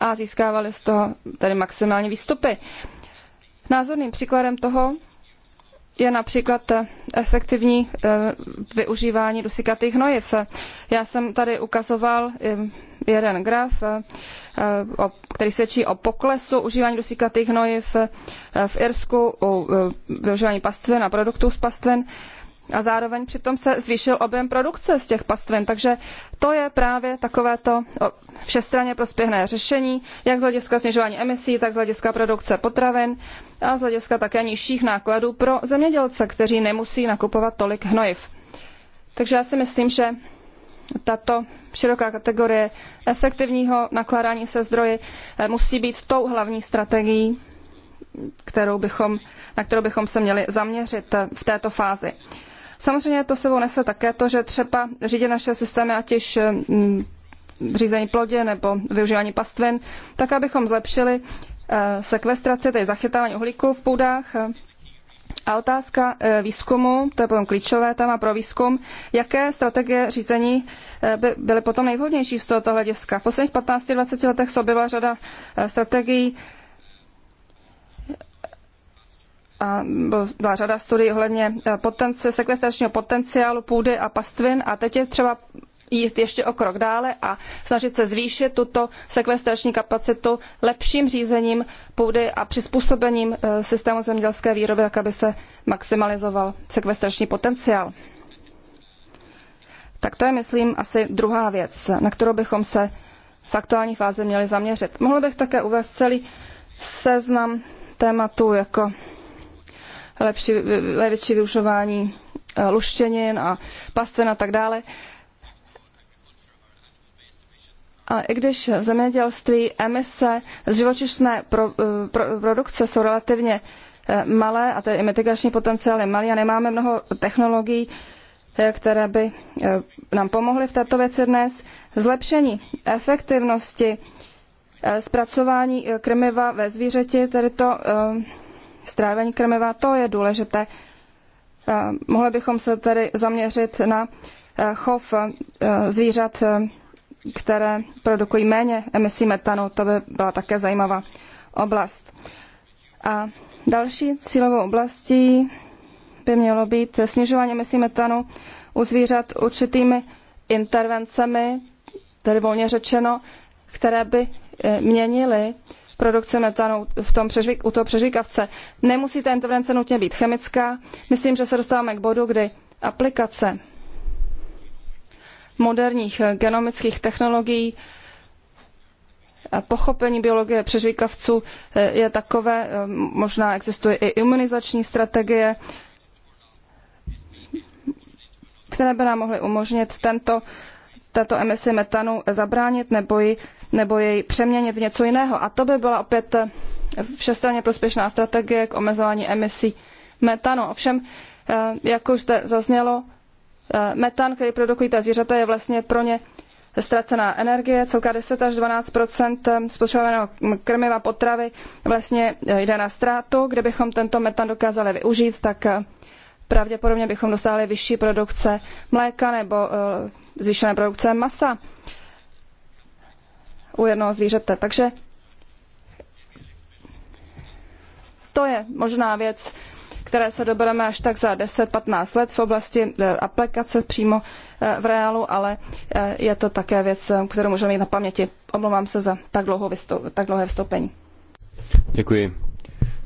a získávali z toho tedy maximální výstupy. Názorným příkladem toho je například eh, efektivní eh, využívání dusikatých hnojiv. Já jsem tady ukazoval eh, jeden graf, který svědčí o poklesu užívání dusikatých hnojiv v Irsku, o využívání pastvin a produktů z pastvin a zároveň přitom se zvýšil objem produkce z těch pastvin. Takže to je právě takovéto všestranně prospěchné řešení, jak z hlediska snižování emisí, tak z hlediska produkce potravin a z hlediska také nižších nákladů pro zemědělce, kteří nemusí nakupovat tolik hnojiv. Takže já si myslím, že tato široká kategorie efektivního nakládání se zdroji eh, musí být tou hlavní strategií, kterou bychom, na kterou bychom se měli zaměřit eh, v této fázi. Samozřejmě to sebou nese také to, že třeba řídit naše systémy, ať již mm, řízení plodě nebo využívání pastvin, tak abychom zlepšili eh, sekvestraci, tedy zachytávání uhlíku v půdách. A otázka eh, výzkumu, to je potom klíčové téma pro výzkum, jaké strategie řízení eh, by byly potom nejvhodnější z tohoto hlediska. V posledních 15-20 letech se objevila řada strategií, a byla řada studií ohledně eh, potenci, sekvestračního potenciálu půdy a pastvin a teď je třeba jít ještě o krok dále a snažit se zvýšit tuto sekvestrační kapacitu lepším řízením půdy a přizpůsobením eh, systému zemědělské výroby, tak aby se maximalizoval sekvestrační potenciál. Tak to je, myslím, asi druhá věc, na kterou bychom se v aktuální fázi měli zaměřit. Mohl bych také uvést celý seznam tématů jako lepší, lepší využování eh, luštěnin a pastvin a tak dále. A i když zemědělství, emise z živočišné pro, eh, pro, produkce jsou relativně eh, malé a ten mitigační potenciál je malý a nemáme mnoho technologií, které by nám pomohly v této věci dnes. Zlepšení efektivnosti zpracování krmiva ve zvířeti, tedy to strávení krmiva, to je důležité. Eh, mohli bychom se tedy zaměřit na eh, chov eh, zvířat, které produkují méně emisí metanu, to by byla také zajímavá oblast. A další cílovou oblastí by mělo být snižování emisí metanu u zvířat určitými intervencemi, tedy volně řečeno, které by měnily produkce metanu v tom přežvík, u toho přežvíkavce. Nemusí ta intervence nutně být chemická. Myslím, že se dostáváme k bodu, kdy aplikace moderních genomických technologií pochopení biologie přežvíkavců eh, je takové, eh, možná existuje i imunizační strategie, které by nám mohly umožnit tento, tato emisi metanu zabránit nebo ji nebo jej přeměnit v něco jiného. A to by byla opět všestranně prospěšná strategie k omezování emisí metanu. Ovšem, eh, jak už zde zaznělo, eh, metan, který produkují ta zvířata, je vlastně pro ně ztracená energie, celka 10 až 12 eh, spotřebovaného krmiva potravy vlastně jde na ztrátu. Kdybychom tento metan dokázali využít, tak pravděpodobně bychom dosáhli vyšší produkce mléka nebo zvýšené produkce masa u jednoho zvířete. Takže to je možná věc, které se dobereme až tak za 10-15 let v oblasti eh, aplikace přímo eh, v reálu, ale eh, je to také věc, kterou můžeme mít na paměti. Omlouvám se za tak, dlouho vystou- tak dlouhé vystoupení. Děkuji.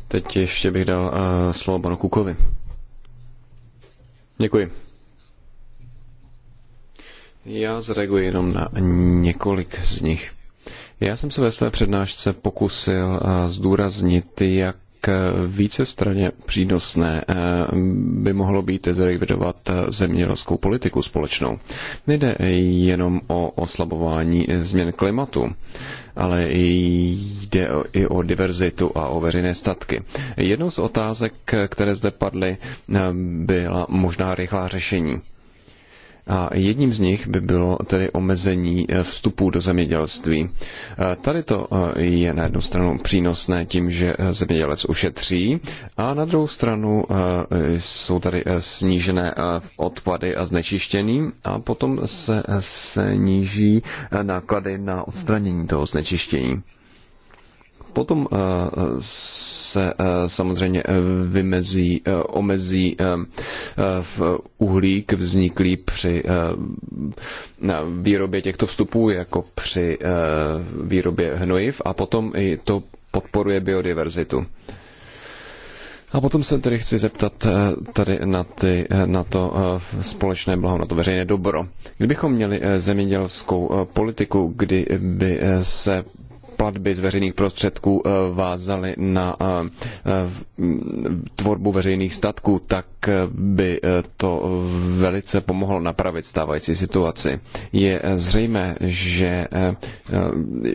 Teď ještě bych dal uh, slovo panu Kukovi. Děkuji. Já zareaguji jenom na několik z nich. Já jsem se ve své přednášce pokusil eh, zdůraznit, jak eh, více straně přínosné eh, by mohlo být zrevidovat zemědělskou politiku společnou. Nejde jenom o oslabování změn klimatu, ale jde i o diverzitu a o veřejné statky. Jednou z otázek, které zde padly, byla možná rychlá řešení. A jedním z nich by bylo tedy omezení eh, vstupů do zemědělství. Eh, tady to eh, je na jednu stranu přínosné tím, že zemědělec ušetří, a na druhou stranu jsou tady snížené odpady a znečištění a potom se sníží náklady na odstranění toho znečištění. Potom eh, se eh, samozřejmě eh, vymezí, omezí v uhlík vzniklý při výrobě těchto vstupů, jako při výrobě hnojiv a potom i to podporuje biodiverzitu. A potom se tedy chci zeptat tady na, ty, na to společné blaho, na to veřejné dobro. Kdybychom měli zemědělskou politiku, kdyby se platby z veřejných prostředků eh, vázaly na eh, eh, tvorbu veřejných statků, tak by to velice pomohlo napravit stávající situaci. Je zřejmé, že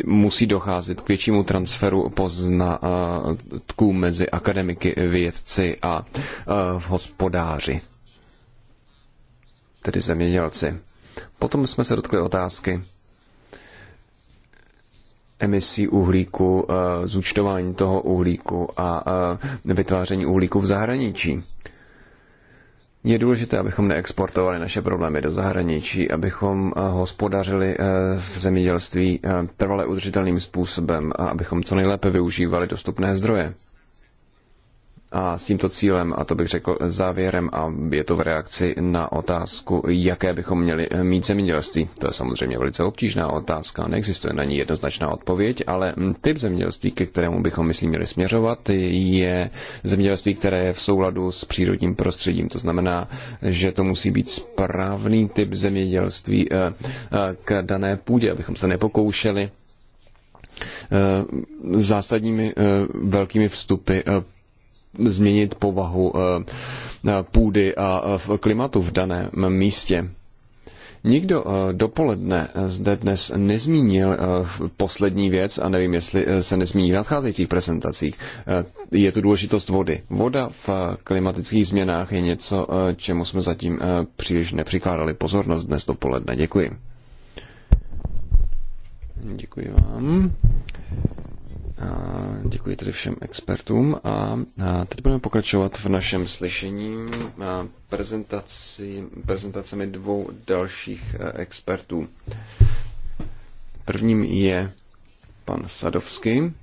musí docházet k většímu transferu poznatků mezi akademiky, vědci a hospodáři, tedy zemědělci. Potom jsme se dotkli otázky, emisí uhlíku, eh, zúčtování toho uhlíku a eh, vytváření uhlíku v zahraničí. Je důležité, abychom neexportovali naše problémy do zahraničí, abychom eh, hospodařili v zemědělství trvale udržitelným způsobem a abychom co nejlépe využívali dostupné zdroje a s tímto cílem, a to bych řekl závěrem, a je to v reakci na otázku, jaké bychom měli mít zemědělství. To je samozřejmě velice obtížná otázka, neexistuje na ní jednoznačná odpověď, ale typ zemědělství, ke kterému bychom, myslím, měli směřovat, je zemědělství, které je v souladu s přírodním prostředím. To znamená, že to musí být správný typ zemědělství eh, eh, k dané půdě, abychom se nepokoušeli eh, zásadními velkými vstupy změnit povahu eh, eh, půdy a eh, klimatu v daném místě. Nikdo dopoledne zde dnes nezmínil poslední věc a nevím, jestli se nezmíní v nadcházejících prezentacích. Je tu důležitost vody. Voda v klimatických změnách je něco, čemu jsme zatím příliš nepřikládali pozornost dnes dopoledne. Děkuji. Děkuji vám. Děkuji tedy všem expertům a teď budeme pokračovat v našem slyšení prezentaci, prezentacemi dvou dalších e, expertů. Prvním je pan Sadovský,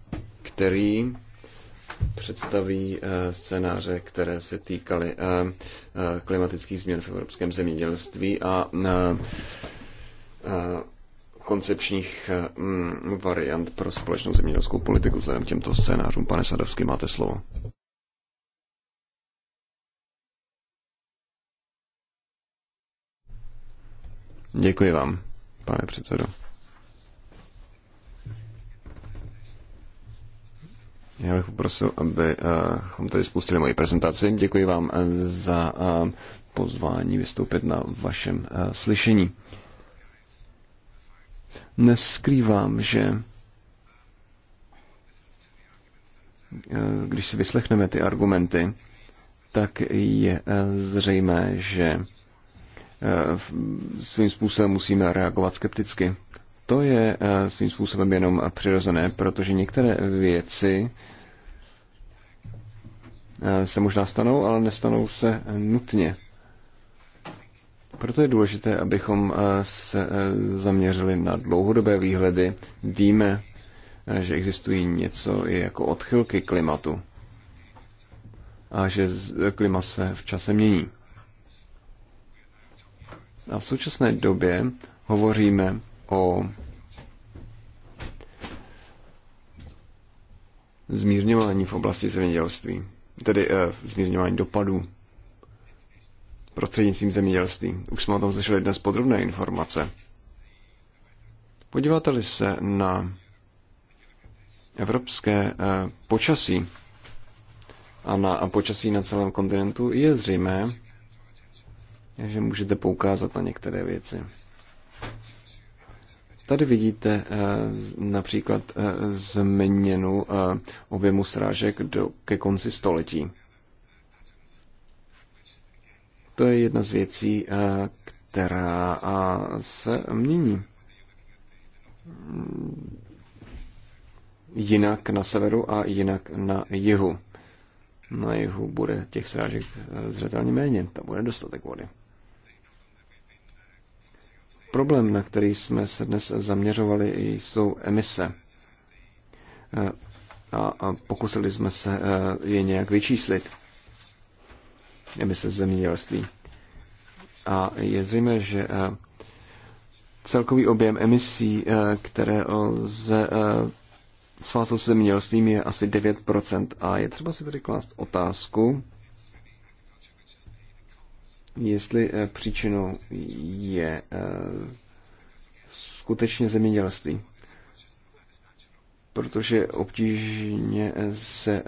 který představí e, scénáře, které se týkaly e, klimatických změn v evropském zemědělství a koncepčních mm, variant pro společnou zemědělskou politiku vzhledem k těmto scénářům. Pane Sadovský, máte slovo. Děkuji vám, pane předsedo. Já bych poprosil, abychom tady spustili moji prezentaci. Děkuji vám za eh, pozvání vystoupit na vašem eh, slyšení neskrývám, že eh, když si vyslechneme ty argumenty, tak je eh, zřejmé, že eh, svým způsobem musíme reagovat skepticky. To je svým způsobem jenom přirozené, protože některé věci se možná stanou, ale nestanou se nutně. Proto je důležité, abychom eh, se eh, zaměřili na dlouhodobé výhledy. Víme, eh, že existují něco i jako odchylky klimatu a že klima se v čase mění. A v současné době hovoříme o zmírňování v oblasti zemědělství, tedy e, zmírňování dopadů prostřednictvím zemědělství. Už jsme o tom slyšeli dnes podrobné informace. Podíváte-li se na evropské eh, počasí a na počasí na celém kontinentu, je zřejmé, že můžete poukázat na některé věci. Tady vidíte eh, například eh, změnu objemu srážek do, ke konci století to je jedna z věcí, eh, která eh, se mění. Jinak na severu a jinak na jihu. Na jihu bude těch srážek eh, zřetelně méně, tam bude dostatek vody. Problém, na který jsme se dnes zaměřovali, jsou emise. A pokusili jsme se je nějak vyčíslit emise zemědělství. A je zřejmé, že eh, celkový objem emisí, eh, které lze eh, svázat se zemědělstvím, je asi 9%. A je třeba si tedy klást otázku, jestli příčinou je skutečně zemědělství protože obtížně se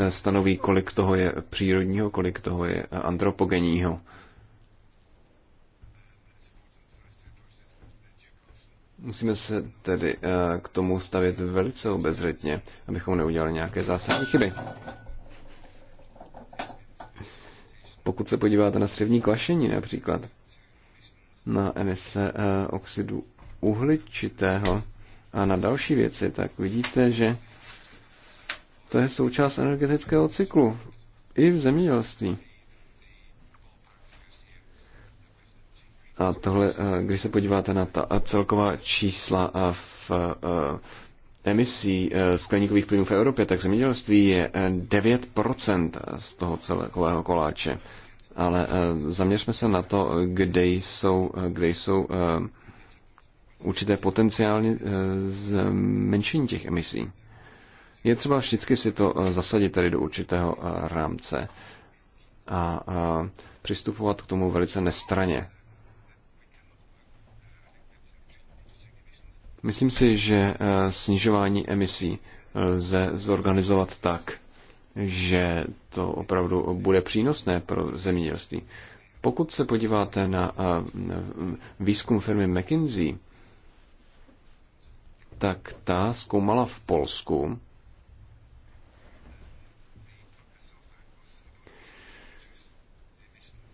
eh, stanoví, kolik toho je přírodního, kolik toho je antropogenního. Musíme se tedy eh, k tomu stavit velice obezřetně, abychom neudělali nějaké zásadní chyby. Pokud se podíváte na střevní kvašení například, na emise eh, oxidu uhličitého, a na další věci, tak vidíte, že to je součást energetického cyklu i v zemědělství. A tohle, eh, když se podíváte na ta celková čísla a v eh, emisí eh, skleníkových plynů v Evropě, tak zemědělství je 9% z toho celkového koláče. Ale zaměřme se na to, kde jsou, kde jsou určité potenciální eh, zmenšení těch emisí. Je třeba vždycky si to eh, zasadit tady do určitého eh, rámce a přistupovat k tomu velice nestraně. Myslím si, že snižování emisí lze zorganizovat tak, že to opravdu bude přínosné pro zemědělství. Pokud se podíváte na výzkum firmy McKinsey, tak ta zkoumala v Polsku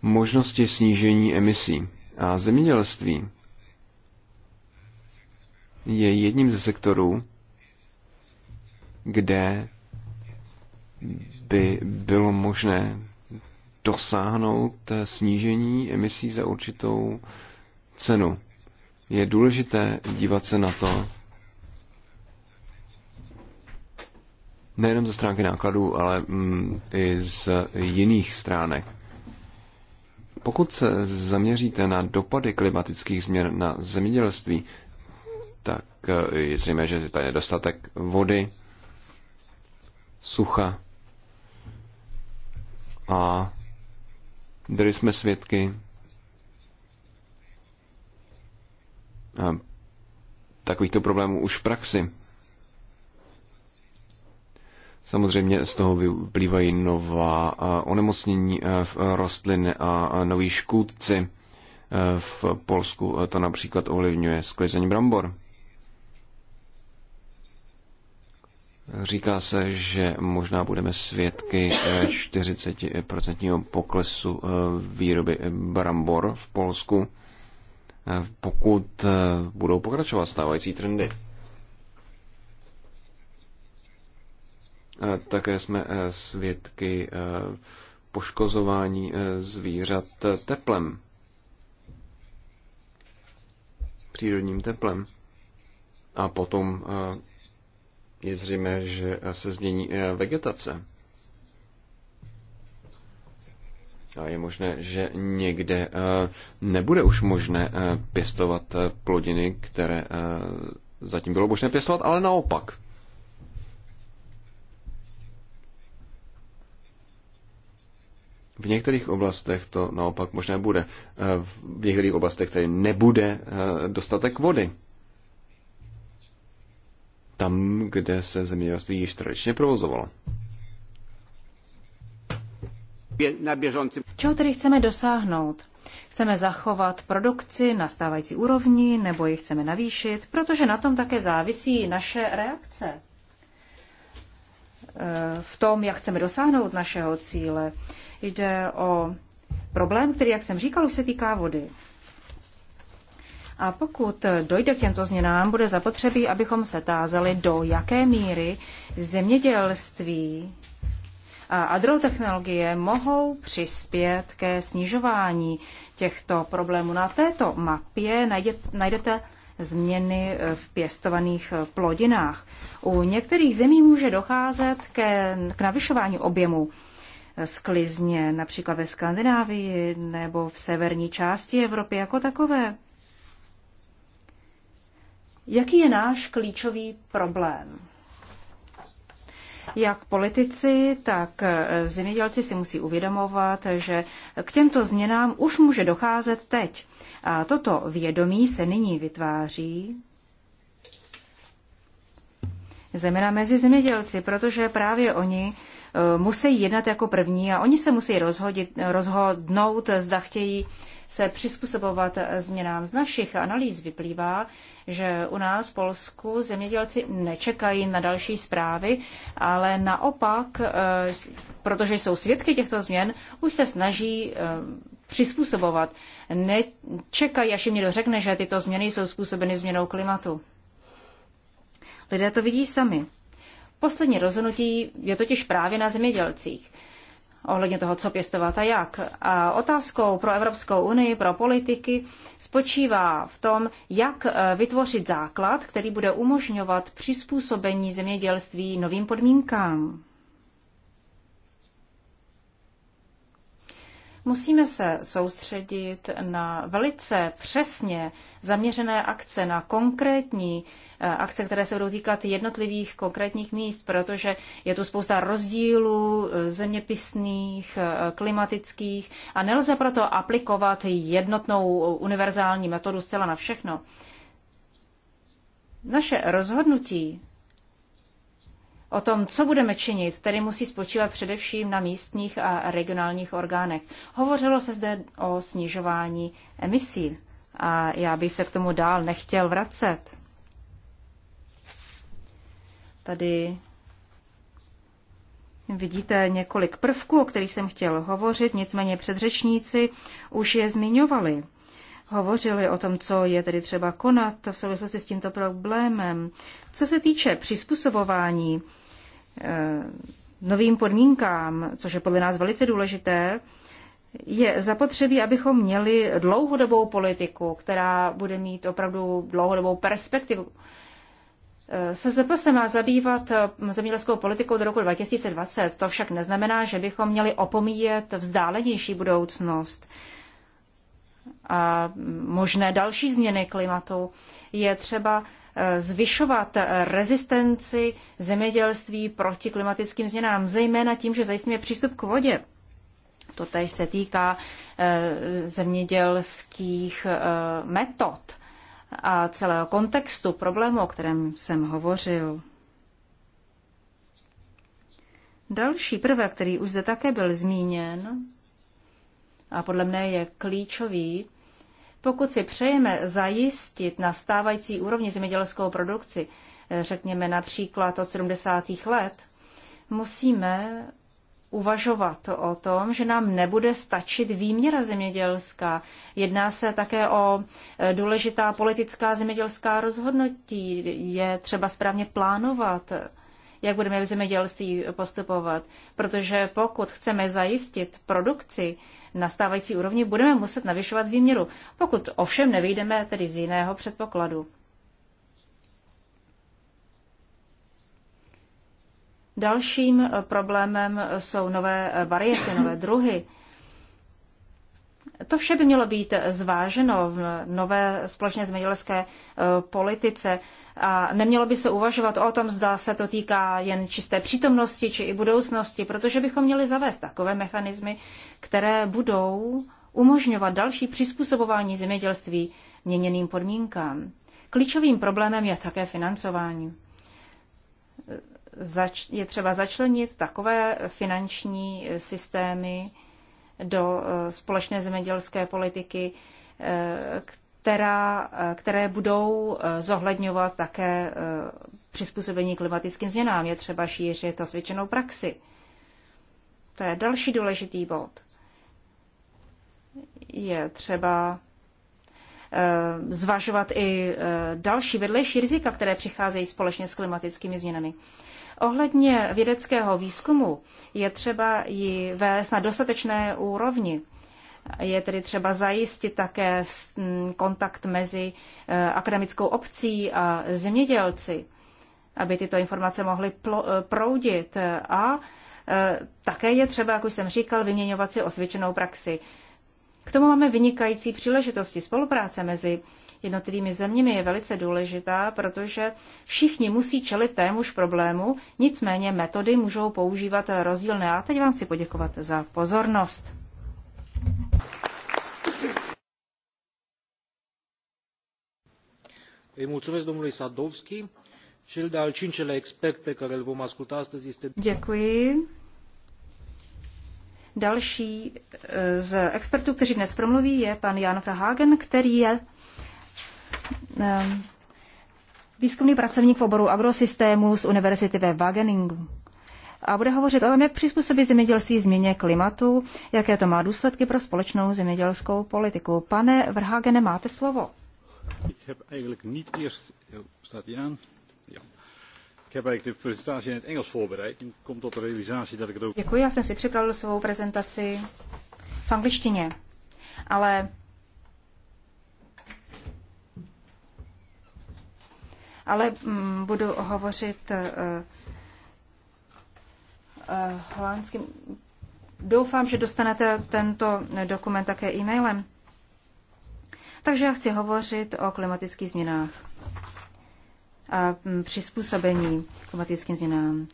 možnosti snížení emisí. A zemědělství je jedním ze sektorů, kde by bylo možné dosáhnout snížení emisí za určitou cenu. Je důležité dívat se na to nejenom ze stránky nákladů, ale mm, i z jiných stránek. Pokud se zaměříte na dopady klimatických změn na zemědělství, tak e, je zřejmé, že je tady nedostatek vody, sucha a byli jsme svědky e, takovýchto problémů už v praxi. Samozřejmě z toho vyplývají nová onemocnění e, v e, rostlin a noví škůdci. E, v Polsku to například ovlivňuje sklizeň brambor. Říká se, že možná budeme svědky 40% poklesu výroby brambor v Polsku, pokud budou pokračovat stávající trendy. Také jsme eh, svědky eh, poškozování eh, zvířat teplem. Přírodním teplem. A potom je zřejmé, že se změní vegetace. A je možné, že někde nebude už možné pěstovat plodiny, které zatím bylo možné pěstovat, ale naopak. V některých oblastech to naopak možná bude. Eh, v některých oblastech tady nebude eh, dostatek vody. Tam, kde se zemědělství již tradičně provozovalo. Čeho tedy chceme dosáhnout? Chceme zachovat produkci na stávající úrovni nebo ji chceme navýšit, protože na tom také závisí naše reakce eh, v tom, jak chceme dosáhnout našeho cíle. Jde o problém, který, jak jsem říkal, už se týká vody. A pokud dojde k těmto změnám, bude zapotřebí, abychom se tázali, do jaké míry zemědělství a agrotechnologie mohou přispět ke snižování těchto problémů. Na této mapě najdete změny v pěstovaných plodinách. U některých zemí může docházet ke, k navyšování objemu sklizně, například ve Skandinávii nebo v severní části Evropy jako takové. Jaký je náš klíčový problém? Jak politici, tak zemědělci si musí uvědomovat, že k těmto změnám už může docházet teď. A toto vědomí se nyní vytváří zejména mezi zemědělci, protože právě oni Eh, musí jednat jako první a oni se musí rozhodit, rozhodnout, zda chtějí se přizpůsobovat změnám. Z našich analýz vyplývá, že u nás v Polsku zemědělci nečekají na další zprávy, ale naopak, eh, protože jsou svědky těchto změn, už se snaží eh, přizpůsobovat. Nečekají, až jim někdo řekne, že tyto změny jsou způsobeny změnou klimatu. Lidé to vidí sami. Poslední rozhodnutí je totiž právě na zemědělcích ohledně toho, co pěstovat a jak. A otázkou pro Evropskou unii, pro politiky, spočívá v tom, jak eh, vytvořit základ, který bude umožňovat přizpůsobení zemědělství novým podmínkám. Musíme se soustředit na velice přesně zaměřené akce, na konkrétní eh, akce, které se budou týkat jednotlivých konkrétních míst, protože je tu spousta rozdílů eh, zeměpisných, eh, klimatických a nelze proto aplikovat jednotnou univerzální metodu zcela na všechno. Naše rozhodnutí o tom, co budeme činit, tedy musí spočívat především na místních a regionálních orgánech. Hovořilo se zde o snižování emisí a já bych se k tomu dál nechtěl vracet. Tady vidíte několik prvků, o kterých jsem chtěl hovořit, nicméně předřečníci už je zmiňovali hovořili o tom, co je tedy třeba konat v souvislosti s tímto problémem. Co se týče přizpůsobování eh, novým podmínkám, což je podle nás velice důležité, je zapotřebí, abychom měli dlouhodobou politiku, která bude mít opravdu dlouhodobou perspektivu. Eh, SZP se má zabývat eh, zemědělskou politikou do roku 2020. To však neznamená, že bychom měli opomíjet vzdálenější budoucnost a možné další změny klimatu, je třeba eh, zvyšovat eh, rezistenci zemědělství proti klimatickým změnám, zejména tím, že zajistíme přístup k vodě. To tež se týká eh, zemědělských metod a celého kontextu problému, o kterém jsem hovořil. Další prvek, který už zde také byl zmíněn a podle mne je klíčový, pokud si přejeme zajistit na stávající úrovni zemědělskou produkci, eh, řekněme například od 70. let, musíme uvažovat o tom, že nám nebude stačit výměra zemědělská. Jedná se také o eh, důležitá politická zemědělská rozhodnutí. Je třeba správně plánovat, jak budeme v zemědělství postupovat. Protože pokud chceme zajistit produkci, na stávající úrovni, budeme muset navyšovat výměru, pokud ovšem nevyjdeme tedy z jiného předpokladu. Dalším problémem jsou nové variety, nové druhy. To vše by mělo být zváženo v nové společné zemědělské e, politice a nemělo by se uvažovat o tom, zda se to týká jen čisté přítomnosti či i budoucnosti, protože bychom měli zavést takové mechanismy, které budou umožňovat další přizpůsobování zemědělství měněným podmínkám. Klíčovým problémem je také financování. Je třeba začlenit takové finanční systémy, do eh, společné zemědělské politiky, eh, která, eh, které budou zohledňovat také přizpůsobení klimatickým změnám. Je třeba šířit osvědčenou praxi. To je další důležitý bod. Je třeba zvažovat i další vedlejší rizika, které přicházejí společně s klimatickými změnami. Ohledně vědeckého výzkumu je třeba ji vést na dostatečné úrovni. Je tedy třeba zajistit také mm, kontakt mezi eh, akademickou obcí a zemědělci, aby tyto informace mohly eh, proudit a eh, také je třeba, jak už jsem říkal, vyměňovat si osvědčenou praxi. K tomu máme vynikající příležitosti spolupráce mezi jednotlivými zeměmi je velice důležitá, protože všichni musí čelit témuž problému, nicméně metody můžou používat rozdílné. A teď vám si poděkovat za pozornost. Îi mulțumesc domnului Sadovski. Cel de-al cincelea expert pe care îl vom asculta astăzi este... Děkuji. Další eh, z expertů, kteří dnes promluví, je pan Jan Frahagen, který je Ehm, výzkumný pracovník v oboru agrosystému z univerzity ve Wageningu. A bude hovořit o tom, jak přizpůsobit zemědělství změně klimatu, jaké to má důsledky pro společnou zemědělskou politiku. Pane Vrhagene, máte slovo. Děkuji, já jsem si připravil svou prezentaci v angličtině, ale ale mm, budu hovořit eh, eh, holandským. Doufám, že dostanete tento dokument také e-mailem. Takže já chci hovořit o klimatických změnách a mm, přizpůsobení klimatickým změnám.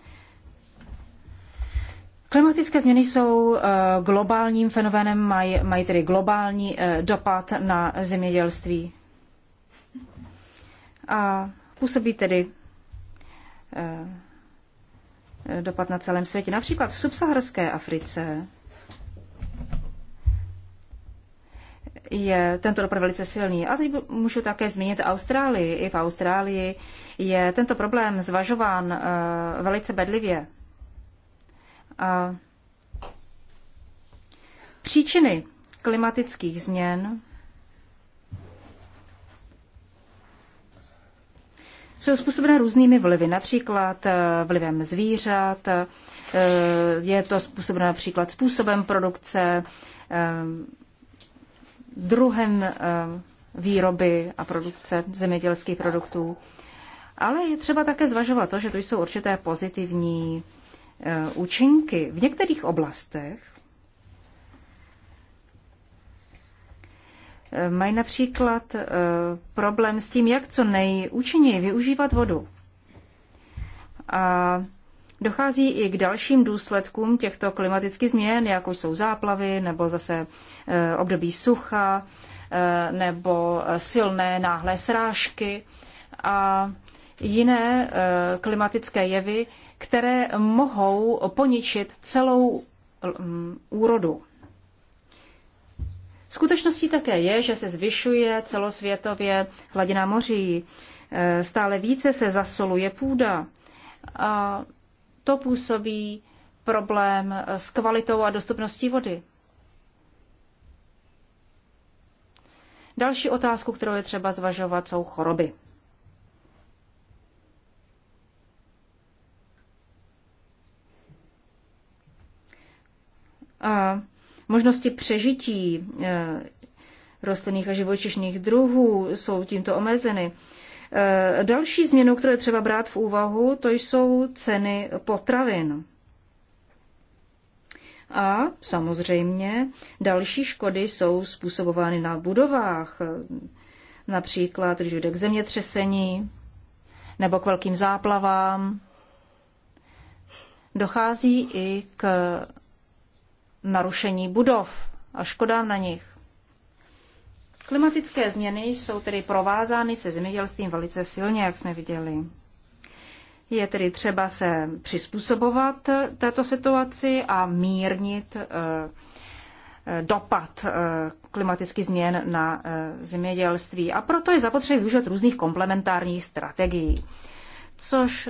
Klimatické změny jsou eh, globálním fenoménem, mají, mají tedy globální dopad na zemědělství. A Působí tedy eh, dopad na celém světě. Například v subsaharské Africe je tento dopad velice silný. A teď můžu také zmínit Austrálii. I v Austrálii je tento problém zvažován eh, velice bedlivě. A příčiny klimatických změn jsou způsobena různými vlivy, například eh, vlivem zvířat, eh, je to způsobeno například způsobem produkce, eh, druhem výroby a produkce zemědělských produktů. Ale je třeba také zvažovat to, že to jsou určité pozitivní účinky. V některých oblastech Mají například eh, problém s tím, jak co nejúčinněji využívat vodu. A dochází i k dalším důsledkům těchto klimatických změn, jako jsou záplavy nebo zase eh, období sucha eh, nebo silné náhlé srážky a jiné klimatické jevy, které mohou poničit celou mm, úrodu. Skutečností také je, že se zvyšuje celosvětově hladina moří, eh, stále více se zasoluje půda a to působí problém eh, s kvalitou a dostupností vody. Další otázku, kterou je třeba zvažovat, jsou choroby. A eh, možnosti přežití eh, rostlinných a živočišných druhů jsou tímto omezeny. Eh, další změnu, kterou je třeba brát v úvahu, to jsou ceny potravin. A samozřejmě další škody jsou způsobovány na budovách, například když jde k zemětřesení nebo k velkým záplavám. Dochází i k narušení budov a škodám na nich. Klimatické změny jsou tedy provázány se zemědělstvím velice silně, jak jsme viděli. Je tedy třeba se přizpůsobovat této situaci a mírnit eh, eh, dopad eh, klimatických změn na zemědělství. A proto je zapotřebí využít různých komplementárních strategií, což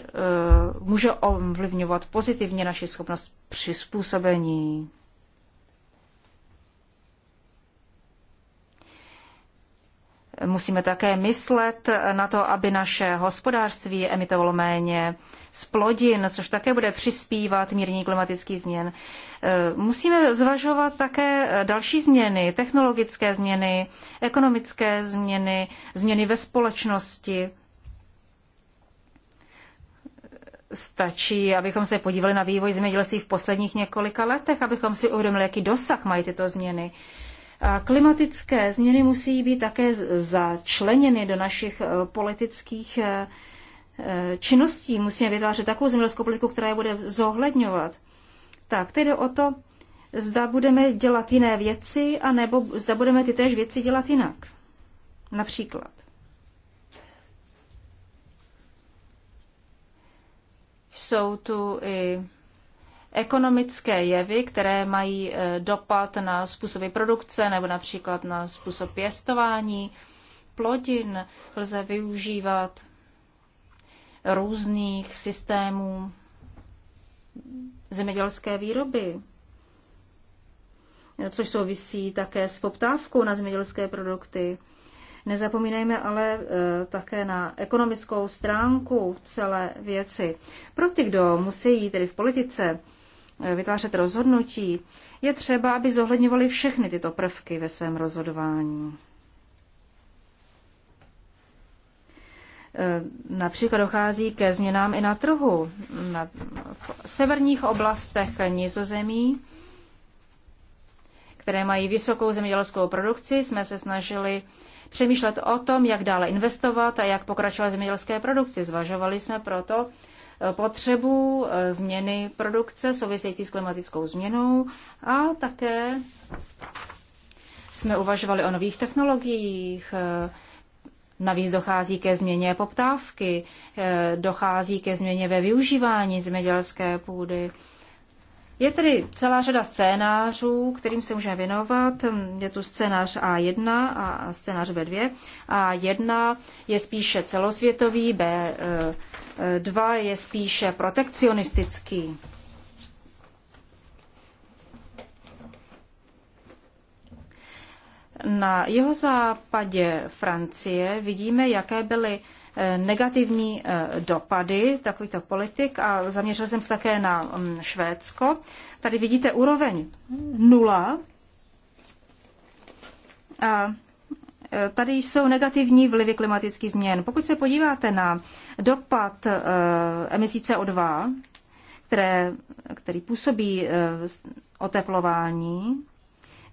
může ovlivňovat pozitivně naši schopnost přizpůsobení. Musíme také myslet na to, aby naše hospodářství emitovalo méně splodin, což také bude přispívat mírní klimatický změn. Musíme zvažovat také další změny, technologické změny, ekonomické změny, změny ve společnosti. Stačí, abychom se podívali na vývoj zemědělství v posledních několika letech, abychom si uvědomili, jaký dosah mají tyto změny. A klimatické změny musí být také začleněny do našich eh, politických eh, eh, činností. Musíme vytvářet takovou zemědělskou politiku, která je bude zohledňovat. Tak, teď jde o to, zda budeme dělat jiné věci, anebo zda budeme ty též věci dělat jinak. Například. Jsou tu i ekonomické jevy, které mají e, dopad na způsoby produkce nebo například na způsob pěstování plodin, lze využívat různých systémů zemědělské výroby, což souvisí také s poptávkou na zemědělské produkty. Nezapomínejme ale e, také na ekonomickou stránku celé věci. Pro ty, kdo musí tedy v politice vytvářet rozhodnutí, je třeba, aby zohledňovali všechny tyto prvky ve svém rozhodování. E, například dochází ke změnám i na trhu. Na, v severních oblastech nizozemí, které mají vysokou zemědělskou produkci, jsme se snažili přemýšlet o tom, jak dále investovat a jak pokračovat zemědělské produkci. Zvažovali jsme proto potřebu eh, změny produkce související s klimatickou změnou a také jsme uvažovali o nových technologiích. Eh, Navíc dochází ke změně poptávky, eh, dochází ke změně ve využívání zemědělské půdy je tedy celá řada scénářů, kterým se můžeme věnovat. Je tu scénář A1 a scénář B2. A1 je spíše celosvětový, B2 je spíše protekcionistický. Na jeho západě Francie vidíme, jaké byly Eh, negativní eh, dopady takovýchto politik a zaměřil jsem se také na mm, Švédsko. Tady vidíte úroveň nula. A eh, tady jsou negativní vlivy klimatických změn. Pokud se podíváte na dopad emisí CO2, které, který působí oteplování,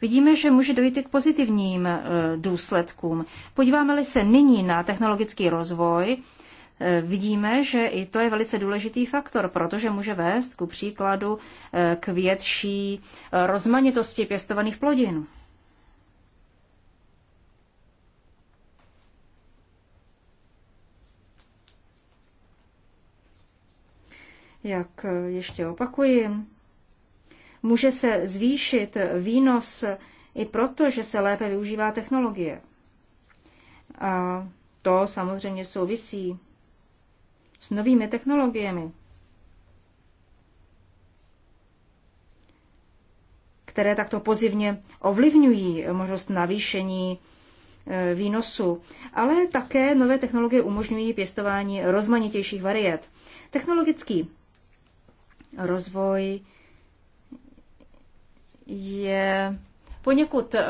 vidíme, že může dojít i k pozitivním e, důsledkům. Podíváme-li se nyní na technologický rozvoj, e, vidíme, že i to je velice důležitý faktor, protože může vést ku příkladu e, k větší rozmanitosti pěstovaných plodin. Jak ještě opakuji, Může se zvýšit výnos i proto, že se lépe využívá technologie. A to samozřejmě souvisí s novými technologiemi, které takto pozivně ovlivňují možnost navýšení e, výnosu, ale také nové technologie umožňují pěstování rozmanitějších variet. Technologický rozvoj je poněkud eh,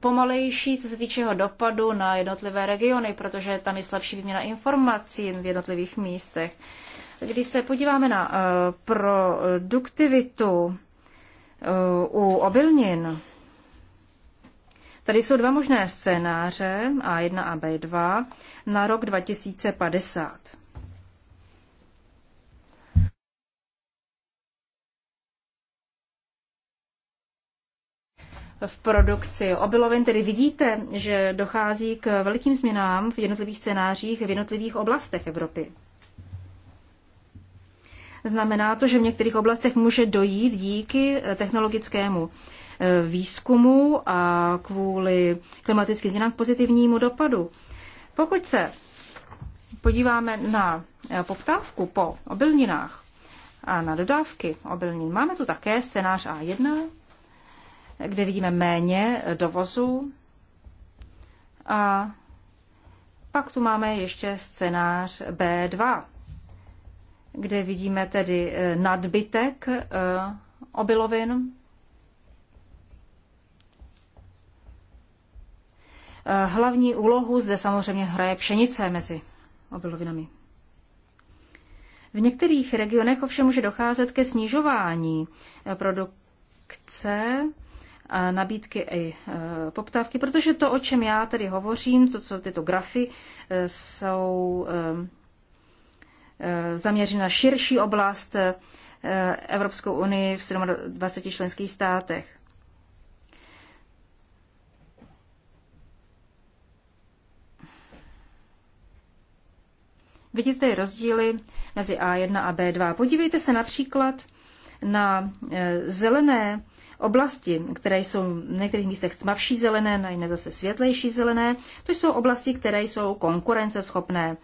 pomalejší, co se týče jeho dopadu na jednotlivé regiony, protože tam je slabší výměna informací v jednotlivých místech. Když se podíváme na eh, produktivitu eh, u obilnin, tady jsou dva možné scénáře A1 a B2 na rok 2050. v produkci obilovin. Tedy vidíte, že dochází k velkým změnám v jednotlivých scénářích, v jednotlivých oblastech Evropy. Znamená to, že v některých oblastech může dojít díky eh, technologickému eh, výzkumu a kvůli klimatickým změnám k pozitivnímu dopadu. Pokud se podíváme na eh, poptávku po obilninách a na dodávky obilnin, máme tu také scénář A1, kde vidíme méně dovozů. A pak tu máme ještě scénář B2, kde vidíme tedy e, nadbytek e, obilovin. E, hlavní úlohu zde samozřejmě hraje pšenice mezi obilovinami. V některých regionech ovšem může docházet ke snižování produkce nabídky i e, poptávky, protože to, o čem já tady hovořím, to, co tyto grafy e, jsou e, zaměřeny na širší oblast Evropskou unii v 27 členských státech. Vidíte rozdíly mezi A1 a B2. Podívejte se například na zelené Oblasti, které jsou v některých místech tmavší zelené, na jiné zase světlejší zelené, to jsou oblasti, které jsou konkurenceschopné.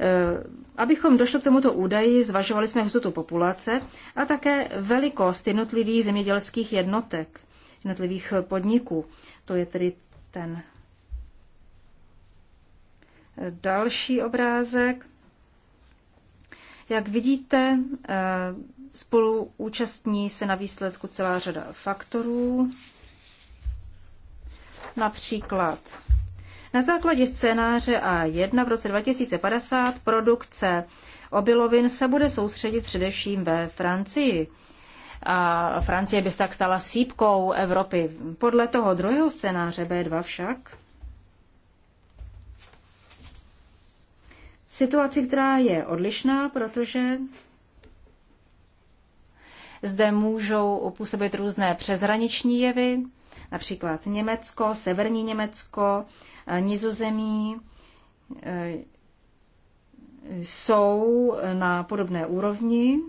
Eh, abychom došli k tomuto údaji, zvažovali jsme hustotu populace a také velikost jednotlivých zemědělských jednotek, jednotlivých podniků. To je tedy ten další obrázek. Jak vidíte, eh, spolu účastní se na výsledku celá řada faktorů, například na základě scénáře A1 v roce 2050 produkce obilovin se bude soustředit především ve Francii. A Francie by se tak stala sípkou Evropy. Podle toho druhého scénáře B2 však situaci, která je odlišná, protože zde můžou působit různé přeshraniční jevy, například Německo, severní Německo, eh, Nizozemí eh, jsou na podobné úrovni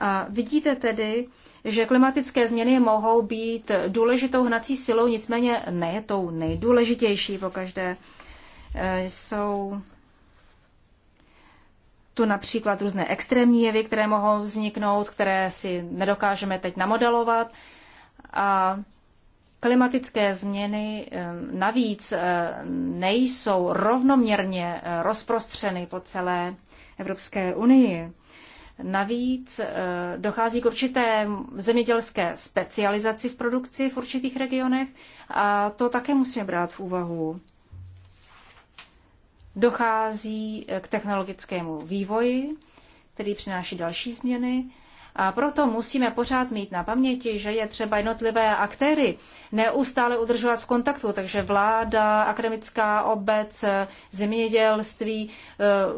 A vidíte tedy, že klimatické změny mohou být důležitou hnací silou, nicméně ne tou nejdůležitější po každé. Eh, jsou tu například různé extrémní jevy, které mohou vzniknout, které si nedokážeme teď namodelovat. A klimatické změny eh, navíc eh, nejsou rovnoměrně rozprostřeny po celé Evropské unii. Navíc eh, dochází k určité zemědělské specializaci v produkci v určitých regionech a to také musíme brát v úvahu. Dochází eh, k technologickému vývoji, který přináší další změny. A proto musíme pořád mít na paměti, že je třeba jednotlivé aktéry neustále udržovat v kontaktu, takže vláda, akademická obec, eh, zemědělství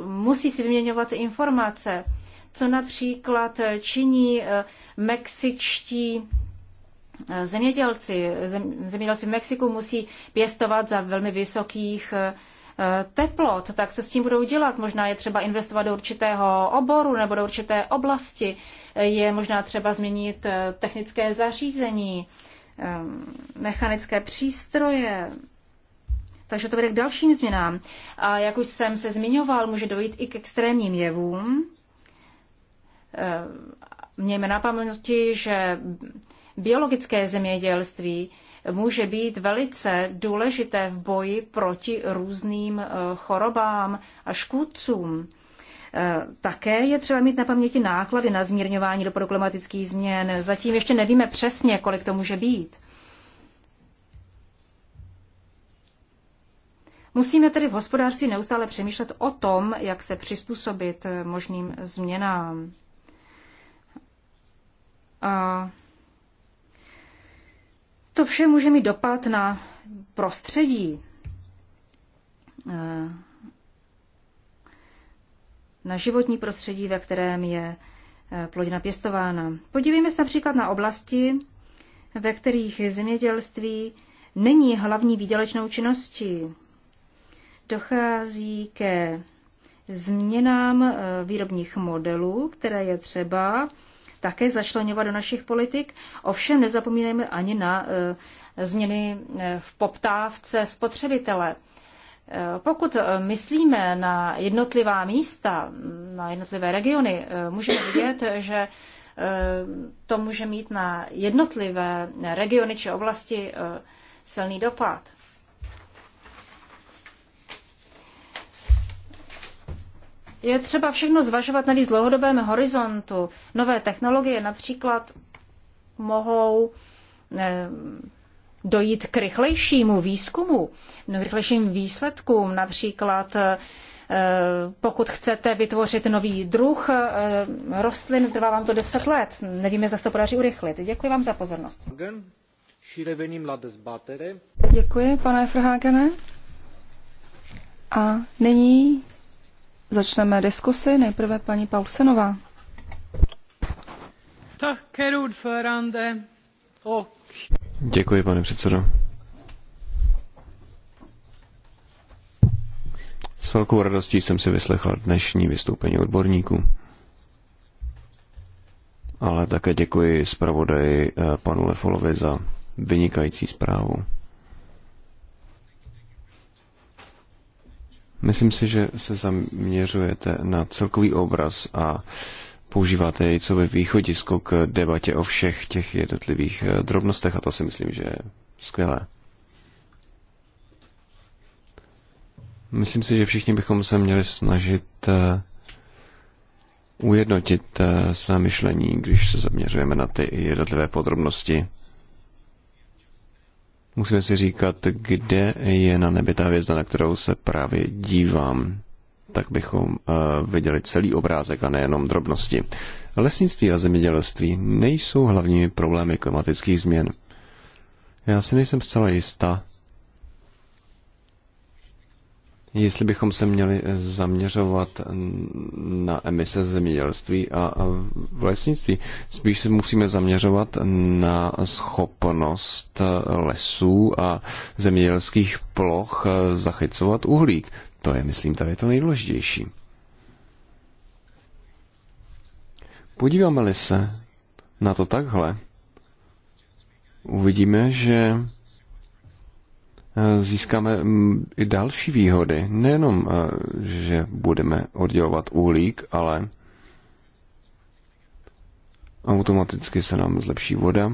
musí si vyměňovat informace co například činí eh, mexičtí eh, zemědělci. Zemědělci v Mexiku musí pěstovat za velmi vysokých eh, teplot, tak co s tím budou dělat? Možná je třeba investovat do určitého oboru nebo do určité oblasti, je možná třeba změnit technické zařízení, mechanické přístroje, takže to bude k dalším změnám. A jak už jsem se zmiňoval, může dojít i k extrémním jevům, Eh, mějme na paměti, že biologické zemědělství může být velice důležité v boji proti různým eh, chorobám a škůdcům. Eh, také je třeba mít na paměti náklady na zmírňování dopadu klimatických změn. Zatím ještě nevíme přesně, kolik to může být. Musíme tedy v hospodářství neustále přemýšlet o tom, jak se přizpůsobit možným změnám. A to vše může mít dopad na prostředí, eh, na životní prostředí, ve kterém je eh, plodina pěstována. Podívejme se například na oblasti, ve kterých zemědělství není hlavní výdělečnou činností. Dochází ke změnám eh, výrobních modelů, které je třeba také začlenovat do našich politik. Ovšem nezapomínejme ani na e, změny e, v poptávce spotřebitele. E, pokud myslíme na jednotlivá místa, na jednotlivé regiony, můžeme vidět, že to může mít na jednotlivé regiony či oblasti silný dopad. Je třeba všechno zvažovat na dlouhodobém horizontu. Nové technologie například mohou eh, dojít k rychlejšímu výzkumu, no, k rychlejším výsledkům, například eh, pokud chcete vytvořit nový druh eh, rostlin, trvá vám to deset let. Nevíme, zda se to podaří urychlit. Děkuji vám za pozornost. Děkuji, pane Frhagene. A nyní začneme diskusi. Nejprve paní Paulsenová. Děkuji, pane předsedo. S velkou radostí jsem si vyslechl dnešní vystoupení odborníků. Ale také děkuji zpravodaji eh, panu Lefolovi za vynikající zprávu. Myslím si, že se zaměřujete na celkový obraz a používáte jej co by východisko k debatě o všech těch jednotlivých eh, drobnostech a to si myslím, že je skvělé. Myslím si, že všichni bychom se měli snažit eh, ujednotit eh, své myšlení, když se zaměřujeme na ty jednotlivé podrobnosti. Musíme si říkat, kde je na nebi ta hvězda, na kterou se právě dívám. Tak bychom uh, viděli celý obrázek a nejenom drobnosti. Lesnictví a zemědělství nejsou hlavními problémy klimatických změn. Já si nejsem zcela jistá, jestli bychom se měli eh, zaměřovat na emise zemědělství a v lesnictví. Spíš se musíme zaměřovat na schopnost eh, lesů a zemědělských ploch eh, zachycovat uhlík. To je, myslím, tady to nejdůležitější. Podíváme-li se na to takhle, uvidíme, že Eh, získáme mm, i další výhody. Nejenom, eh, že budeme oddělovat uhlík, ale automaticky se nám zlepší voda,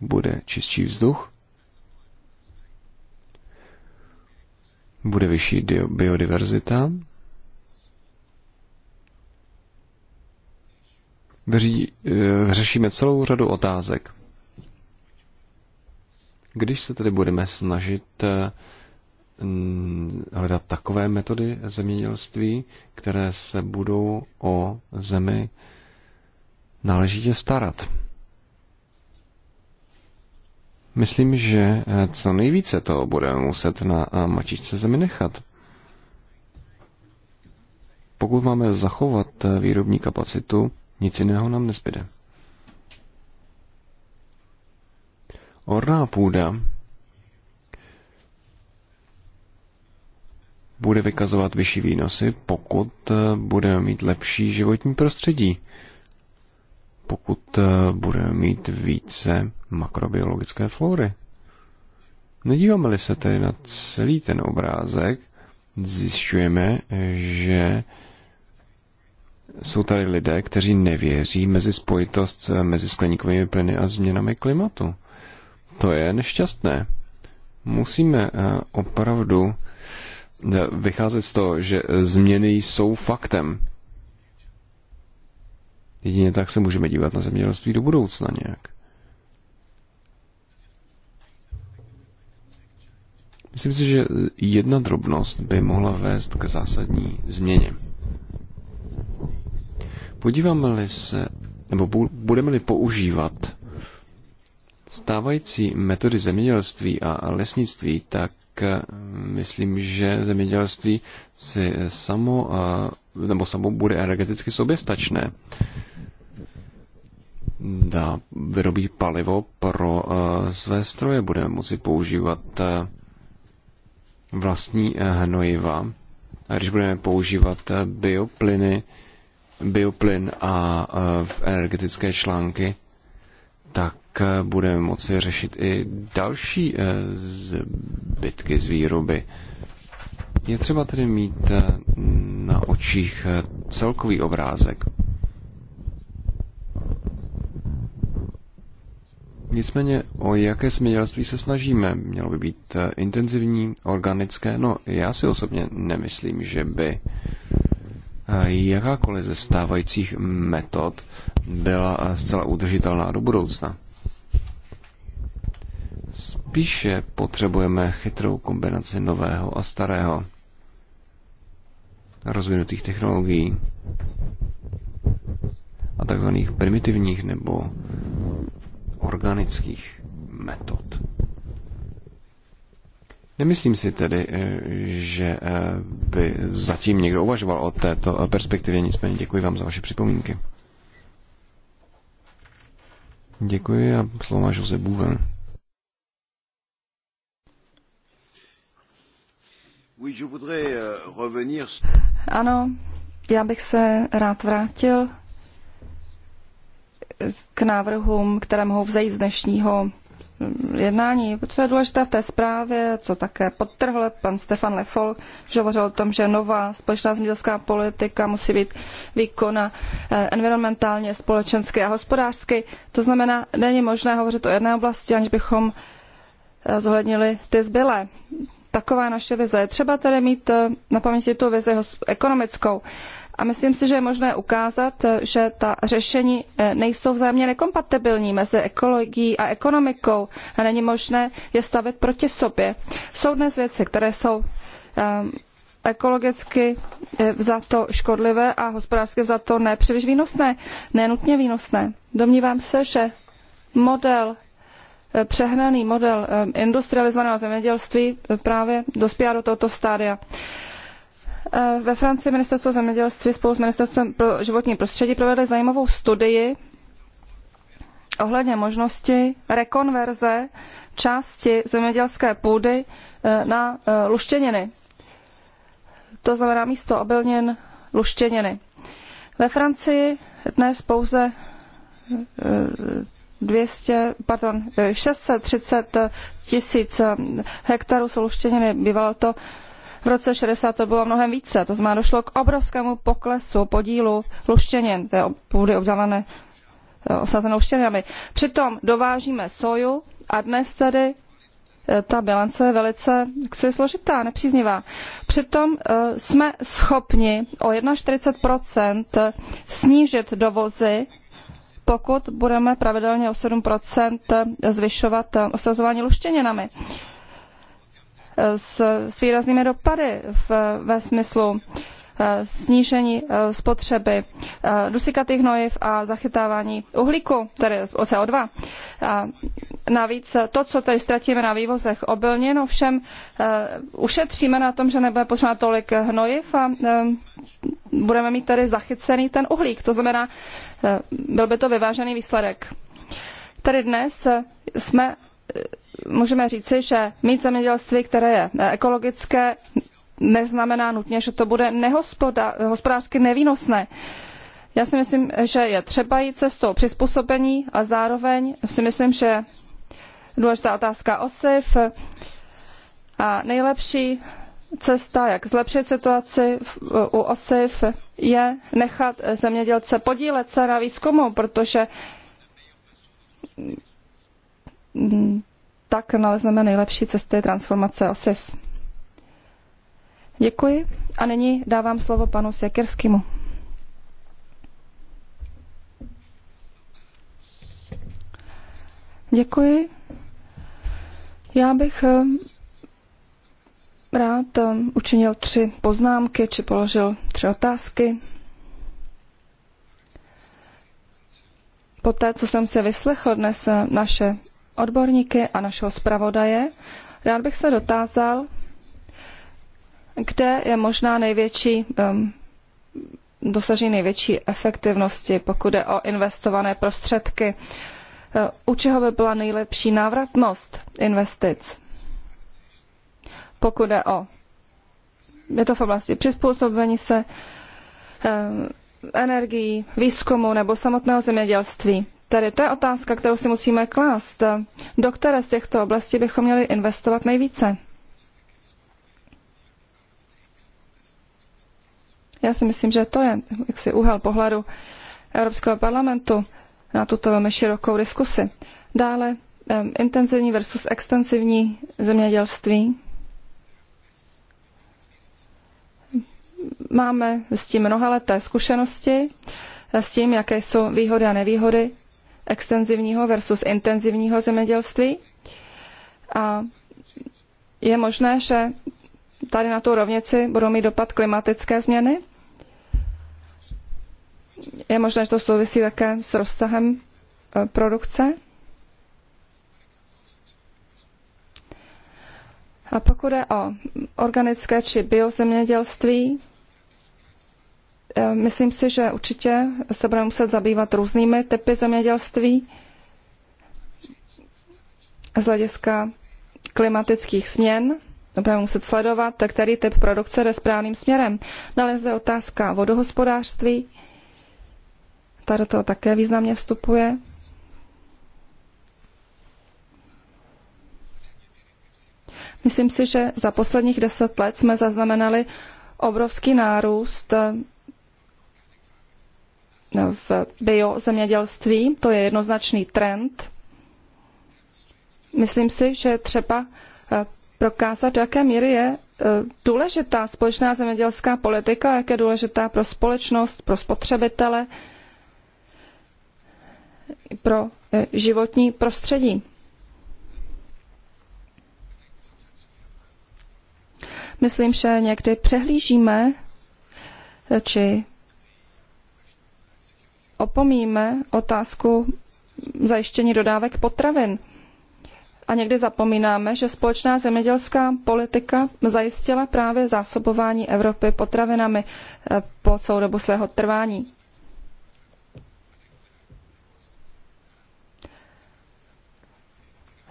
bude čistší vzduch, bude vyšší biodiverzita, eh, Řešíme celou řadu otázek když se tedy budeme snažit eh, hledat takové metody zemědělství, které se budou o zemi náležitě starat. Myslím, že eh, co nejvíce toho budeme muset na eh, mačičce zemi nechat. Pokud máme zachovat výrobní kapacitu, nic jiného nám nezbyde. Orná půda bude vykazovat vyšší výnosy, pokud eh, budeme mít lepší životní prostředí, pokud eh, budeme mít více makrobiologické flóry. Nedíváme-li se tedy na celý ten obrázek, zjišťujeme, že jsou tady lidé, kteří nevěří mezi spojitost mezi skleníkovými plyny a změnami klimatu. To je nešťastné. Musíme eh, opravdu eh, vycházet z toho, že eh, změny jsou faktem. Jedině tak se můžeme dívat na zemědělství do budoucna nějak. Myslím si, že jedna drobnost by mohla vést k zásadní změně. Podíváme-li se, nebo budeme-li používat stávající metody zemědělství a lesnictví, tak eh, myslím, že zemědělství si samo, eh, nebo samo bude energeticky soběstačné. Dá, vyrobí palivo pro eh, své stroje, bude moci používat vlastní hnojiva. A když budeme používat biopliny, bioplyn a v energetické články, tak Eh, budeme moci řešit i další eh, zbytky z výroby. Je třeba tedy mít eh, na očích celkový obrázek. Nicméně, o jaké smědělství se snažíme? Mělo by být intenzivní, organické? No, já si osobně nemyslím, že by jakákoliv ze stávajících metod byla zcela udržitelná do budoucna. Spíše potřebujeme chytrou kombinaci nového a starého rozvinutých technologií a takzvaných primitivních nebo organických metod. Nemyslím si tedy, eh, že eh, by zatím někdo uvažoval o této eh, perspektivě, nicméně děkuji vám za vaše připomínky. Děkuji a slovo má Jose Bouven. Euh, ano, já bych se rád vrátil eh, k návrhům, které mohou vzejít z dnešního mm, jednání. Co je důležité v té zprávě, co také podtrhl pan Stefan Lefol, že hovořil o tom, že nová společná zemědělská politika musí být výkona eh, environmentálně, společensky a hospodářsky. To znamená, není možné hovořit o jedné oblasti, aniž bychom eh, zohlednili ty zbylé taková naše vize. Je třeba tedy mít eh, na paměti tu vizi ekonomickou. A myslím si, že je možné ukázat, eh, že ta řešení eh, nejsou vzájemně nekompatibilní mezi ekologií a ekonomikou a není možné je stavit proti sobě. Jsou dnes věci, které jsou ehm, ekologicky vzato škodlivé a hospodářsky vzato nepříliš výnosné, nenutně výnosné. Domnívám se, že model Eh, přehnaný model eh, industrializovaného zemědělství eh, právě dospívá do tohoto stádia. Ve Francii ministerstvo zemědělství spolu s ministerstvem pro životní prostředí provedli zajímavou studii ohledně možnosti rekonverze části zemědělské půdy na luštěniny. To znamená místo obilnin luštěniny. Ve Francii dnes pouze 200, pardon, 630 eh, eh, tisíc eh, hektarů soluštěniny. Bývalo to v roce 60 to bylo mnohem více. To znamená, došlo k obrovskému poklesu podílu luštěnin, té půdy obdělané osazenou štěninami. Přitom dovážíme soju a dnes tedy ta bilance je velice je složitá, nepříznivá. Přitom jsme schopni o 41% snížit dovozy pokud budeme pravidelně o 7 zvyšovat eh, osazování luštěninami eh, s, s výraznými dopady v, ve smyslu Eh, snížení eh, spotřeby eh, dusíkatých hnojiv a zachytávání uhlíku, tedy CO2. navíc to, co tady ztratíme na vývozech obilnin, no ovšem ušetříme na tom, že nebude potřeba tolik hnojiv a budeme mít tady zachycený ten uhlík. To znamená, byl by to vyvážený výsledek. Tady dnes jsme můžeme říci, že mít zemědělství, které je ekologické, neznamená nutně, že to bude hospodářsky nevýnosné. Já si myslím, že je třeba jít cestou přizpůsobení a zároveň si myslím, že důležitá otázka osiv a nejlepší cesta, jak zlepšit situaci u osiv, je nechat zemědělce podílet se na výzkumu, protože mm, tak nalezneme nejlepší cesty transformace osiv. Děkuji a nyní dávám slovo panu Sekerskému. Děkuji. Já bych eh, rád eh, učinil tři poznámky či položil tři otázky. Poté, co jsem se vyslechl dnes eh, naše odborníky a našeho zpravodaje, rád bych se dotázal, kde je možná největší um, dosažení největší efektivnosti, pokud je o investované prostředky. E, u čeho by byla nejlepší návratnost investic? Pokud je o je to v oblasti přizpůsobení se energií, výzkumu nebo samotného zemědělství. Tedy to je otázka, kterou si musíme klást. Do které z těchto oblastí bychom měli investovat nejvíce? Já si myslím, že to je jaksi úhel pohledu Evropského parlamentu na tuto velmi širokou diskusi. Dále intenzivní versus extensivní zemědělství. Máme s tím mnohaleté zkušenosti, eh, s tím, jaké jsou výhody a nevýhody extenzivního versus intenzivního zemědělství. A je možné, že tady na tu rovnici budou mít dopad klimatické změny? Je možné, že to souvisí také s rozsahem e, produkce? A pokud je o organické či biozemědělství, e, myslím si, že určitě se budeme muset zabývat různými typy zemědělství z hlediska klimatických změn budeme muset sledovat, který typ produkce jde správným směrem. Dále no zde otázka vodohospodářství. Ta do toho také významně vstupuje. Myslím si, že za posledních deset let jsme zaznamenali obrovský nárůst eh, no, v biozemědělství. To je jednoznačný trend. Myslím si, že třeba eh, prokázat, do jaké míry je e, důležitá společná zemědělská politika, jak je důležitá pro společnost, pro spotřebitele, pro e, životní prostředí. Myslím, že někdy přehlížíme e, či opomíme otázku zajištění dodávek potravin a někdy zapomínáme, že společná zemědělská politika zajistila právě zásobování Evropy potravinami eh, po celou dobu svého trvání.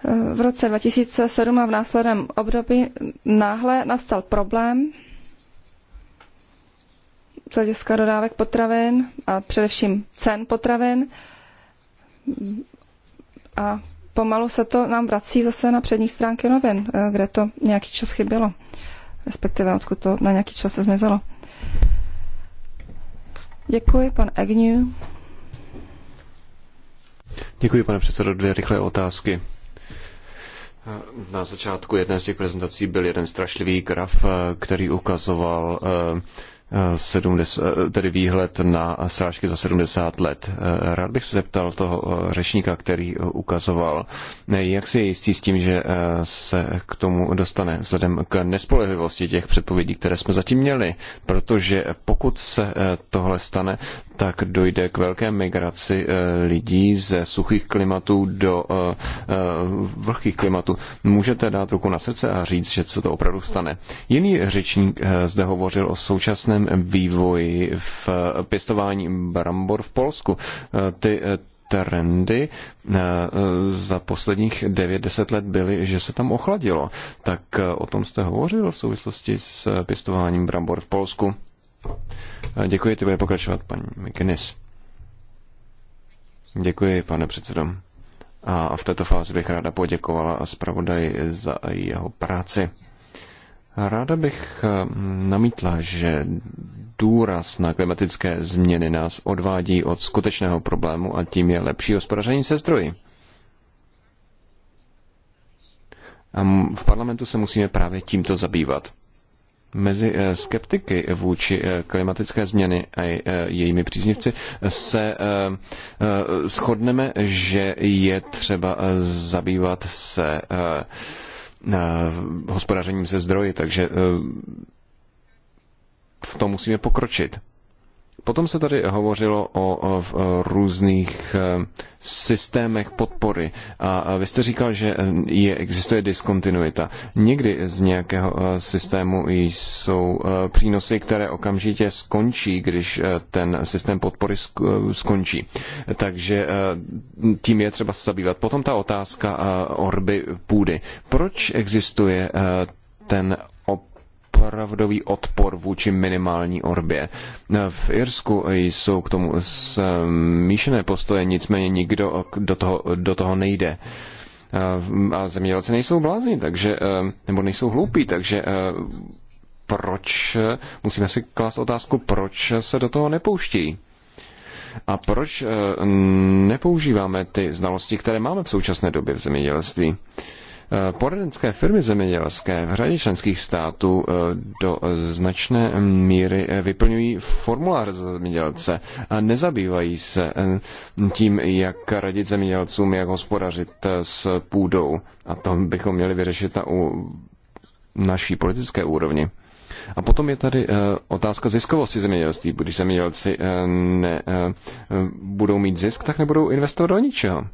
Eh, v roce 2007 a v následném období náhle nastal problém z hlediska dodávek potravin a především cen potravin a pomalu se to nám vrací zase na přední stránky novin, eh, kde to nějaký čas chybělo, respektive odkud to na nějaký čas se zmizelo. Děkuji, pan Agnew. Děkuji, pane předsedo. Dvě rychlé otázky. Na začátku jedné z těch prezentací byl jeden strašlivý graf, eh, který ukazoval eh, 70, tedy výhled na srážky za 70 let. Rád bych se zeptal toho řečníka, který ukazoval, jak si je jistý s tím, že se k tomu dostane vzhledem k nespolehlivosti těch předpovědí, které jsme zatím měli, protože pokud se tohle stane, tak dojde k velké migraci eh, lidí ze suchých klimatů do eh, eh, vlhkých klimatů. Můžete dát ruku na srdce a říct, že se to opravdu stane. Jiný řečník zde hovořil o současném vývoji v pěstování brambor v Polsku. Ty trendy za posledních 9-10 let byly, že se tam ochladilo. Tak o tom jste hovořil v souvislosti s pěstováním brambor v Polsku? Děkuji, ty bude pokračovat paní McGinnis. Děkuji, pane předsedo. A v této fázi bych ráda poděkovala zpravodaji za jeho práci. Ráda bych eh, namítla, že důraz na klimatické změny nás odvádí od skutečného problému a tím je lepší hospodaření se zdroji. A v parlamentu se musíme právě tímto zabývat mezi eh, skeptiky vůči eh, klimatické změny a eh, jejími příznivci se shodneme, že je třeba zabývat se hospodařením se zdroji, takže v tom musíme pokročit. Potom se tady hovořilo o, o různých eh, systémech podpory a vy jste říkal, že eh, je, existuje diskontinuita. Někdy z nějakého eh, systému jsou přínosy, které okamžitě skončí, když ten systém podpory skončí. Takže tím je třeba se zabývat. Potom ta otázka orby půdy. Proč existuje ten opravdový odpor vůči minimální orbě. V Irsku jsou k tomu smíšené postoje, nicméně nikdo do toho, do toho nejde. A zemědělci nejsou blázni, takže, nebo nejsou hloupí, takže proč, musíme si klást otázku, proč se do toho nepouští? A proč nepoužíváme ty znalosti, které máme v současné době v zemědělství? Eh, poradenské firmy zemědělské v řadě členských států eh, do značné míry eh, vyplňují formulář zemědělce a nezabývají se tím, jak radit zemědělcům, jak hospodařit s půdou. A to bychom měli vyřešit na naší politické úrovni. A potom je tady otázka ziskovosti zemědělství. Když zemědělci ne, budou mít zisk, tak nebudou investovat do ničeho.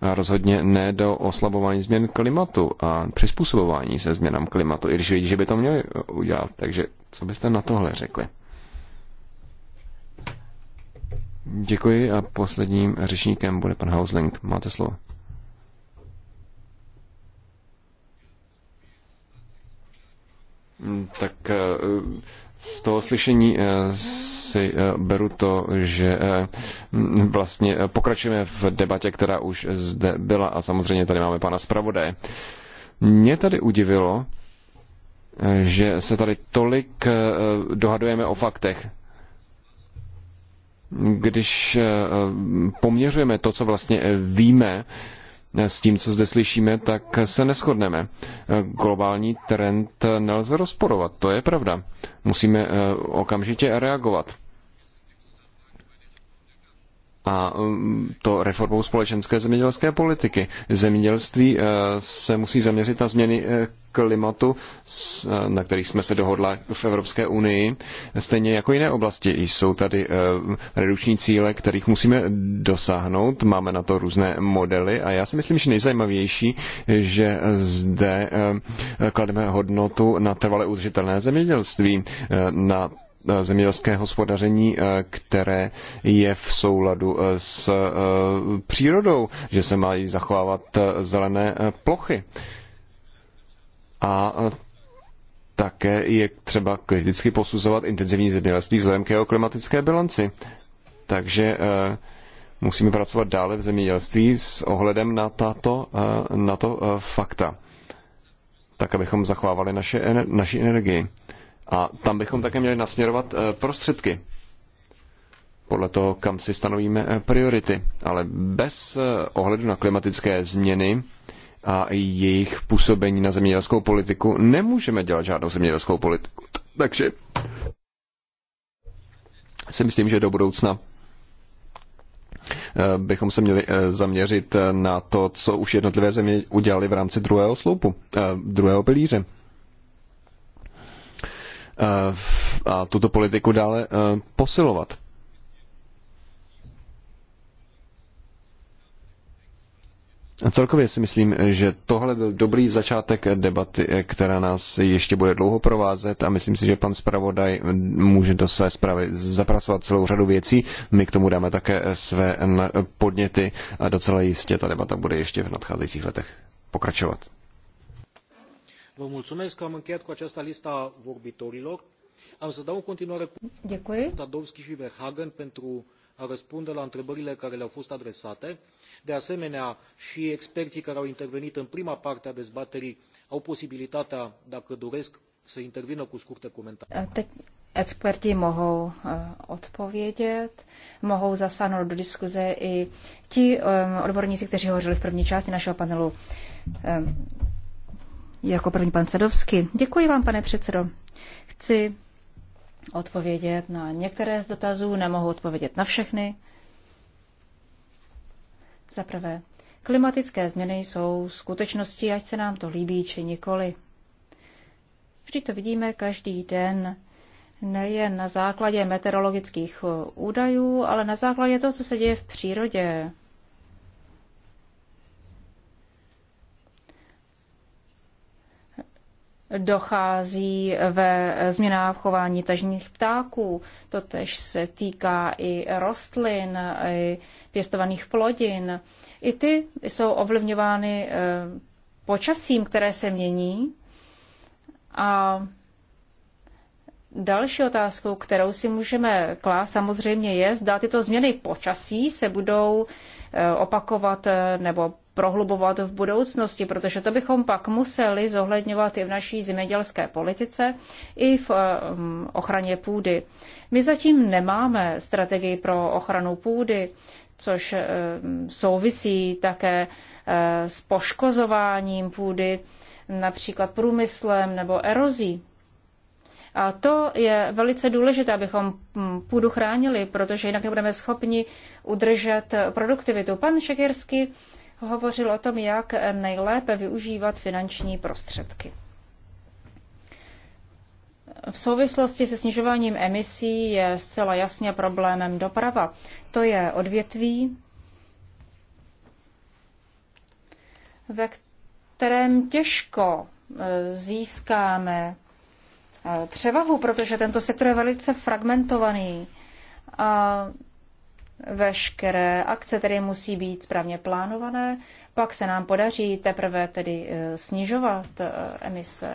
A rozhodně ne do oslabování změn klimatu a přizpůsobování se změnám klimatu, i když vidí, že by to měli udělat. Takže co byste na tohle řekli? Děkuji a posledním řečníkem bude pan Hausling. Máte slovo. Tak eh, z toho slyšení eh, si eh, beru to, že eh, vlastně pokračujeme v debatě, která už zde byla a samozřejmě tady máme pana zpravodaje. Mě tady udivilo, že se tady tolik dohadujeme o faktech. Když poměřujeme to, co vlastně víme, s tím, co zde slyšíme, tak se neschodneme. Globální trend nelze rozporovat, to je pravda. Musíme eh, okamžitě reagovat. A um, to reformou společenské zemědělské politiky. Zemědělství eh, se musí zaměřit na změny eh, klimatu, eh, na kterých jsme se dohodla v Evropské unii, stejně jako jiné oblasti. Jsou tady redukční cíle, kterých musíme dosáhnout, máme na to různé modely a já si myslím, že nejzajímavější, že zde klademe hodnotu na trvale udržitelné zemědělství, na Eh, zemědělské hospodaření, eh, které je v souladu eh, s přírodou, že se mají zachovávat zelené plochy. A také je třeba kriticky posuzovat intenzivní zemědělství vzhledem k jeho klimatické bilanci. Takže musíme pracovat dále v zemědělství s ohledem na, tato, na to fakta, tak abychom zachovávali naše, naši energii. A tam bychom také měli nasměrovat eh, prostředky podle toho, kam si stanovíme eh, priority. Ale bez eh, ohledu na klimatické změny a jejich působení na zemědělskou politiku nemůžeme dělat žádnou zemědělskou politiku. Takže si myslím, že do budoucna bychom se měli zaměřit na to, co už jednotlivé země udělali v rámci druhého sloupu, druhého pilíře. Eh, a tuto politiku dále eh, posilovat. A celkově si myslím, že tohle byl dobrý začátek debaty, eh, která nás ještě bude dlouho provázet a myslím si, že pan zpravodaj může do své zprávy zapracovat celou řadu věcí. My k tomu dáme také své podněty a docela jistě ta debata bude ještě v nadcházejících letech pokračovat. Vă mulțumesc că am încheiat cu aceasta lista vorbitorilor. Am să dau în continuare cu Tadovski și Verhagen pentru a răspunde la întrebările care le-au fost adresate. De asemenea, și experții care au intervenit în prima parte a dezbaterii au posibilitatea, dacă doresc, Teď experti mohou odpovědět, mohou zasáhnout do diskuze i ti odborníci, kteří hovořili v první části našeho panelu. Jako první pan Cedovský. Děkuji vám, pane předsedo. Chci odpovědět na některé z dotazů, nemohu odpovědět na všechny. Za prvé, klimatické změny jsou skutečností, ať se nám to líbí či nikoli. Vždy to vidíme každý den, nejen na základě meteorologických údajů, ale na základě toho, co se děje v přírodě. dochází ve změnách v chování tažních ptáků. Totež se týká i rostlin, i pěstovaných plodin. I ty jsou ovlivňovány eh, počasím, které se mění. A další otázkou, kterou si můžeme klást samozřejmě je, zda tyto změny počasí se budou Eh, opakovat eh, nebo prohlubovat v budoucnosti, protože to bychom pak museli zohledňovat i v naší zemědělské politice, i v eh, ochraně půdy. My zatím nemáme strategii pro ochranu půdy, což souvisí také s poškozováním půdy, například průmyslem nebo erozí. A to je velice důležité, abychom mm, půdu chránili, protože jinak nebudeme schopni udržet produktivitu. Pan Šekirsky hovořil o tom, jak nejlépe využívat finanční prostředky. V souvislosti se snižováním emisí je zcela jasně problémem doprava. To je odvětví, ve kterém těžko e, získáme Eh, převahu, protože tento sektor je velice fragmentovaný. A veškeré akce tedy musí být správně plánované, pak se nám podaří teprve tedy eh, snižovat eh, emise.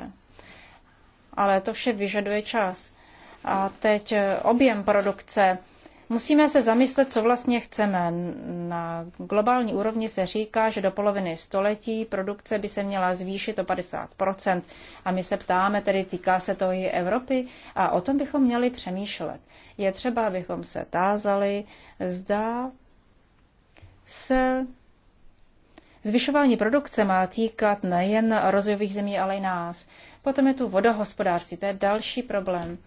Ale to vše vyžaduje čas. A teď objem produkce Musíme se zamyslet, co vlastně chceme. Na globální úrovni se říká, že do poloviny století produkce by se měla zvýšit o 50 A my se ptáme, tedy týká se to i Evropy, a o tom bychom měli přemýšlet. Je třeba, abychom se tázali, zda se zvyšování produkce má týkat nejen rozvojových zemí, ale i nás. Potom je tu vodohospodářství, to je další problém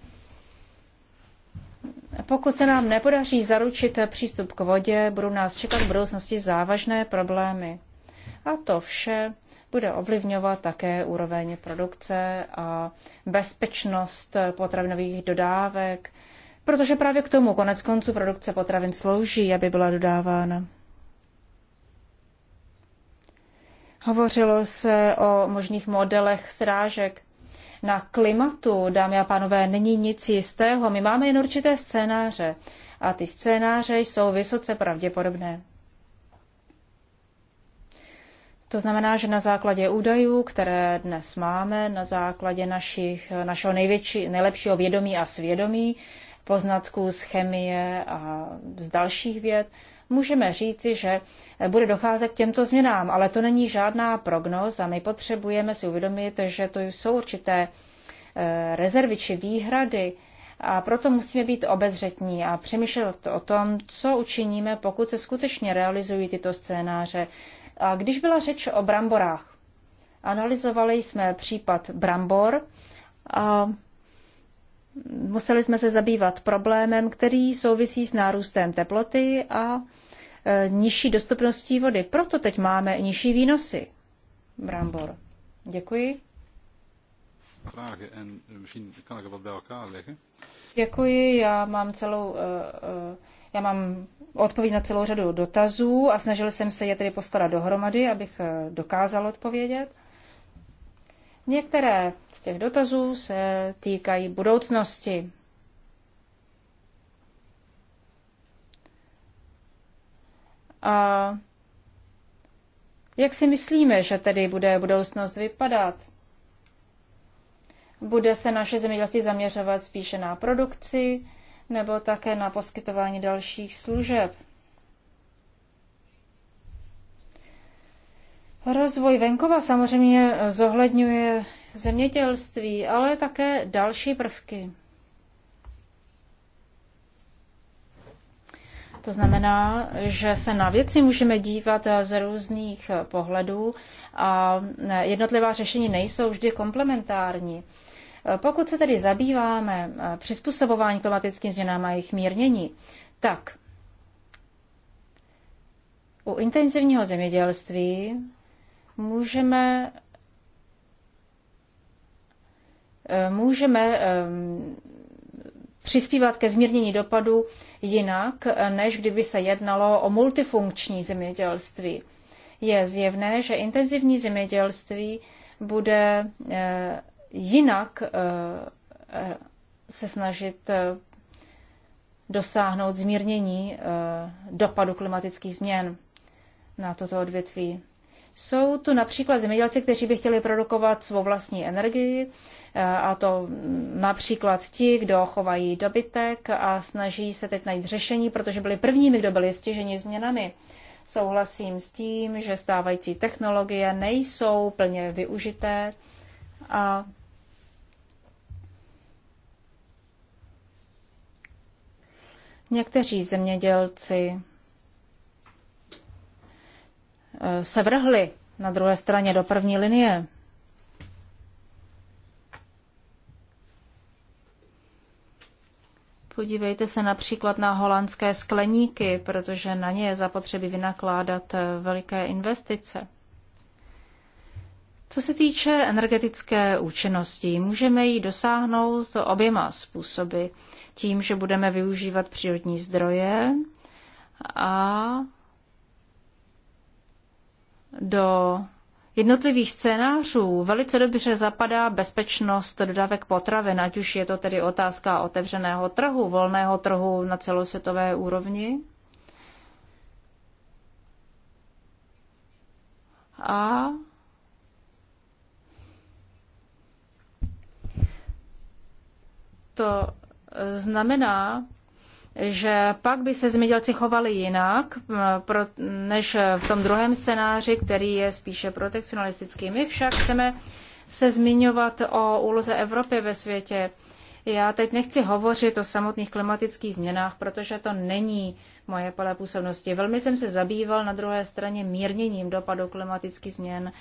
pokud se nám nepodaří zaručit přístup k vodě, budou nás čekat v budoucnosti závažné problémy. A to vše bude ovlivňovat také úroveň produkce a bezpečnost potravinových dodávek, protože právě k tomu konec konců produkce potravin slouží, aby byla dodávána. Hovořilo se o možných modelech srážek na klimatu, dámy a pánové, není nic jistého. My máme jen určité scénáře a ty scénáře jsou vysoce pravděpodobné. To znamená, že na základě údajů, které dnes máme, na základě našich, našeho největší, nejlepšího vědomí a svědomí, poznatků z chemie a z dalších věd, můžeme říci, že bude docházet k těmto změnám, ale to není žádná prognoz a my potřebujeme si uvědomit, že to jsou určité eh, rezervy či výhrady, a proto musíme být obezřetní a přemýšlet o tom, co učiníme, pokud se skutečně realizují tyto scénáře. A když byla řeč o bramborách, analyzovali jsme případ brambor a museli jsme se zabývat problémem, který souvisí s nárůstem teploty a e, nižší dostupností vody. Proto teď máme nižší výnosy. Brambor. Děkuji. Äh, Děkuji, já mám celou, e, e, já mám odpověď na celou řadu dotazů a snažil jsem se je tedy postarat dohromady, abych dokázal odpovědět. Některé z těch dotazů se týkají budoucnosti. A jak si myslíme, že tedy bude budoucnost vypadat? Bude se naše zemědělství zaměřovat spíše na produkci nebo také na poskytování dalších služeb? Rozvoj venkova samozřejmě zohledňuje zemědělství, ale také další prvky. To znamená, že se na věci můžeme dívat z různých pohledů a jednotlivá řešení nejsou vždy komplementární. Pokud se tedy zabýváme přizpůsobování klimatickým změnám a jejich mírnění, tak u intenzivního zemědělství můžeme eh, můžeme eh, přispívat ke zmírnění dopadu jinak, eh, než kdyby se jednalo o multifunkční zemědělství. Je zjevné, že intenzivní zemědělství bude jinak se snažit dosáhnout zmírnění dopadu klimatických změn na toto odvětví. Jsou tu například zemědělci, kteří by chtěli produkovat svou vlastní energii, eh, a to například ti, kdo chovají dobytek a snaží se teď najít řešení, protože byli prvními, kdo byli stěženi změnami. Souhlasím s tím, že stávající technologie nejsou plně využité a někteří zemědělci Eh, se vrhli na druhé straně do první linie. Podívejte se například na holandské skleníky, protože na ně je zapotřebí vynakládat eh, veliké investice. Co se týče energetické účinnosti, můžeme ji dosáhnout oběma způsoby. Tím, že budeme využívat přírodní zdroje a do jednotlivých scénářů velice dobře zapadá bezpečnost dodávek potravin, ať už je to tedy otázka otevřeného trhu, volného trhu na celosvětové úrovni. A to znamená, že pak by se zemědělci chovali jinak pro, než v tom druhém scénáři, který je spíše protekcionalistický. My však chceme se zmiňovat o úloze Evropy ve světě. Já teď nechci hovořit o samotných klimatických změnách, protože to není moje pole působnosti. Velmi jsem se zabýval na druhé straně mírněním dopadu klimatických změn.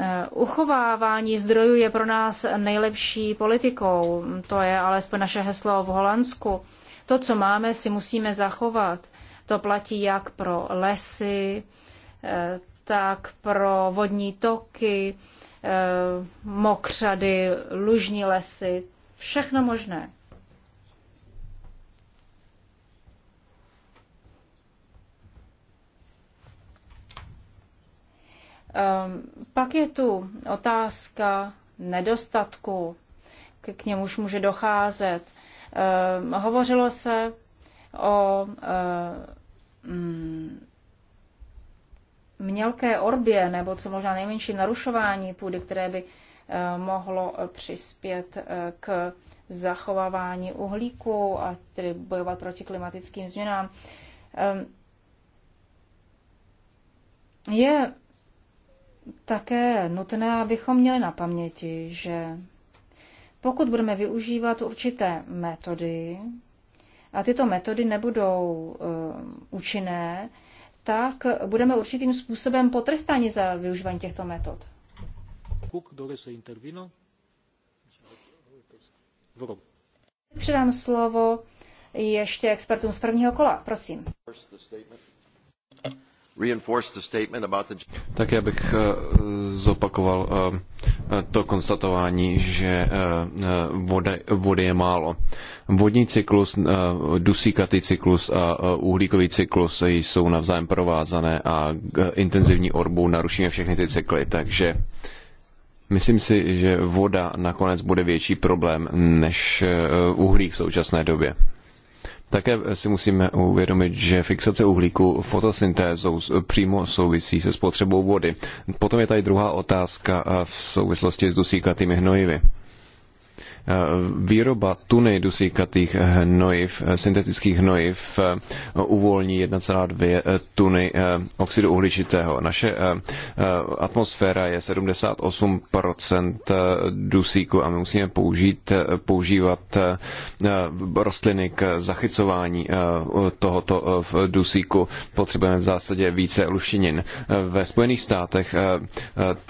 Eh, uchovávání zdrojů je pro nás nejlepší politikou, to je alespoň naše heslo v Holandsku to, co máme, si musíme zachovat. To platí jak pro lesy, eh, tak pro vodní toky, eh, mokřady, lužní lesy, všechno možné. Ehm, pak je tu otázka nedostatku, k němuž může docházet Ehm, hovořilo se o eh, mm, mělké orbě nebo co možná nejmenší narušování půdy, které by eh, mohlo přispět eh, k zachovávání uhlíku a tedy bojovat proti klimatickým změnám. Ehm, je také nutné, abychom měli na paměti, že pokud budeme využívat určité metody, a tyto metody nebudou uh, účinné, tak budeme určitým způsobem potrestáni za využívání těchto metod. Předám slovo ještě expertům z prvního kola, prosím. Také bych eh, zopakoval eh, to konstatování, že eh, vody, vody je málo. Vodní cyklus, dusíkatý cyklus a uhlíkový cyklus jsou navzájem provázané a intenzivní orbu narušíme všechny ty cykly, takže myslím si, že voda nakonec bude větší problém než uhlík v současné době. Také si musíme uvědomit, že fixace uhlíku fotosyntézou přímo souvisí se spotřebou vody. Potom je tady druhá otázka v souvislosti s dusíkatými hnojivy. Eh, výroba tuny dusíkatých hnojiv, eh, syntetických hnojiv eh, uvolní 1,2 tuny oxidu uhličitého. Naše atmosféra je 78% dusíku a my musíme použít, používat rostliny k zachycování tohoto dusíku. Potřebujeme v zásadě více luštinin. Ve Spojených státech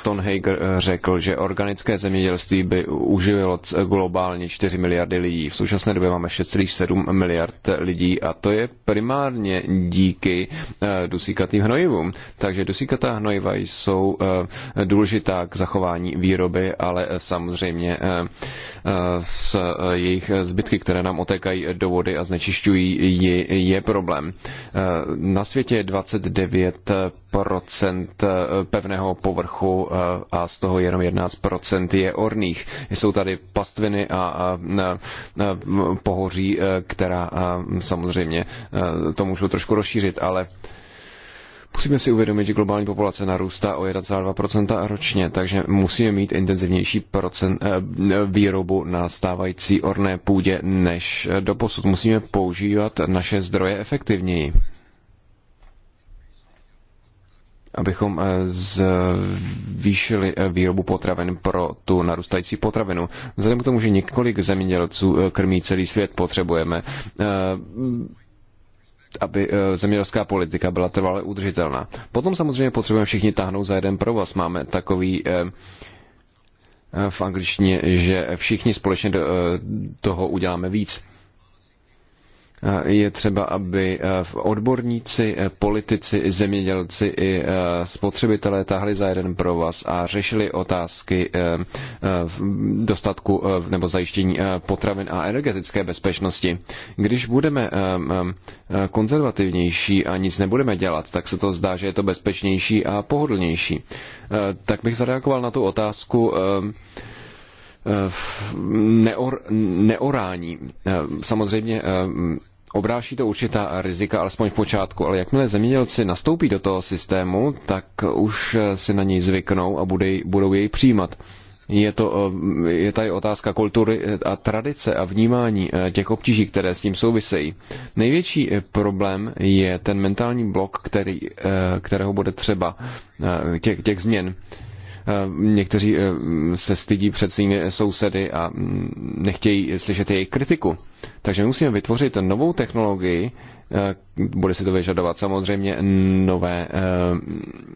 Ton Hager řekl, že organické zemědělství by uživilo globálně 4 miliardy lidí. V současné době máme 6,7 miliard lidí a to je primárně díky eh, dusíkatým hnojivům. Takže dusíkatá hnojiva jsou eh, důležitá k zachování výroby, ale eh, samozřejmě s jejich zbytky, které nám otékají do vody a znečišťují ji, je problém. Na světě je 29 procent eh, pevného povrchu eh, a z toho jenom 11% je orných. Jsou tady pastviny a pohoří, eh, která samozřejmě to můžou trošku rozšířit, ale Musíme si uvědomit, že globální populace narůstá o 1,2% ročně, takže musíme mít intenzivnější procent, výrobu na stávající orné půdě než doposud. Musíme používat naše zdroje efektivněji abychom eh, zvýšili eh, výrobu potravin pro tu narůstající potravinu. Vzhledem k tomu, že několik zemědělců eh, krmí celý svět, potřebujeme aby zemědělská politika byla trvale udržitelná. Potom samozřejmě potřebujeme všichni táhnout za jeden provaz. Máme takový v angličtině, že všichni společně toho uděláme víc. Eh, je třeba, aby eh, odborníci, eh, politici, zemědělci i spotřebitelé tahli za jeden pro vás a řešili otázky dostatku nebo zajištění potravin a energetické bezpečnosti. Když budeme konzervativnější a nic nebudeme dělat, tak se to zdá, že je to bezpečnější a pohodlnější. Tak bych zareagoval na tu otázku neor, neorání. Samozřejmě obráší to určitá rizika, alespoň v počátku, ale jakmile zemědělci nastoupí do toho systému, tak už si na něj zvyknou a budou jej přijímat. Je, to, eh, je tady otázka kultury a tradice a vnímání eh, těch obtíží, které s tím souvisejí. Největší eh, problém je ten mentální blok, který, kterého bude třeba těch, těch změn. Eh, někteří eh, se stydí před svými sousedy a mm, nechtějí slyšet jejich kritiku. Takže musíme vytvořit novou technologii, eh, bude se to vyžadovat samozřejmě nové,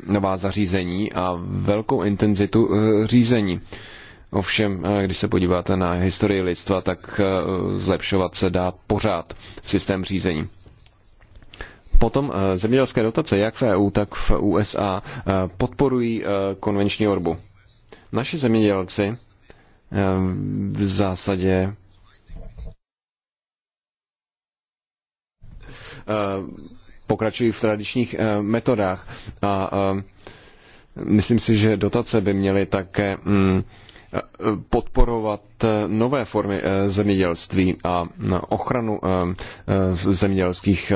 nová zařízení a velkou intenzitu řízení. Ovšem, když se podíváte na historii lidstva, tak zlepšovat se dá pořád systém řízení. Potom eh, zemědělské dotace, jak v EU, tak v USA, eh, podporují eh, konvenční orbu. Naši zemědělci v zásadě pokračují v tradičních metodách a myslím si, že dotace by měly také mm, podporovat nové formy zemědělství a ochranu zemědělských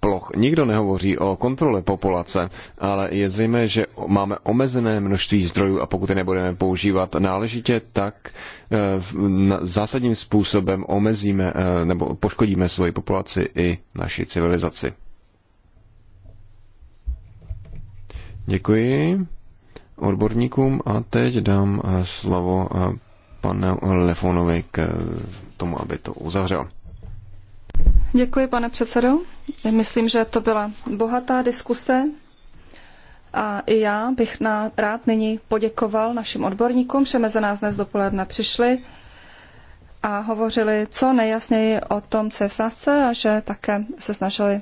ploch. Nikdo nehovoří o kontrole populace, ale je zřejmé, že máme omezené množství zdrojů a pokud je nebudeme používat náležitě, tak eh, zásadním způsobem omezíme eh, nebo poškodíme svoji populaci i naši civilizaci. Děkuji odborníkům a teď dám eh, slovo panu Lefonovi k tomu, aby to uzavřel. Děkuji, pane předsedo. Myslím, že to byla bohatá diskuse a i já bych na, rád nyní poděkoval našim odborníkům, že mezi nás dnes dopoledne přišli a hovořili co nejjasněji o tom, co je v sázce a že také se snažili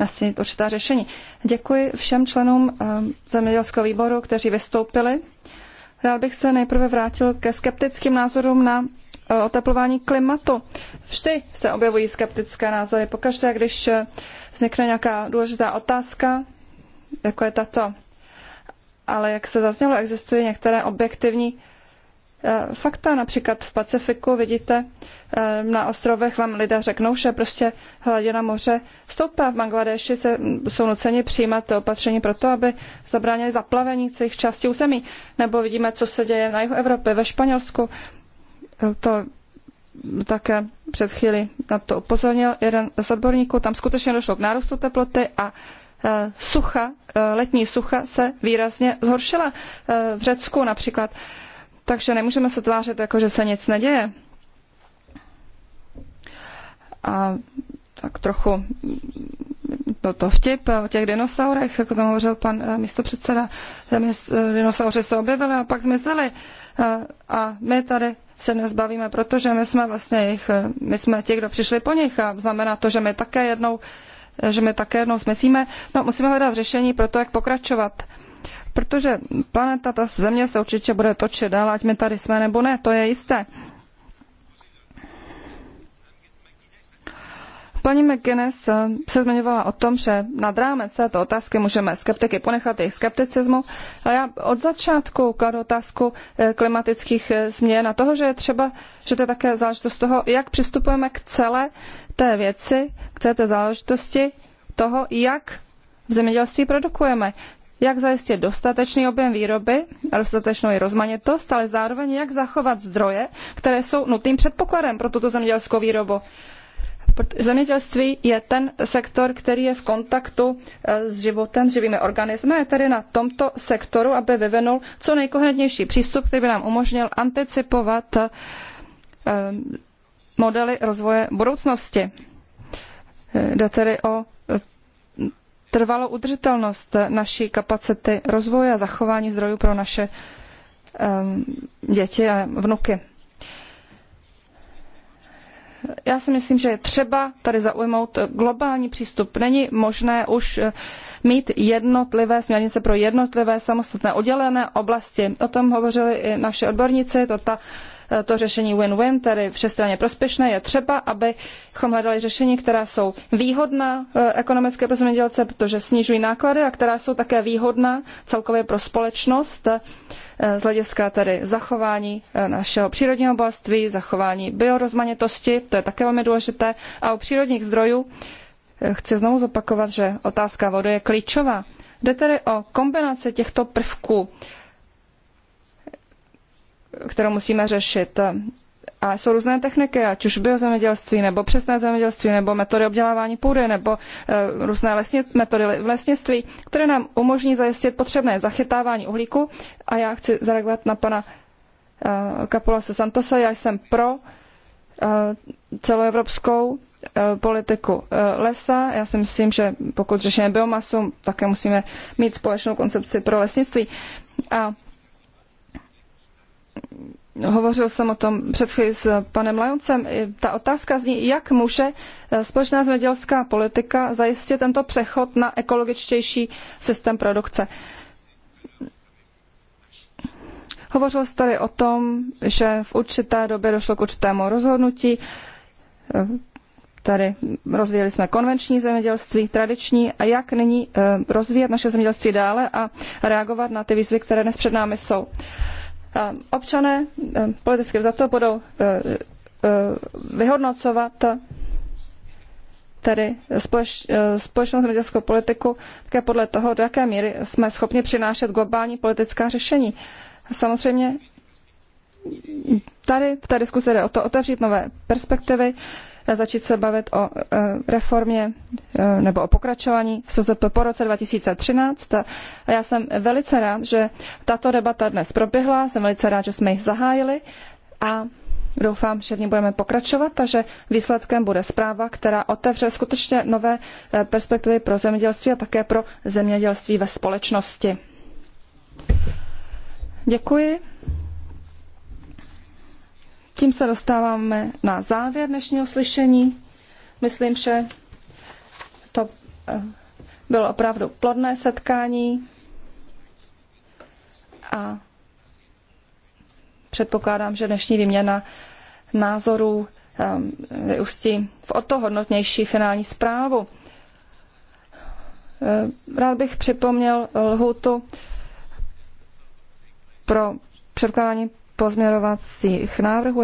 nastínit určitá řešení. Děkuji všem členům eh, zemědělského výboru, kteří vystoupili. Rád bych se nejprve vrátil ke skeptickým názorům na oteplování klimatu. Vždy se objevují skeptické názory. Pokaždé, když vznikne nějaká důležitá otázka, jako je tato. Ale jak se zaznělo, existují některé objektivní eh, fakta, například v Pacifiku, vidíte, eh, na ostrovech vám lidé řeknou, že prostě hladina moře stoupá. V Bangladeši se, jsou nuceni přijímat opatření pro to, aby zabránili zaplavení celých částí území. Nebo vidíme, co se děje na jihu Evropy, ve Španělsku to také před chvíli na to upozornil jeden z odborníků, tam skutečně došlo k nárůstu teploty a e, sucha, e, letní sucha se výrazně zhoršila e, v Řecku například. Takže nemůžeme se tvářit, jako že se nic neděje. A tak trochu byl no to vtip o těch dinosaurech, jak to hovořil pan místopředseda. Dinosaury se objevily a pak zmizely a my tady se nezbavíme, protože my jsme vlastně jich, eh, my jsme ti, kdo přišli po nich a znamená to, že my také jednou, eh, že my také jednou smyslíme. No, musíme hledat řešení pro to, jak pokračovat. Protože planeta, ta země se určitě bude točit dál, ať my tady jsme nebo ne, to je jisté. Paní McGuinness eh, se zmiňovala o tom, že nad rámec této otázky můžeme skeptiky ponechat jejich skepticismu. A já od začátku kladu otázku eh, klimatických eh, změn a toho, že je třeba, že to je také záležitost toho, jak přistupujeme k celé té věci, k celé té záležitosti toho, jak v zemědělství produkujeme. Jak zajistit dostatečný objem výroby a dostatečnou i rozmanitost, ale zároveň jak zachovat zdroje, které jsou nutným předpokladem pro tuto zemědělskou výrobu. Zemědělství je ten sektor, který je v kontaktu eh, s životem, s živými organismy. Je tedy na tomto sektoru, aby vyvinul co nejkoherentnější přístup, který by nám umožnil anticipovat eh, modely rozvoje budoucnosti. Eh, jde tedy o trvalou udržitelnost naší kapacity rozvoje a zachování zdrojů pro naše děti a vnuky já si myslím, že je třeba tady zaujmout globální přístup. Není možné už eh, mít jednotlivé směrnice pro jednotlivé samostatné oddělené oblasti. O tom hovořili i naše odborníci, to ta to řešení win-win, tedy všestranně prospěšné, je třeba, abychom hledali řešení, která jsou výhodná eh, ekonomické pro zemědělce, protože snižují náklady a která jsou také výhodná celkově pro společnost eh, z hlediska tedy zachování eh, našeho přírodního bohatství, zachování biorozmanitosti, to je také velmi důležité, a u přírodních zdrojů chci znovu zopakovat, že otázka vody je klíčová. Jde tedy o kombinaci těchto prvků kterou musíme řešit. A jsou různé techniky, ať už biozemědělství, nebo přesné zemědělství, nebo metody obdělávání půdy, nebo uh, různé lesně, metody v lesnictví, které nám umožní zajistit potřebné zachytávání uhlíku. A já chci zareagovat na pana uh, eh, Kapula se Santosa. Já jsem pro uh, celoevropskou uh, politiku uh, lesa. Já si myslím, že pokud řešíme biomasu, také musíme mít společnou koncepci pro lesnictví. A hovořil jsem o tom před chvíli s panem Lajoncem, ta otázka zní, jak může eh, společná zemědělská politika zajistit tento přechod na ekologičtější systém produkce. Hovořil jste tady o tom, že v určité době došlo k určitému rozhodnutí, eh, tady rozvíjeli jsme konvenční zemědělství, tradiční a jak nyní eh, rozvíjet naše zemědělství dále a reagovat na ty výzvy, které dnes před námi jsou. Eh, občané eh, politicky vzato budou eh, vyhodnocovat tedy společ, společnou zemědělskou politiku také podle toho, do jaké míry jsme schopni přinášet globální politická řešení. Samozřejmě tady v té diskuse jde o to otevřít nové perspektivy, začít se bavit o eh, reformě eh, nebo o pokračování v SZP po roce 2013. A já jsem velice rád, že tato debata dnes proběhla, jsem velice rád, že jsme ji zahájili a Doufám, že v ní budeme pokračovat a že výsledkem bude zpráva, která otevře skutečně nové eh, perspektivy pro zemědělství a také pro zemědělství ve společnosti. Děkuji. Tím se dostáváme na závěr dnešního slyšení. Myslím, že to eh, bylo opravdu plodné setkání a předpokládám, že dnešní výměna názorů ehm, vyústí v o to hodnotnější finální zprávu. Eh, rád bych připomněl lhutu pro předkládání pozměrovacích návrhů.